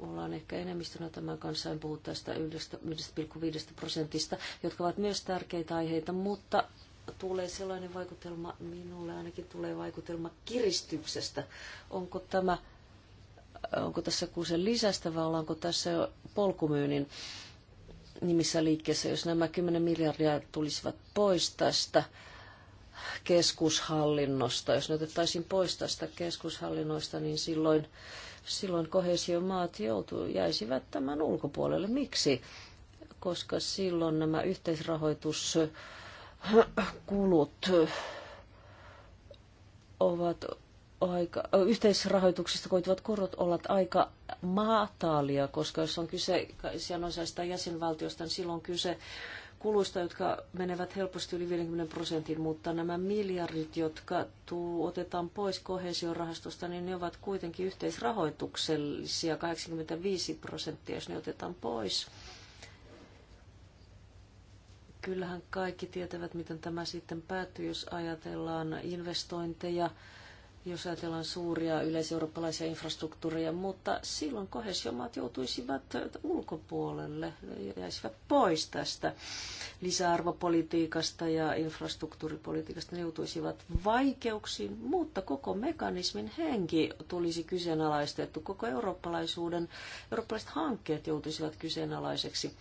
ollaan ehkä enemmistönä tämän kanssa, en puhu tästä 1,5 prosentista, jotka ovat myös tärkeitä aiheita, mutta tulee sellainen vaikutelma, minulle ainakin tulee vaikutelma kiristyksestä. Onko tämä, onko tässä kuusen lisästä vai ollaanko tässä polkumyynnin nimissä liikkeessä, jos nämä 10 miljardia tulisivat pois tästä keskushallinnosta, jos ne otettaisiin pois tästä keskushallinnoista, niin silloin, silloin kohesiomaat joutu, jäisivät tämän ulkopuolelle. Miksi? Koska silloin nämä yhteisrahoituskulut ovat aika, yhteisrahoituksesta koituvat korot ovat aika maatalia, koska jos on kyse asianosaista jäsenvaltiosta, niin silloin on kyse kuluista, jotka menevät helposti yli 50 prosentin, mutta nämä miljardit, jotka tuu, otetaan pois kohesiorahastosta, niin ne ovat kuitenkin yhteisrahoituksellisia, 85 prosenttia, jos ne otetaan pois. Kyllähän kaikki tietävät, miten tämä sitten päättyy, jos ajatellaan investointeja, jos ajatellaan suuria yleiseurooppalaisia infrastruktuureja, mutta silloin kohesiomaat joutuisivat ulkopuolelle, jäisivät pois tästä lisäarvopolitiikasta ja infrastruktuuripolitiikasta, ne joutuisivat vaikeuksiin, mutta koko mekanismin henki tulisi kyseenalaistettu, koko eurooppalaisuuden, eurooppalaiset hankkeet joutuisivat kyseenalaiseksi.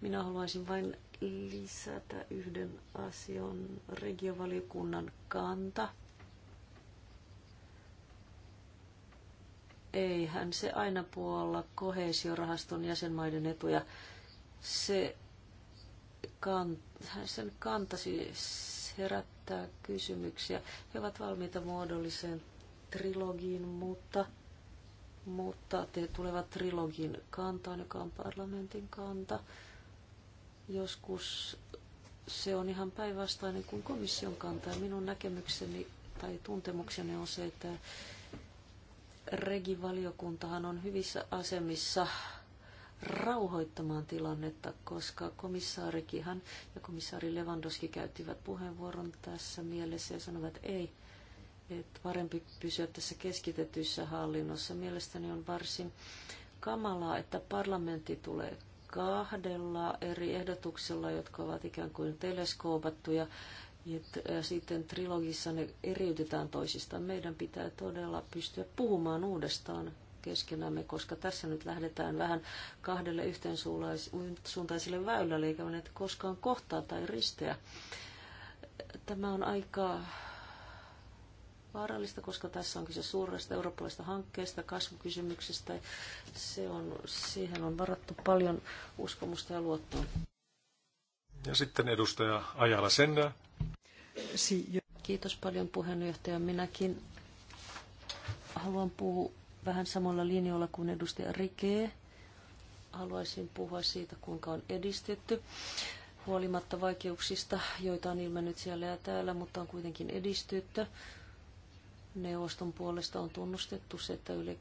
Minä haluaisin vain lisätä yhden asian, regiovaliokunnan kanta eihän se aina puolla kohesiorahaston jäsenmaiden etuja. Se hän sen kantasi herättää kysymyksiä. He ovat valmiita muodolliseen trilogiin, mutta, mutta te tulevat trilogin kantaan, joka on parlamentin kanta. Joskus se on ihan päinvastainen kuin komission kanta. Ja minun näkemykseni tai tuntemukseni on se, että Regivaliokuntahan on hyvissä asemissa rauhoittamaan tilannetta, koska komissaarikihan ja komissaari Lewandowski käyttivät puheenvuoron tässä mielessä ja sanovat, että ei, että parempi pysyä tässä keskitetyssä hallinnossa. Mielestäni on varsin kamalaa, että parlamentti tulee kahdella eri ehdotuksella, jotka ovat ikään kuin teleskoopattuja ja äh, sitten trilogissa ne eriytetään toisistaan. Meidän pitää todella pystyä puhumaan uudestaan keskenämme, koska tässä nyt lähdetään vähän kahdelle yhteensuuntaiselle väylälle, eikä että koskaan kohtaa tai risteä. Tämä on aika vaarallista, koska tässä on kyse suuresta eurooppalaisesta hankkeesta, kasvukysymyksestä. Se on, siihen on varattu paljon uskomusta ja luottoa. Ja sitten edustaja Ajala Sennä. Kiitos paljon puheenjohtaja. Minäkin haluan puhua vähän samalla linjalla kuin edustaja Rike. Haluaisin puhua siitä, kuinka on edistetty huolimatta vaikeuksista, joita on ilmennyt siellä ja täällä, mutta on kuitenkin edistytty. Neuvoston puolesta on tunnustettu se, että yli,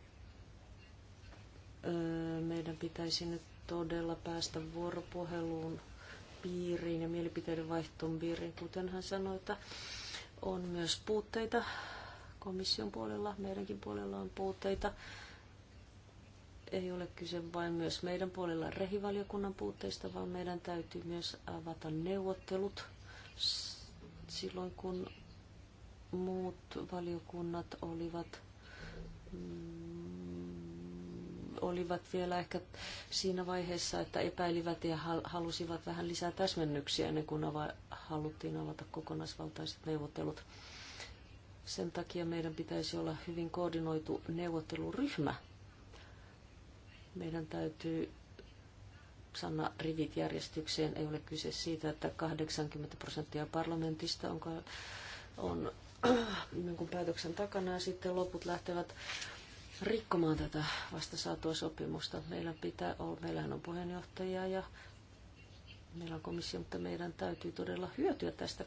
öö, meidän pitäisi nyt todella päästä vuoropuheluun piiriin ja mielipiteiden vaihtoon piiriin. Kuten hän sanoi, että on myös puutteita komission puolella, meidänkin puolella on puutteita. Ei ole kyse vain myös meidän puolella rehivaliokunnan puutteista, vaan meidän täytyy myös avata neuvottelut silloin, kun muut valiokunnat olivat mm, olivat vielä ehkä siinä vaiheessa, että epäilivät ja halusivat vähän lisää täsmennyksiä ennen kuin ava- haluttiin avata kokonaisvaltaiset neuvottelut. Sen takia meidän pitäisi olla hyvin koordinoitu neuvotteluryhmä. Meidän täytyy Sanna rivit järjestykseen. Ei ole kyse siitä, että 80 prosenttia parlamentista on, on niin päätöksen takana ja sitten loput lähtevät rikkomaan tätä vasta saatua sopimusta. Meillä pitää olla, meillähän on puheenjohtajia ja meillä on komissio, mutta meidän täytyy todella hyötyä tästä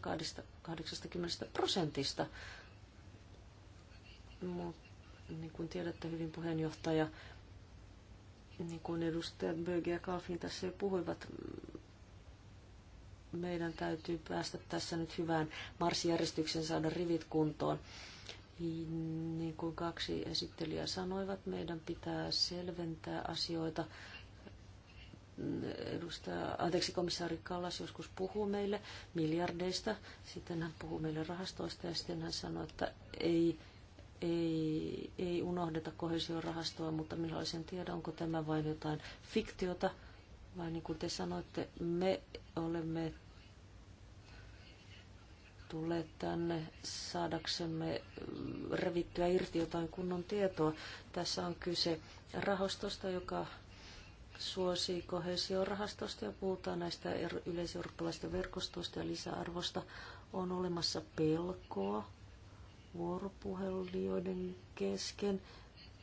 80 prosentista. Mut, niin kuin tiedätte hyvin puheenjohtaja, niin kuin edustajat Böge ja Kalfin tässä jo puhuivat, meidän täytyy päästä tässä nyt hyvään marssijärjestykseen saada rivit kuntoon. Niin kuin kaksi esittelijää sanoivat, meidän pitää selventää asioita. Edustaja, anteeksi, komissaari Kallas joskus puhuu meille miljardeista, sitten hän puhuu meille rahastoista ja sitten hän sanoi, että ei, ei, ei unohdeta kohesiorahastoa, mutta minä olisin tiedä, onko tämä vain jotain fiktiota, vai niin kuin te sanoitte, me olemme tulleet tänne saadaksemme mm, revittyä irti jotain kunnon tietoa. Tässä on kyse rahastosta, joka suosii kohesiorahastosta ja puhutaan näistä yleiseurooppalaisista verkostoista ja lisäarvosta. On olemassa pelkoa vuoropuhelijoiden kesken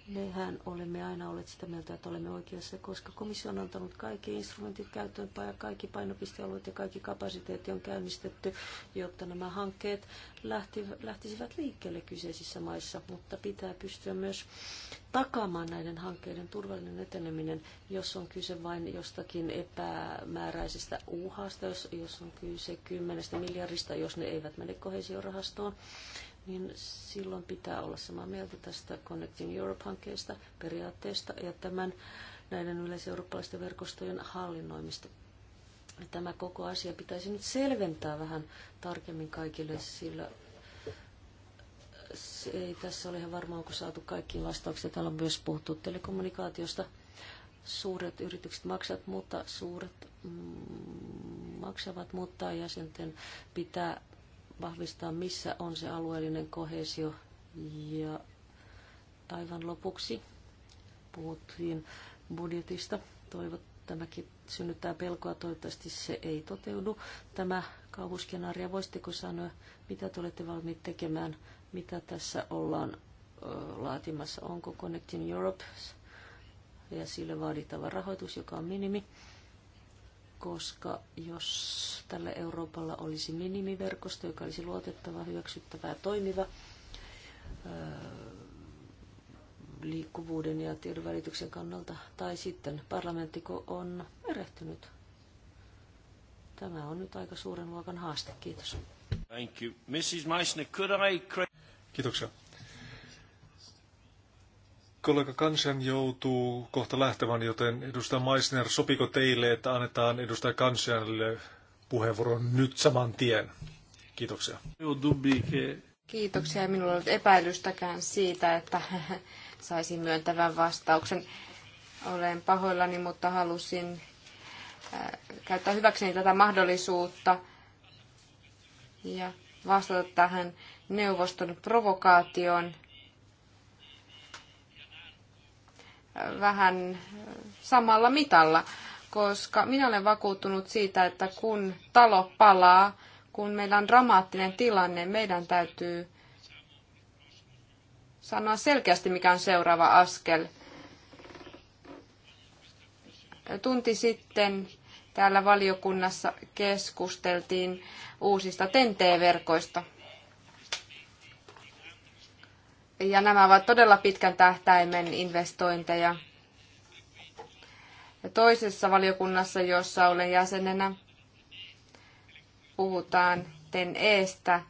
mehän olemme aina olleet sitä mieltä, että olemme oikeassa, koska komissio on antanut kaikki instrumentit käyttöön ja kaikki painopistealueet ja kaikki kapasiteetti on käynnistetty, jotta nämä hankkeet lähtisivät liikkeelle kyseisissä maissa, mutta pitää pystyä myös takaamaan näiden hankkeiden turvallinen eteneminen, jos on kyse vain jostakin epämääräisestä uhasta, jos, jos on kyse kymmenestä miljardista, jos ne eivät mene kohesiorahastoon niin silloin pitää olla samaa mieltä tästä Connecting Europe-hankkeesta, periaatteesta ja tämän näiden yleiseurooppalaisten verkostojen hallinnoimista. Tämä koko asia pitäisi nyt selventää vähän tarkemmin kaikille, sillä se ei tässä ole ihan varma, onko saatu kaikkiin vastauksia. Täällä on myös puhuttu telekommunikaatiosta. Suuret yritykset maksavat, mutta suuret mm, maksavat, mutta jäsenten pitää vahvistaa, missä on se alueellinen kohesio. Ja aivan lopuksi puhuttiin budjetista. Toivot, tämäkin synnyttää pelkoa, toivottavasti se ei toteudu. Tämä kauhuskenaario, voisitteko sanoa, mitä te olette valmiit tekemään, mitä tässä ollaan laatimassa, onko Connecting Europe ja sille vaadittava rahoitus, joka on minimi koska jos tällä Euroopalla olisi minimiverkosto, joka olisi luotettava, hyväksyttävä ja toimiva liikkuvuuden ja tiedonvälityksen kannalta, tai sitten parlamenttiko on erehtynyt. Tämä on nyt aika suuren luokan haaste. Kiitos. Thank you. Mrs. Meissner, could I... Kiitoksia kollega Kansen joutuu kohta lähtemään, joten edustaja Meissner, sopiko teille, että annetaan edustaja Kansenille puheenvuoron nyt saman tien? Kiitoksia. Kiitoksia. Minulla ei ollut epäilystäkään siitä, että saisin myöntävän vastauksen. Olen pahoillani, mutta halusin äh, käyttää hyväkseni tätä mahdollisuutta ja vastata tähän neuvoston provokaatioon vähän samalla mitalla, koska minä olen vakuuttunut siitä, että kun talo palaa, kun meillä on dramaattinen tilanne, meidän täytyy sanoa selkeästi, mikä on seuraava askel. Tunti sitten täällä valiokunnassa keskusteltiin uusista TEN-T-verkoista. Ja nämä ovat todella pitkän tähtäimen investointeja. Ja toisessa valiokunnassa, jossa olen jäsenenä, puhutaan TEN-eestä.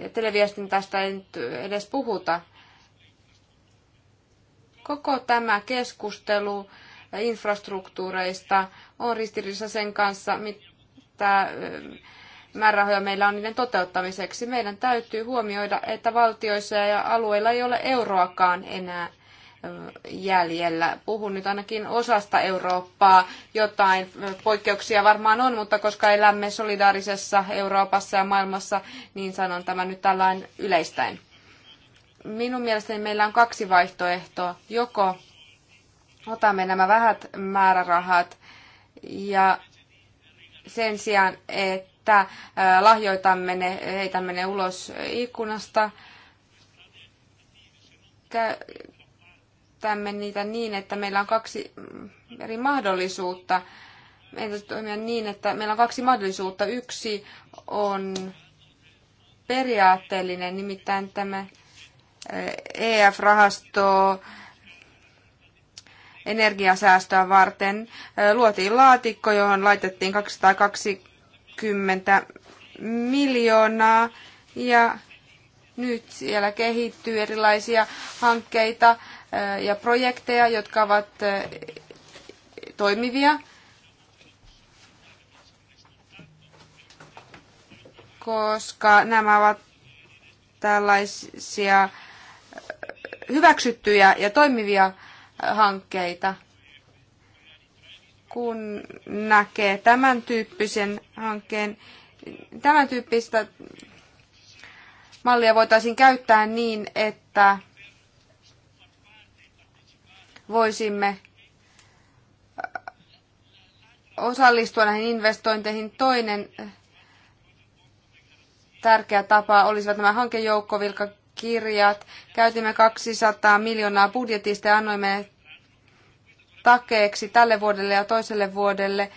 Ja tästä ei nyt edes puhuta. Koko tämä keskustelu infrastruktuureista on ristiriidassa sen kanssa, mitä määrärahoja meillä on niiden toteuttamiseksi. Meidän täytyy huomioida, että valtioissa ja alueilla ei ole euroakaan enää jäljellä. Puhun nyt ainakin osasta Eurooppaa. Jotain poikkeuksia varmaan on, mutta koska elämme solidaarisessa Euroopassa ja maailmassa, niin sanon tämä nyt tällainen yleistäen. Minun mielestäni meillä on kaksi vaihtoehtoa. Joko otamme nämä vähät määrärahat ja sen sijaan, että että lahjoitamme ne, heitämme ne ulos ikkunasta. Käytämme niitä niin, että meillä on kaksi mm, eri mahdollisuutta. Meidän toimia niin, että meillä on kaksi mahdollisuutta. Yksi on periaatteellinen, nimittäin tämä EF-rahasto energiasäästöä varten. Luotiin laatikko, johon laitettiin 220 20 miljoonaa ja nyt siellä kehittyy erilaisia hankkeita ja projekteja, jotka ovat toimivia. koska nämä ovat tällaisia hyväksyttyjä ja toimivia hankkeita kun näkee tämän tyyppisen hankkeen, tämän tyyppistä mallia voitaisiin käyttää niin, että voisimme äh, osallistua näihin investointeihin. Toinen äh, tärkeä tapa olisivat nämä hankejoukkovilkakirjat. Käytimme 200 miljoonaa budjetista ja annoimme takeeksi tälle vuodelle ja toiselle vuodelle,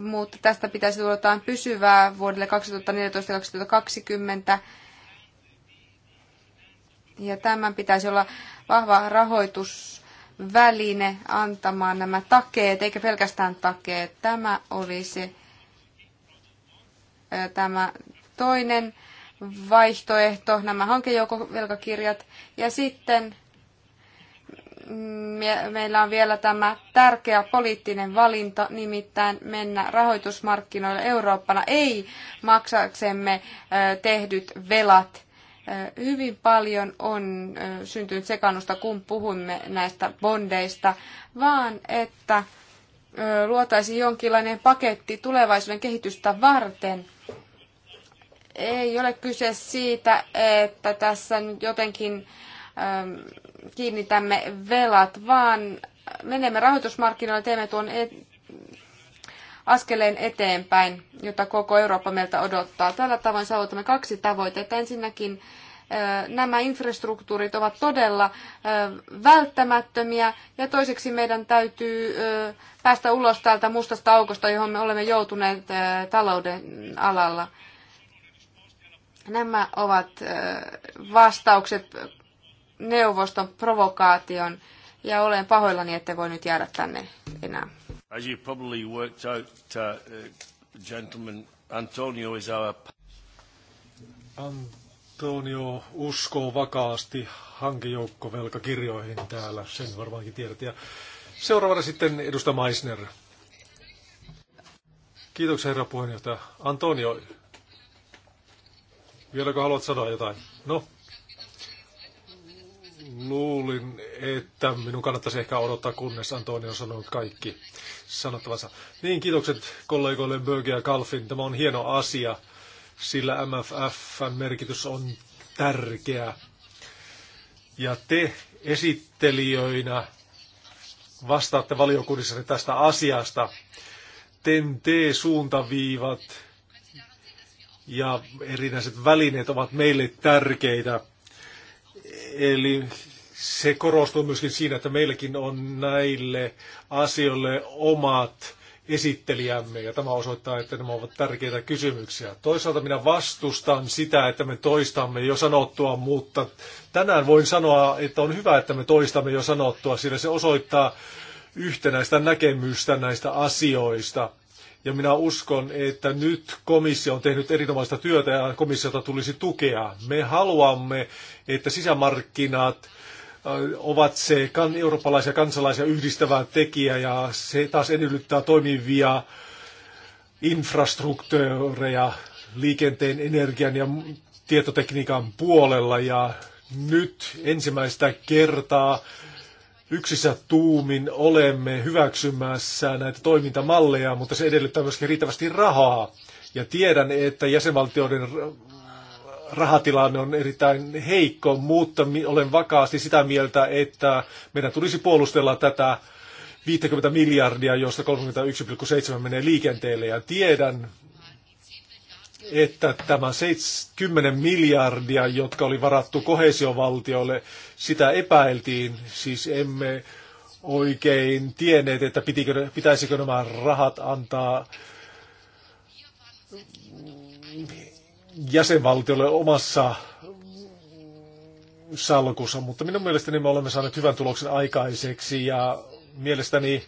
mutta tästä pitäisi tulla jotain pysyvää vuodelle 2014-2020. Ja tämän pitäisi olla vahva rahoitusväline antamaan nämä takeet, eikä pelkästään takeet. Tämä oli se tämä toinen vaihtoehto, nämä hankejoukovelkakirjat. Ja sitten meillä on vielä tämä tärkeä poliittinen valinta, nimittäin mennä rahoitusmarkkinoille Eurooppana, ei maksaksemme tehdyt velat. Hyvin paljon on syntynyt sekannusta, kun puhumme näistä bondeista, vaan että luotaisiin jonkinlainen paketti tulevaisuuden kehitystä varten – ei ole kyse siitä, että tässä nyt jotenkin kiinnitämme velat, vaan menemme rahoitusmarkkinoille, teemme tuon et- askeleen eteenpäin, jota koko Eurooppa meiltä odottaa. Tällä tavoin saavutamme kaksi tavoitetta. Ensinnäkin nämä infrastruktuurit ovat todella välttämättömiä ja toiseksi meidän täytyy päästä ulos täältä mustasta aukosta, johon me olemme joutuneet talouden alalla. Nämä ovat vastaukset neuvoston provokaation ja olen pahoillani, että voi nyt jäädä tänne enää. As you probably worked out, uh, uh gentlemen, Antonio is our... Antonio uskoo vakaasti hankejoukkovelkakirjoihin täällä, sen varmaankin tiedät. Ja seuraavana sitten edustaja Meissner. Kiitoksia herra puheenjohtaja. Antonio, vieläkö haluat sanoa jotain? No, luulin, että minun kannattaisi ehkä odottaa, kunnes Antonio on sanonut kaikki sanottavansa. Niin, kiitokset kollegoille Böge ja Kalfin. Tämä on hieno asia, sillä MFFn merkitys on tärkeä. Ja te esittelijöinä vastaatte valiokunnissa tästä asiasta. TEN-T-suuntaviivat ja erinäiset välineet ovat meille tärkeitä – Eli se korostuu myöskin siinä, että meilläkin on näille asioille omat esittelijämme, ja tämä osoittaa, että nämä ovat tärkeitä kysymyksiä. Toisaalta minä vastustan sitä, että me toistamme jo sanottua, mutta tänään voin sanoa, että on hyvä, että me toistamme jo sanottua, sillä se osoittaa yhtenäistä näkemystä näistä asioista. Ja minä uskon, että nyt komissio on tehnyt erinomaista työtä ja komissiota tulisi tukea. Me haluamme, että sisämarkkinat ovat se kan, eurooppalaisia kansalaisia yhdistävää tekijä ja se taas edellyttää toimivia infrastruktuureja liikenteen, energian ja tietotekniikan puolella ja nyt ensimmäistä kertaa yksissä tuumin olemme hyväksymässä näitä toimintamalleja, mutta se edellyttää myöskin riittävästi rahaa. Ja tiedän, että jäsenvaltioiden rahatilanne on erittäin heikko, mutta olen vakaasti sitä mieltä, että meidän tulisi puolustella tätä 50 miljardia, josta 31,7 menee liikenteelle. Ja tiedän, että tämä 70 miljardia, jotka oli varattu kohesiovaltioille, sitä epäiltiin. Siis emme oikein tienneet, että pitikö, pitäisikö nämä rahat antaa jäsenvaltiolle omassa salkussa, mutta minun mielestäni me olemme saaneet hyvän tuloksen aikaiseksi ja mielestäni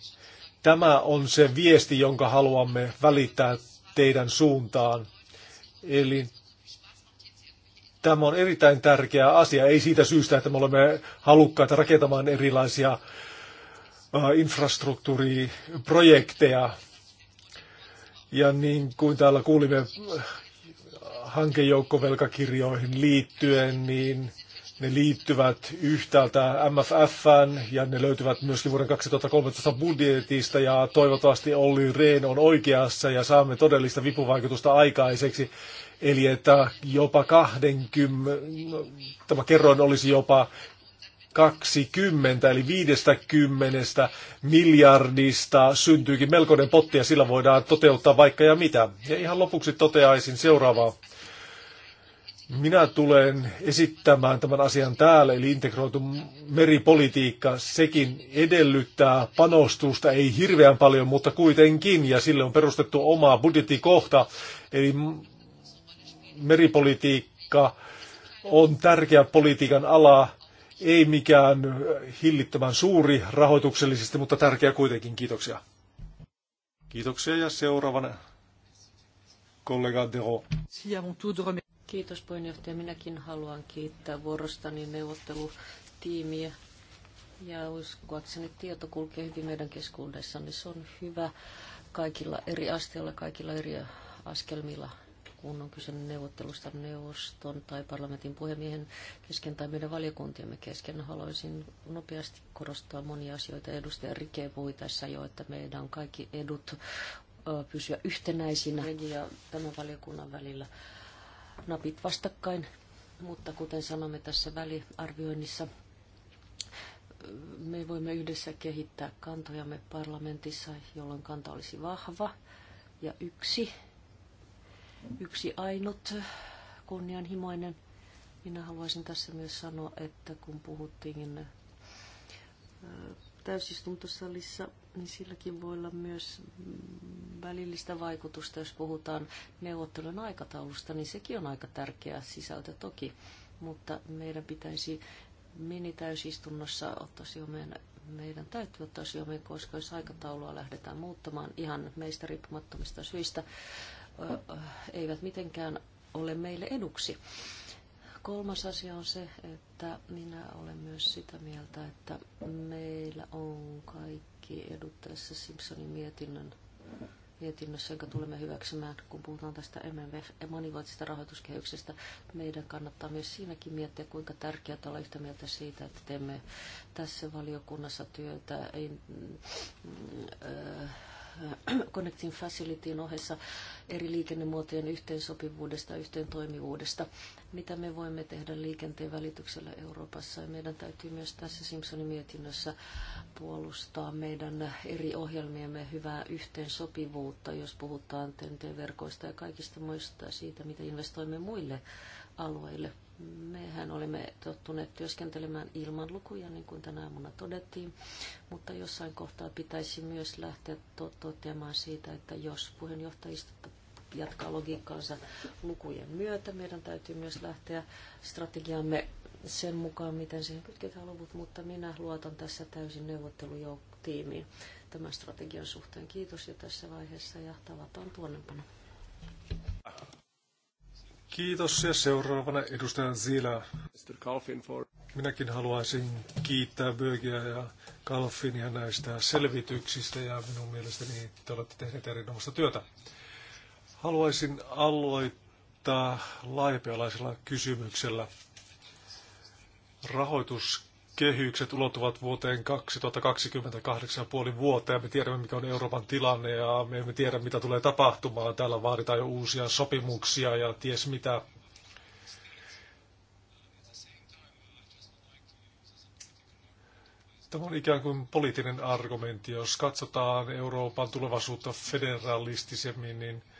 tämä on se viesti, jonka haluamme välittää teidän suuntaan. Eli tämä on erittäin tärkeä asia, ei siitä syystä, että me olemme halukkaita rakentamaan erilaisia infrastruktuuriprojekteja. Ja niin kuin täällä kuulimme hankejoukkovelkakirjoihin liittyen, niin ne liittyvät yhtäältä MFF ja ne löytyvät myöskin vuoden 2013 budjetista ja toivottavasti Olli Rehn on oikeassa ja saamme todellista vipuvaikutusta aikaiseksi. Eli että jopa 20, tämä kerroin olisi jopa 20 eli 50 miljardista syntyykin melkoinen potti ja sillä voidaan toteuttaa vaikka ja mitä. Ja ihan lopuksi toteaisin seuraavaa. Minä tulen esittämään tämän asian täällä, eli integroitu meripolitiikka, sekin edellyttää panostusta, ei hirveän paljon, mutta kuitenkin, ja sille on perustettu oma budjettikohta, eli meripolitiikka on tärkeä politiikan ala, ei mikään hillittävän suuri rahoituksellisesti, mutta tärkeä kuitenkin. Kiitoksia. Kiitoksia ja seuraavana kollega Dero. Kiitos puheenjohtaja. Minäkin haluan kiittää vuorostani neuvottelutiimiä. Ja uskoakseni tieto kulkee hyvin meidän keskuudessa, Niin se on hyvä kaikilla eri asteilla, kaikilla eri askelmilla kun on kyse neuvottelusta neuvoston tai parlamentin puhemiehen kesken tai meidän valiokuntiemme kesken. Haluaisin nopeasti korostaa monia asioita. Edustaja Rike puhui tässä jo, että meidän on kaikki edut pysyä yhtenäisinä ja tämän valiokunnan välillä napit vastakkain, mutta kuten sanomme tässä väliarvioinnissa, me voimme yhdessä kehittää kantojamme parlamentissa, jolloin kanta olisi vahva ja yksi, yksi ainut kunnianhimoinen. Minä haluaisin tässä myös sanoa, että kun puhuttiin äh, täysistuntosalissa, niin silläkin voi olla myös välillistä vaikutusta, jos puhutaan neuvottelun aikataulusta, niin sekin on aika tärkeä sisältö toki. Mutta meidän pitäisi minitäysistunnossa ottaa huomioon, meidän täytyy ottaa huomioon, koska jos aikataulua lähdetään muuttamaan ihan meistä riippumattomista syistä, eivät mitenkään ole meille eduksi. Kolmas asia on se, että minä olen myös sitä mieltä, että meillä on kaikki edut tässä Simpsonin mietinnön, mietinnössä, jonka tulemme hyväksymään, kun puhutaan tästä monivuotisesta rahoituskehyksestä. Meidän kannattaa myös siinäkin miettiä, kuinka tärkeää olla yhtä mieltä siitä, että teemme tässä valiokunnassa työtä. Ei, mm, äh, Äh, Connecting Facilityin ohessa eri liikennemuotojen yhteensopivuudesta ja toimivuudesta Mitä me voimme tehdä liikenteen välityksellä Euroopassa? Ja meidän täytyy myös tässä Simpsonin mietinnössä puolustaa meidän eri ohjelmiemme hyvää yhteensopivuutta, jos puhutaan TNT-verkoista ja kaikista muista siitä, mitä investoimme muille alueille Mehän olemme tottuneet työskentelemään ilman lukuja, niin kuin tänä aamuna todettiin, mutta jossain kohtaa pitäisi myös lähteä to- toteamaan siitä, että jos puheenjohtajista jatkaa logiikkaansa lukujen myötä, meidän täytyy myös lähteä strategiamme sen mukaan, miten siihen kytketään luvut, mutta minä luotan tässä täysin neuvottelujoukkotiimiin tämän strategian suhteen. Kiitos jo tässä vaiheessa ja tavataan tuonnepana. Kiitos ja seuraavana edustajan Zila. Minäkin haluaisin kiittää Bögiä ja Kalfinia näistä selvityksistä ja minun mielestäni te olette tehneet erinomaista työtä. Haluaisin aloittaa laipealaisella kysymyksellä. Rahoitus kehykset ulottuvat vuoteen 2028,5 vuotta ja me tiedämme, mikä on Euroopan tilanne ja me emme tiedä, mitä tulee tapahtumaan. Täällä vaaditaan jo uusia sopimuksia ja ties mitä. Tämä on ikään kuin poliittinen argumentti. Jos katsotaan Euroopan tulevaisuutta federalistisemmin, niin –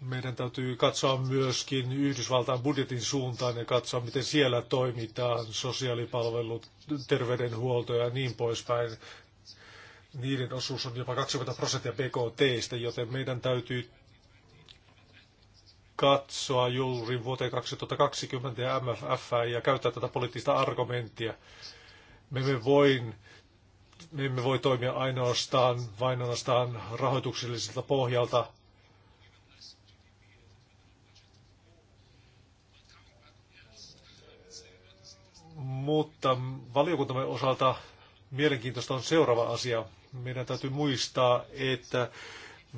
meidän täytyy katsoa myöskin Yhdysvaltain budjetin suuntaan ja katsoa, miten siellä toimitaan, sosiaalipalvelut, terveydenhuolto ja niin poispäin. Niiden osuus on jopa 20 prosenttia BKTstä, joten meidän täytyy katsoa juuri vuoteen 2020 ja MFF ja käyttää tätä poliittista argumenttia. Me emme voi, me emme voi toimia ainoastaan, vain ainoastaan rahoituksellisilta pohjalta, Mutta valiokuntamme osalta mielenkiintoista on seuraava asia. Meidän täytyy muistaa, että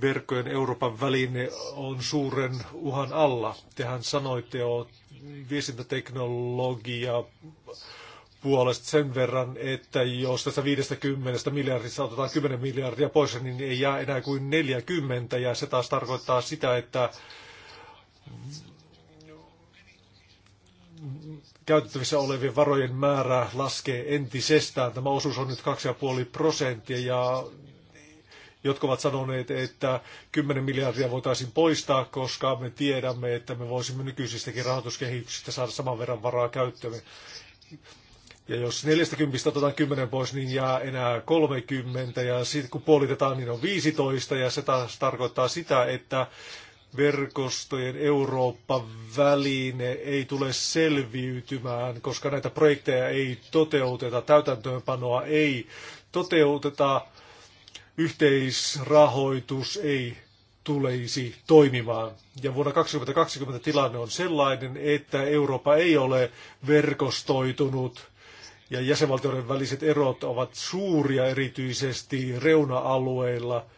verkkojen Euroopan väline on suuren uhan alla. Tehän sanoitte jo viestintäteknologia puolesta sen verran, että jos tästä 50 miljardista otetaan 10 miljardia pois, niin ei jää enää kuin 40, ja se taas tarkoittaa sitä, että käytettävissä olevien varojen määrä laskee entisestään. Tämä osuus on nyt 2,5 prosenttia ja jotka ovat sanoneet, että 10 miljardia voitaisiin poistaa, koska me tiedämme, että me voisimme nykyisistäkin rahoituskehityksistä saada saman verran varaa käyttöön. Ja jos 40 otetaan 10 pois, niin jää enää 30, ja sitten kun puolitetaan, niin on 15, ja se taas tarkoittaa sitä, että verkostojen Eurooppa-väline ei tule selviytymään, koska näitä projekteja ei toteuteta, täytäntöönpanoa ei toteuteta, yhteisrahoitus ei tulisi toimimaan. Ja vuonna 2020 tilanne on sellainen, että Eurooppa ei ole verkostoitunut ja jäsenvaltioiden väliset erot ovat suuria erityisesti reuna-alueilla –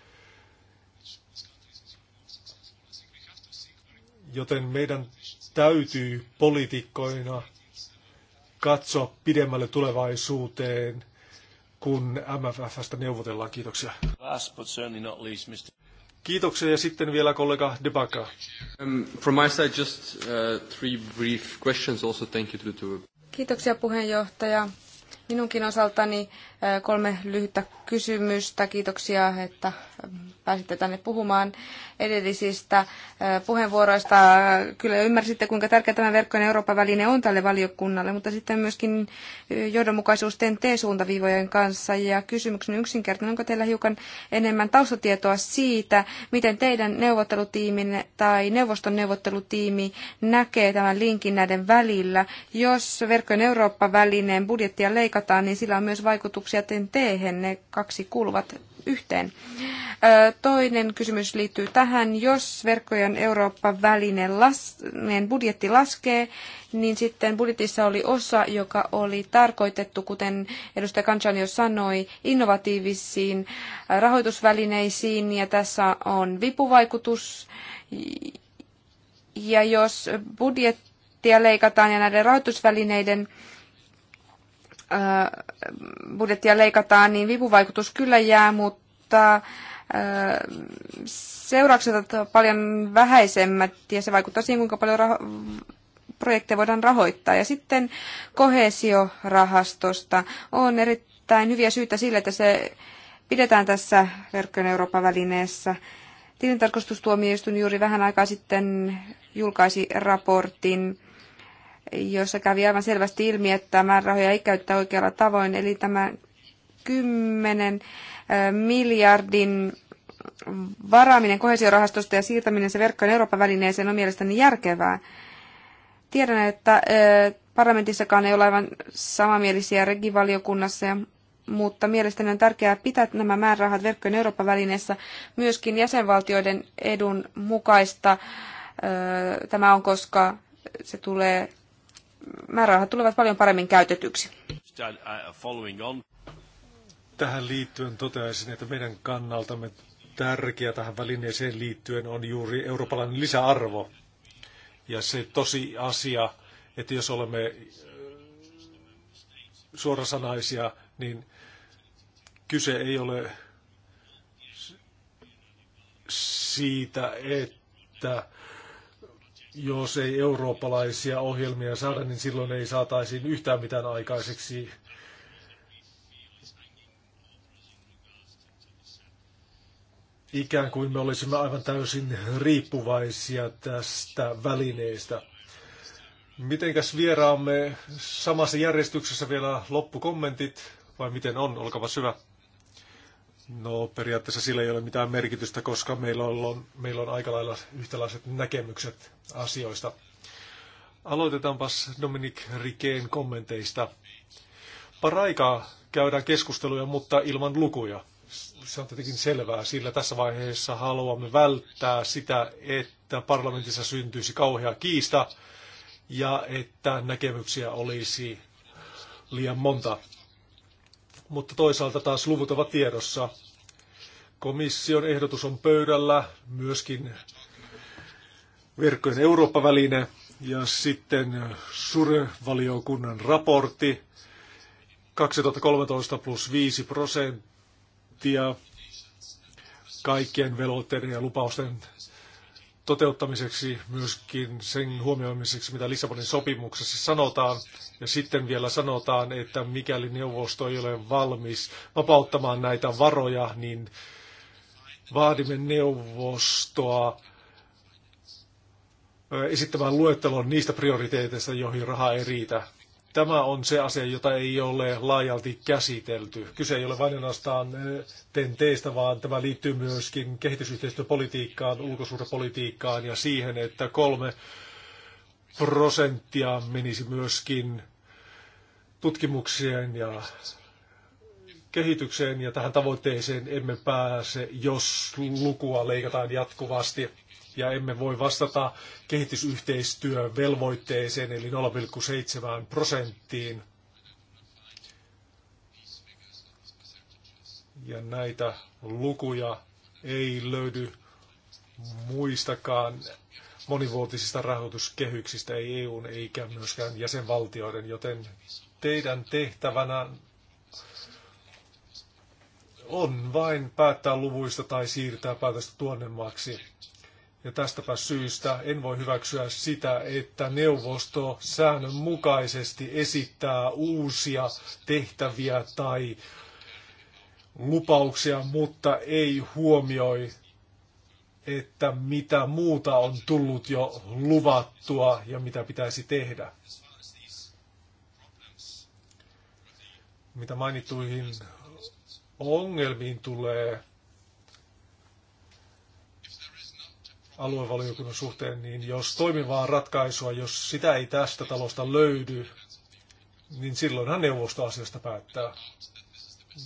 joten meidän täytyy poliitikkoina katsoa pidemmälle tulevaisuuteen, kun MFFstä neuvotellaan. Kiitoksia. Last but certainly not least, Mr. Kiitoksia ja sitten vielä kollega Debaka. Um, from my side just uh, three brief questions also thank you to the two. Kiitoksia puheenjohtaja. Minunkin osaltani Kolme lyhyttä kysymystä. Kiitoksia, että pääsitte tänne puhumaan edellisistä puheenvuoroista. Kyllä ymmärsitte, kuinka tärkeä tämä verkkojen Euroopan väline on tälle valiokunnalle, mutta sitten myöskin johdonmukaisuus TNT-suuntaviivojen kanssa. Ja kysymyksen yksinkertainen, onko teillä hiukan enemmän taustatietoa siitä, miten teidän neuvottelutiimin tai neuvoston neuvottelutiimi näkee tämän linkin näiden välillä? Jos verkkojen Euroopan välineen budjettia leikataan, niin sillä on myös vaikutuksia tarkistuksia tehen, ne kaksi kuuluvat yhteen. Toinen kysymys liittyy tähän. Jos verkkojen Euroopan välinen las, meidän budjetti laskee, niin sitten budjetissa oli osa, joka oli tarkoitettu, kuten edustaja Kanchan jo sanoi, innovatiivisiin rahoitusvälineisiin, ja tässä on vipuvaikutus. Ja jos budjettia leikataan ja näiden rahoitusvälineiden äh, budjettia leikataan, niin vipuvaikutus kyllä jää, mutta seuraukset ovat paljon vähäisemmät ja se vaikuttaa siihen, kuinka paljon raho- projekteja voidaan rahoittaa. Ja sitten kohesiorahastosta on erittäin hyviä syitä sille, että se pidetään tässä verkkojen Euroopan välineessä. Tilintarkastustuomioistuin juuri vähän aikaa sitten julkaisi raportin jossa kävi aivan selvästi ilmi, että määrärahoja ei käyttää oikealla tavoin. Eli tämä 10 miljardin varaaminen kohesiorahastosta ja siirtäminen se verkkojen Euroopan välineeseen on mielestäni järkevää. Tiedän, että parlamentissakaan ei ole aivan samamielisiä regivaliokunnassa mutta mielestäni on tärkeää pitää nämä määrärahat verkkojen Euroopan välineessä myöskin jäsenvaltioiden edun mukaista. Tämä on, koska se tulee määrärahat tulevat paljon paremmin käytetyksi. Tähän liittyen toteaisin, että meidän kannaltamme tärkeä tähän välineeseen liittyen on juuri eurooppalainen lisäarvo. Ja se tosi asia, että jos olemme suorasanaisia, niin kyse ei ole siitä, että jos ei eurooppalaisia ohjelmia saada, niin silloin ei saataisiin yhtään mitään aikaiseksi. Ikään kuin me olisimme aivan täysin riippuvaisia tästä välineestä. Mitenkäs vieraamme samassa järjestyksessä vielä loppukommentit, vai miten on? Olkaa hyvä. No periaatteessa sillä ei ole mitään merkitystä, koska meillä on, meillä on aika lailla yhtälaiset näkemykset asioista. Aloitetaanpas Dominik Rikeen kommenteista. Paraikaa käydään keskusteluja, mutta ilman lukuja. Se on tietenkin selvää, sillä tässä vaiheessa haluamme välttää sitä, että parlamentissa syntyisi kauhea kiista ja että näkemyksiä olisi liian monta mutta toisaalta taas luvut ovat tiedossa. Komission ehdotus on pöydällä, myöskin verkkojen Eurooppa-väline ja sitten SURE-valiokunnan raportti 2013 plus 5 prosenttia kaikkien velvoitteiden ja lupausten toteuttamiseksi, myöskin sen huomioimiseksi, mitä Lissabonin sopimuksessa sanotaan. Ja sitten vielä sanotaan, että mikäli neuvosto ei ole valmis vapauttamaan näitä varoja, niin vaadimme neuvostoa esittämään luettelon niistä prioriteeteista, joihin raha ei riitä. Tämä on se asia, jota ei ole laajalti käsitelty. Kyse ei ole vain ainoastaan tenteistä, vaan tämä liittyy myöskin kehitysyhteistyöpolitiikkaan, ulkosuhdepolitiikkaan ja siihen, että kolme prosenttia menisi myöskin tutkimukseen ja kehitykseen ja tähän tavoitteeseen emme pääse, jos lukua leikataan jatkuvasti ja emme voi vastata kehitysyhteistyövelvoitteeseen eli 0,7 prosenttiin. Ja näitä lukuja ei löydy muistakaan monivuotisista rahoituskehyksistä, ei EUn eikä myöskään jäsenvaltioiden, joten teidän tehtävänä on vain päättää luvuista tai siirtää päätöstä tuonnemmaksi. Ja tästäpä syystä en voi hyväksyä sitä, että neuvosto säännönmukaisesti esittää uusia tehtäviä tai lupauksia, mutta ei huomioi, että mitä muuta on tullut jo luvattua ja mitä pitäisi tehdä. Mitä mainittuihin ongelmiin tulee, aluevaliokunnan suhteen, niin jos toimivaa ratkaisua, jos sitä ei tästä talosta löydy, niin silloinhan neuvosto asiasta päättää.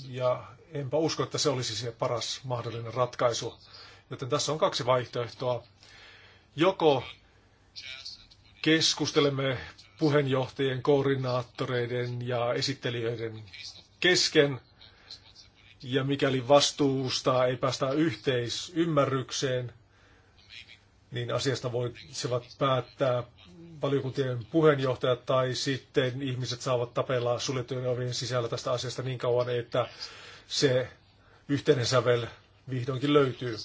Ja enpä usko, että se olisi se paras mahdollinen ratkaisu. Joten tässä on kaksi vaihtoehtoa. Joko keskustelemme puheenjohtajien, koordinaattoreiden ja esittelijöiden kesken, ja mikäli vastuusta ei päästä yhteisymmärrykseen, niin asiasta voisivat päättää valiokuntien puheenjohtajat tai sitten ihmiset saavat tapella suljettujen ovien sisällä tästä asiasta niin kauan, että se yhteinen sävel vihdoinkin löytyy.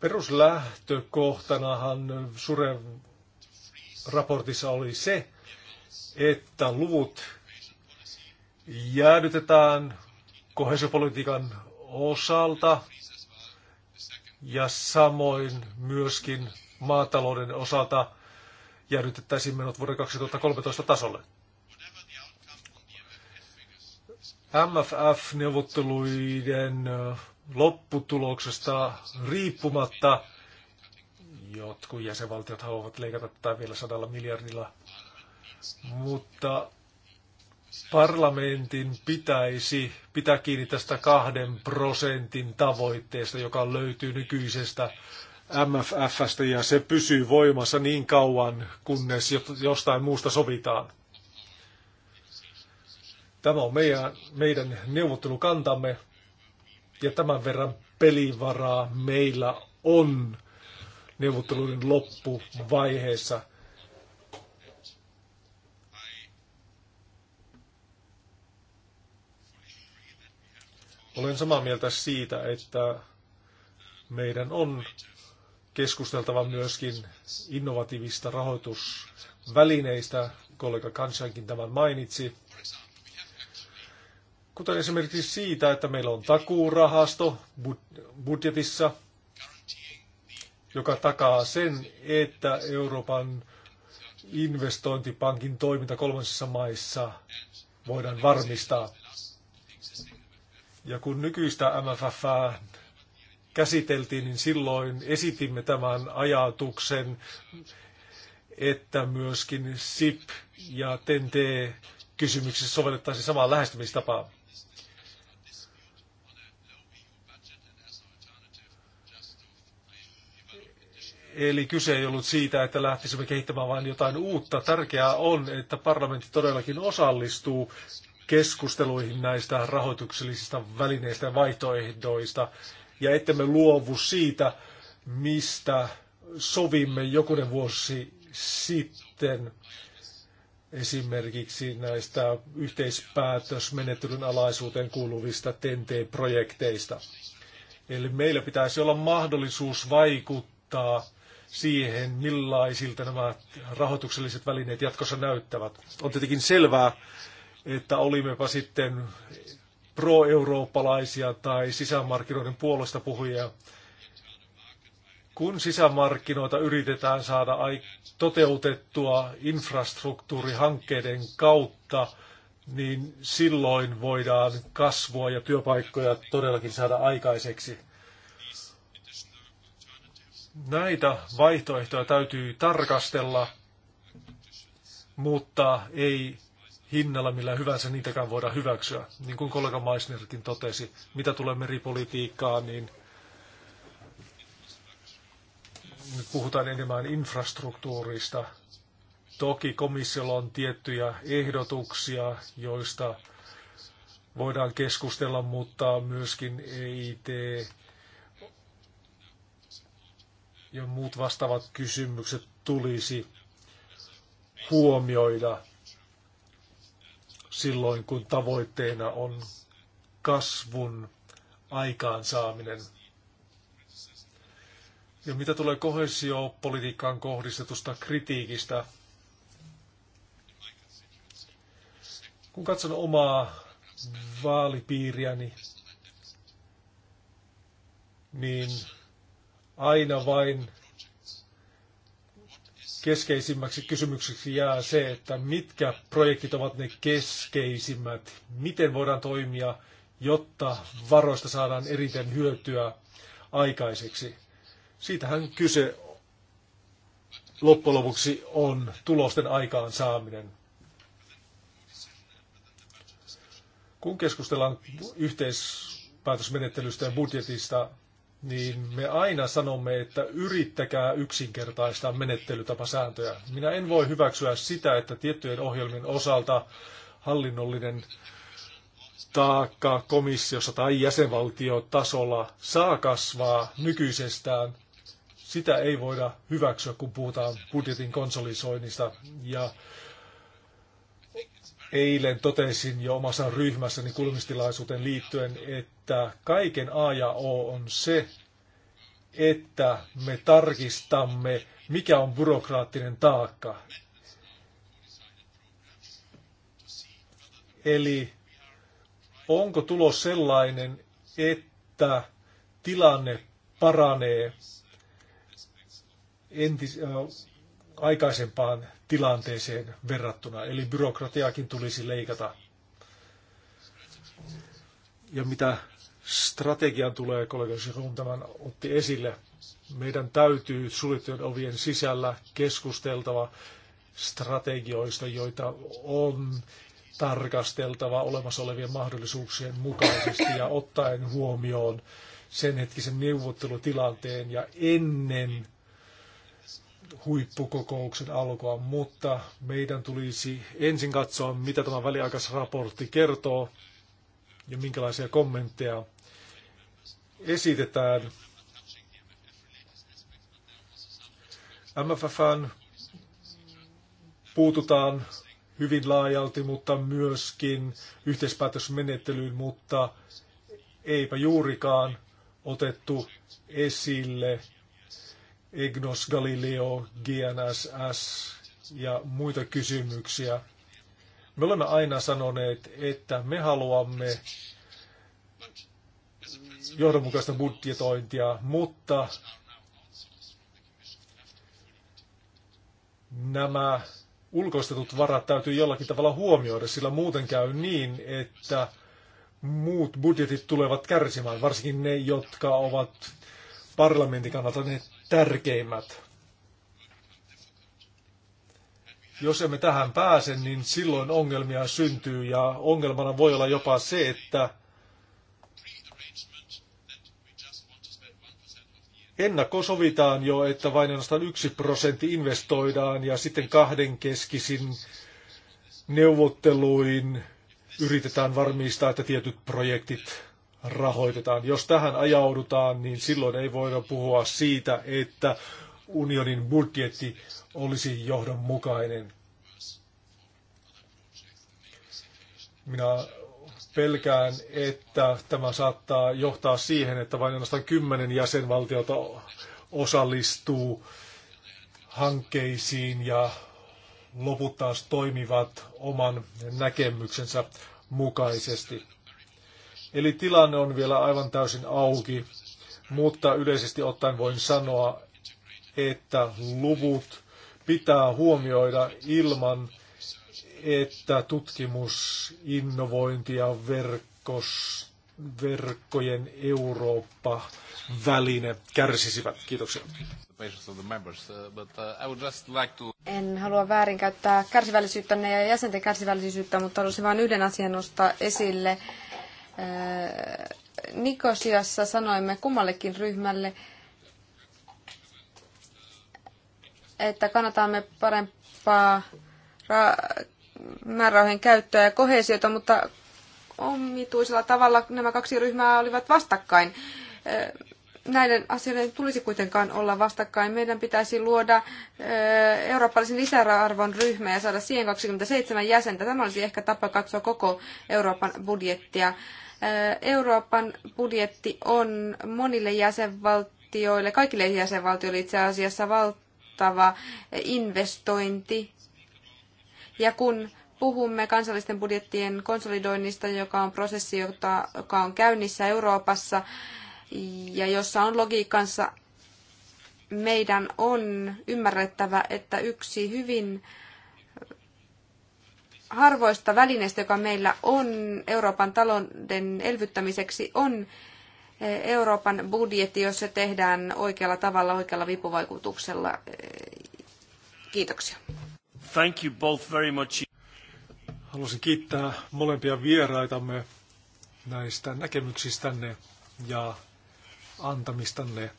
Peruslähtökohtanahan Sure raportissa oli se, että luvut jäädytetään kohesiopolitiikan osalta ja samoin myöskin maatalouden osalta jäädytettäisiin menot vuoden 2013 tasolle. MFF-neuvotteluiden lopputuloksesta riippumatta jotkut jäsenvaltiot haluavat leikata tätä vielä sadalla miljardilla, mutta parlamentin pitäisi pitää kiinni tästä kahden prosentin tavoitteesta, joka löytyy nykyisestä MFFstä ja se pysyy voimassa niin kauan, kunnes jostain muusta sovitaan. Tämä on meidän, meidän neuvottelukantamme ja tämän verran pelivaraa meillä on neuvotteluiden loppuvaiheessa – Olen samaa mieltä siitä, että meidän on keskusteltava myöskin innovatiivista rahoitusvälineistä. Kollega Kansankin tämän mainitsi. Kuten esimerkiksi siitä, että meillä on takuurahasto budjetissa, joka takaa sen, että Euroopan investointipankin toiminta kolmansissa maissa voidaan varmistaa. Ja kun nykyistä MFF käsiteltiin, niin silloin esitimme tämän ajatuksen, että myöskin SIP ja TNT-kysymyksissä sovellettaisiin samaa lähestymistapaa. Eli kyse ei ollut siitä, että lähtisimme kehittämään vain jotain uutta. Tärkeää on, että parlamentti todellakin osallistuu keskusteluihin näistä rahoituksellisista välineistä ja vaihtoehdoista, ja ettemme luovu siitä, mistä sovimme jokunen vuosi sitten esimerkiksi näistä yhteispäätösmenettelyn alaisuuteen kuuluvista TNT-projekteista. Eli meillä pitäisi olla mahdollisuus vaikuttaa siihen, millaisilta nämä rahoitukselliset välineet jatkossa näyttävät. On tietenkin selvää, että olimmepa sitten pro-eurooppalaisia tai sisämarkkinoiden puolesta puhujia. Kun sisämarkkinoita yritetään saada toteutettua infrastruktuurihankkeiden kautta, niin silloin voidaan kasvua ja työpaikkoja todellakin saada aikaiseksi. Näitä vaihtoehtoja täytyy tarkastella, mutta ei hinnalla millä hyvänsä niitäkään voidaan hyväksyä. Niin kuin kollega Meissnerkin totesi, mitä tulee meripolitiikkaan, niin nyt puhutaan enemmän infrastruktuurista. Toki komissiolla on tiettyjä ehdotuksia, joista voidaan keskustella, mutta myöskin EIT ja muut vastaavat kysymykset tulisi huomioida silloin, kun tavoitteena on kasvun aikaansaaminen. Ja mitä tulee kohesiopolitiikkaan kohdistetusta kritiikistä, kun katson omaa vaalipiiriäni, niin aina vain keskeisimmäksi kysymykseksi jää se, että mitkä projektit ovat ne keskeisimmät, miten voidaan toimia, jotta varoista saadaan eriten hyötyä aikaiseksi. Siitähän kyse loppujen lopuksi on tulosten aikaansaaminen. Kun keskustellaan yhteispäätösmenettelystä ja budjetista, niin me aina sanomme, että yrittäkää yksinkertaistaa menettelytapasääntöjä. Minä en voi hyväksyä sitä, että tiettyjen ohjelmien osalta hallinnollinen taakka komissiossa tai jäsenvaltiotasolla saa kasvaa nykyisestään. Sitä ei voida hyväksyä, kun puhutaan budjetin konsolisoinnista ja Eilen totesin jo omassa ryhmässäni kulmistilaisuuteen liittyen, että kaiken A ja O on se, että me tarkistamme, mikä on byrokraattinen taakka. Eli onko tulos sellainen, että tilanne paranee entis, aikaisempaan tilanteeseen verrattuna, eli byrokratiaakin tulisi leikata. Ja mitä strategian tulee, kollega Giron tämän otti esille, meidän täytyy suljettujen ovien sisällä keskusteltava strategioista, joita on tarkasteltava olemassa olevien mahdollisuuksien mukaisesti ja ottaen huomioon sen hetkisen neuvottelutilanteen ja ennen huippukokouksen alkua, mutta meidän tulisi ensin katsoa, mitä tämä väliaikaisraportti kertoo ja minkälaisia kommentteja esitetään. MFFn puututaan hyvin laajalti, mutta myöskin yhteispäätösmenettelyyn, mutta eipä juurikaan otettu esille EGNOS, Galileo, GNSS ja muita kysymyksiä. Me olemme aina sanoneet, että me haluamme johdonmukaista budjetointia, mutta nämä ulkoistetut varat täytyy jollakin tavalla huomioida, sillä muuten käy niin, että muut budjetit tulevat kärsimään, varsinkin ne, jotka ovat parlamentin kannalta ne tärkeimmät. Jos emme tähän pääse, niin silloin ongelmia syntyy ja ongelmana voi olla jopa se, että Ennakko sovitaan jo, että vain ainoastaan yksi prosentti investoidaan ja sitten kahdenkeskisin neuvotteluin yritetään varmistaa, että tietyt projektit rahoitetaan. Jos tähän ajaudutaan, niin silloin ei voida puhua siitä, että unionin budjetti olisi johdonmukainen. Minä pelkään, että tämä saattaa johtaa siihen, että vain ainoastaan kymmenen jäsenvaltiota osallistuu hankkeisiin ja loput taas toimivat oman näkemyksensä mukaisesti. Eli tilanne on vielä aivan täysin auki, mutta yleisesti ottaen voin sanoa, että luvut pitää huomioida ilman, että tutkimus, innovointi ja verkkos, verkkojen Eurooppa-väline kärsisivät. Kiitoksia. En halua väärinkäyttää kärsivällisyyttä ja jäsenten kärsivällisyyttä, mutta haluaisin vain yhden asian nostaa esille Äh, Nikosiassa sanoimme kummallekin ryhmälle, että kannatamme parempaa ra- määrärahojen käyttöä ja kohesiota, mutta omituisella tavalla nämä kaksi ryhmää olivat vastakkain. Äh, näiden asioiden tulisi kuitenkaan olla vastakkain. Meidän pitäisi luoda äh, eurooppalaisen lisäarvon ryhmä ja saada siihen 27 jäsentä. Tämä olisi ehkä tapa katsoa koko Euroopan budjettia. Euroopan budjetti on monille jäsenvaltioille, kaikille jäsenvaltioille itse asiassa valtava investointi. Ja kun puhumme kansallisten budjettien konsolidoinnista, joka on prosessi, joka on käynnissä Euroopassa ja jossa on logiikkansa, meidän on ymmärrettävä, että yksi hyvin äh, harvoista välineistä, joka meillä on Euroopan talouden elvyttämiseksi, on eh, Euroopan budjetti, jos se tehdään oikealla tavalla, oikealla vipuvaikutuksella. Eh, kiitoksia. Thank you both very much. Haluaisin kiittää molempia vieraitamme näistä näkemyksistänne ja antamistanne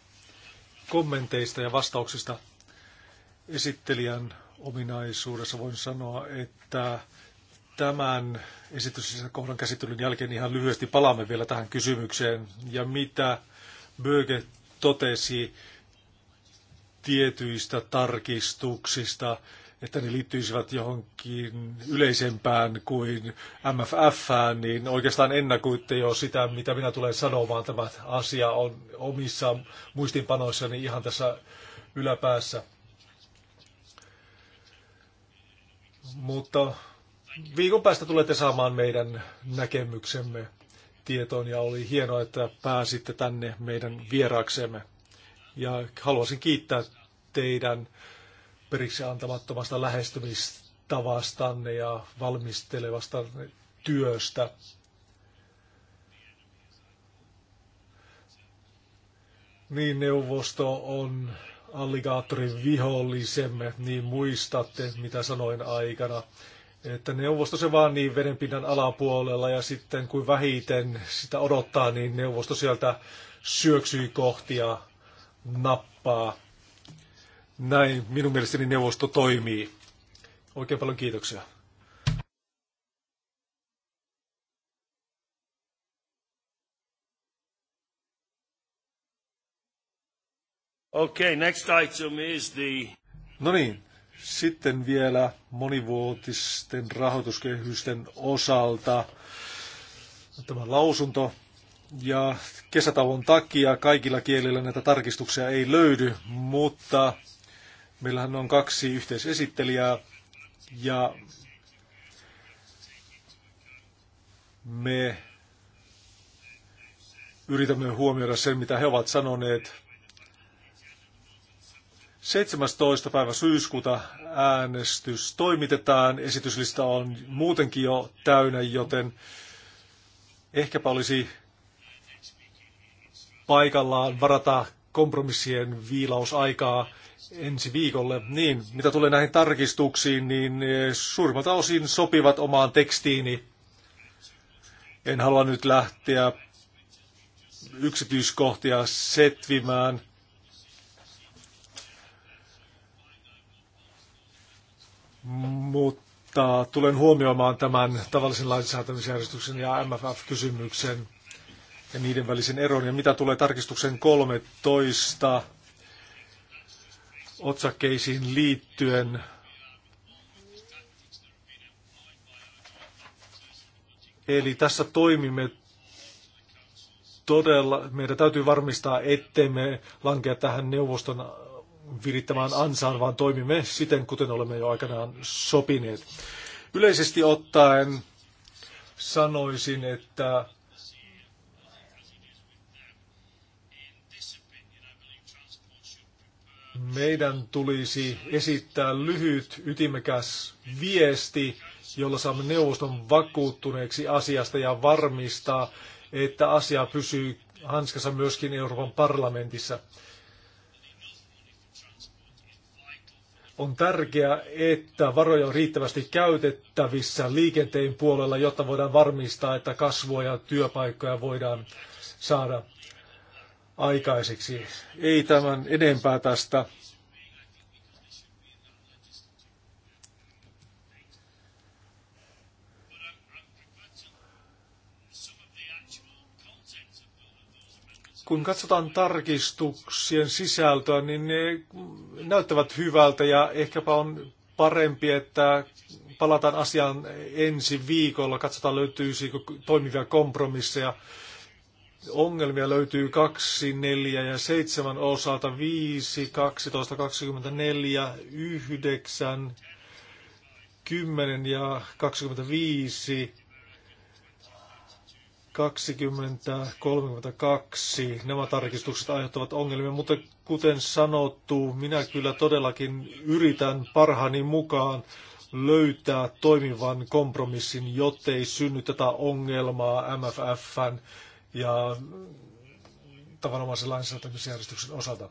kommenteista ja vastauksista esittelijän ominaisuudessa voin sanoa, että tämän esityksen kohdan käsittelyn jälkeen ihan lyhyesti palaamme vielä tähän kysymykseen. Ja mitä Böge totesi tietyistä tarkistuksista, että ne liittyisivät johonkin yleisempään kuin MFF, niin oikeastaan ennakuitte jo sitä, mitä minä tulen sanomaan. Tämä asia on omissa muistinpanoissani ihan tässä yläpäässä. Mutta viikon päästä tulette saamaan meidän näkemyksemme tietoon ja oli hienoa, että pääsitte tänne meidän vieraaksemme. Ja haluaisin kiittää teidän periksi antamattomasta lähestymistavastanne ja valmistelevasta työstä. Niin neuvosto on alligaattorin vihollisemme, niin muistatte, mitä sanoin aikana. Että neuvosto se vaan niin vedenpinnan alapuolella ja sitten kun vähiten sitä odottaa, niin neuvosto sieltä syöksyy kohti ja nappaa. Näin minun mielestäni neuvosto toimii. Oikein paljon kiitoksia. Okay, next item is the... No niin, sitten vielä monivuotisten rahoituskehysten osalta tämä lausunto. Ja kesätauon takia kaikilla kielillä näitä tarkistuksia ei löydy, mutta meillähän on kaksi yhteisesittelijää ja me yritämme huomioida sen, mitä he ovat sanoneet 17. päivä syyskuuta äänestys toimitetaan. Esityslista on muutenkin jo täynnä, joten ehkäpä olisi paikallaan varata kompromissien viilausaikaa ensi viikolle. Niin, mitä tulee näihin tarkistuksiin, niin eh, suurimmalta osin sopivat omaan tekstiini. En halua nyt lähteä yksityiskohtia setvimään – mutta tulen huomioimaan tämän tavallisen lainsäätämisjärjestyksen ja MFF-kysymyksen ja niiden välisen eron. Ja mitä tulee tarkistuksen 13 otsakkeisiin liittyen, Eli tässä toimimme todella, meidän täytyy varmistaa, ettei me lankea tähän neuvoston virittämään ansaan, vaan toimimme siten, kuten olemme jo aikanaan sopineet. Yleisesti ottaen sanoisin, että meidän tulisi esittää lyhyt, ytimekäs viesti, jolla saamme neuvoston vakuuttuneeksi asiasta ja varmistaa, että asia pysyy hanskassa myöskin Euroopan parlamentissa. On tärkeää, että varoja on riittävästi käytettävissä liikenteen puolella, jotta voidaan varmistaa, että kasvua ja työpaikkoja voidaan saada aikaiseksi. Ei tämän enempää tästä kun katsotaan tarkistuksien sisältöä, niin ne näyttävät hyvältä ja ehkäpä on parempi, että palataan asiaan ensi viikolla, katsotaan löytyisikö toimivia kompromisseja. Ongelmia löytyy 2, 4 ja 7 osalta 5, 12, 24, 9, 10 ja 25 20, 32, nämä tarkistukset aiheuttavat ongelmia, mutta kuten sanottu, minä kyllä todellakin yritän parhaani mukaan löytää toimivan kompromissin, jottei synny tätä ongelmaa MFFn ja tavanomaisen lainsäätämisjärjestyksen osalta.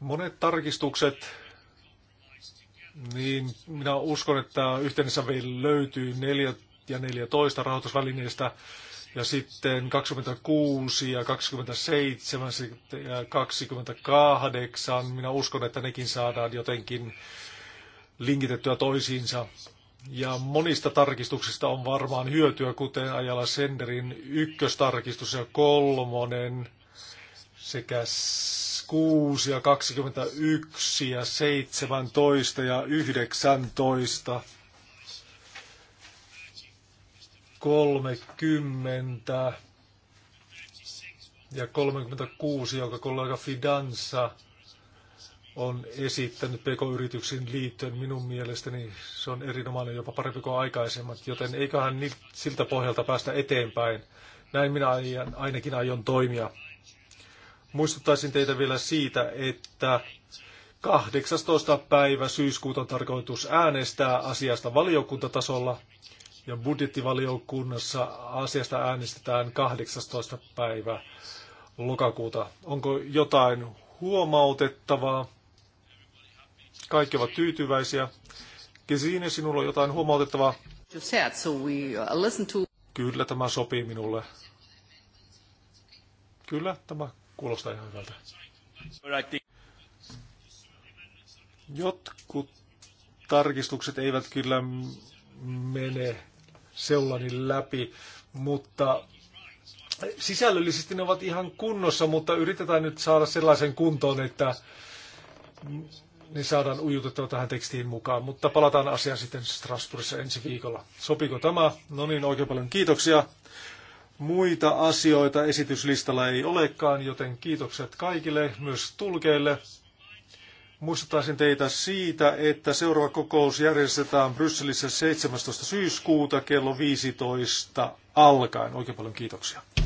Monet tarkistukset, niin minä uskon, että yhteensä vielä löytyy 14 ja 14 rahoitusvälineistä ja sitten 26 ja 27 ja 28. Minä uskon, että nekin saadaan jotenkin linkitettyä toisiinsa. Ja monista tarkistuksista on varmaan hyötyä, kuten ajalla Senderin ykköstarkistus ja kolmonen sekä 6 ja 21 ja 17 ja 19. 30 ja 36, jonka kollega Fidanza on esittänyt PK-yrityksiin liittyen. Minun mielestäni se on erinomainen, jopa parempi kuin aikaisemmat, joten eiköhän siltä pohjalta päästä eteenpäin. Näin minä ainakin aion toimia. Muistuttaisin teitä vielä siitä, että 18. päivä syyskuuta on tarkoitus äänestää asiasta valiokuntatasolla ja budjettivaliokunnassa asiasta äänestetään 18. päivä lokakuuta. Onko jotain huomautettavaa? Kaikki ovat tyytyväisiä. Kesine, sinulla on jotain huomautettavaa? Kyllä tämä sopii minulle. Kyllä, tämä kuulostaa ihan hyvältä. Jotkut tarkistukset eivät kyllä mene seulanin läpi, mutta sisällöllisesti ne ovat ihan kunnossa, mutta yritetään nyt saada sellaisen kuntoon, että ne saadaan ujutettua tähän tekstiin mukaan, mutta palataan asiaan sitten Strasbourgissa ensi viikolla. Sopiko tämä? No niin, oikein paljon kiitoksia. Muita asioita esityslistalla ei olekaan, joten kiitokset kaikille, myös tulkeille. Muistuttaisin teitä siitä, että seuraava kokous järjestetään Brysselissä 17. syyskuuta kello 15 alkaen. Oikein paljon kiitoksia.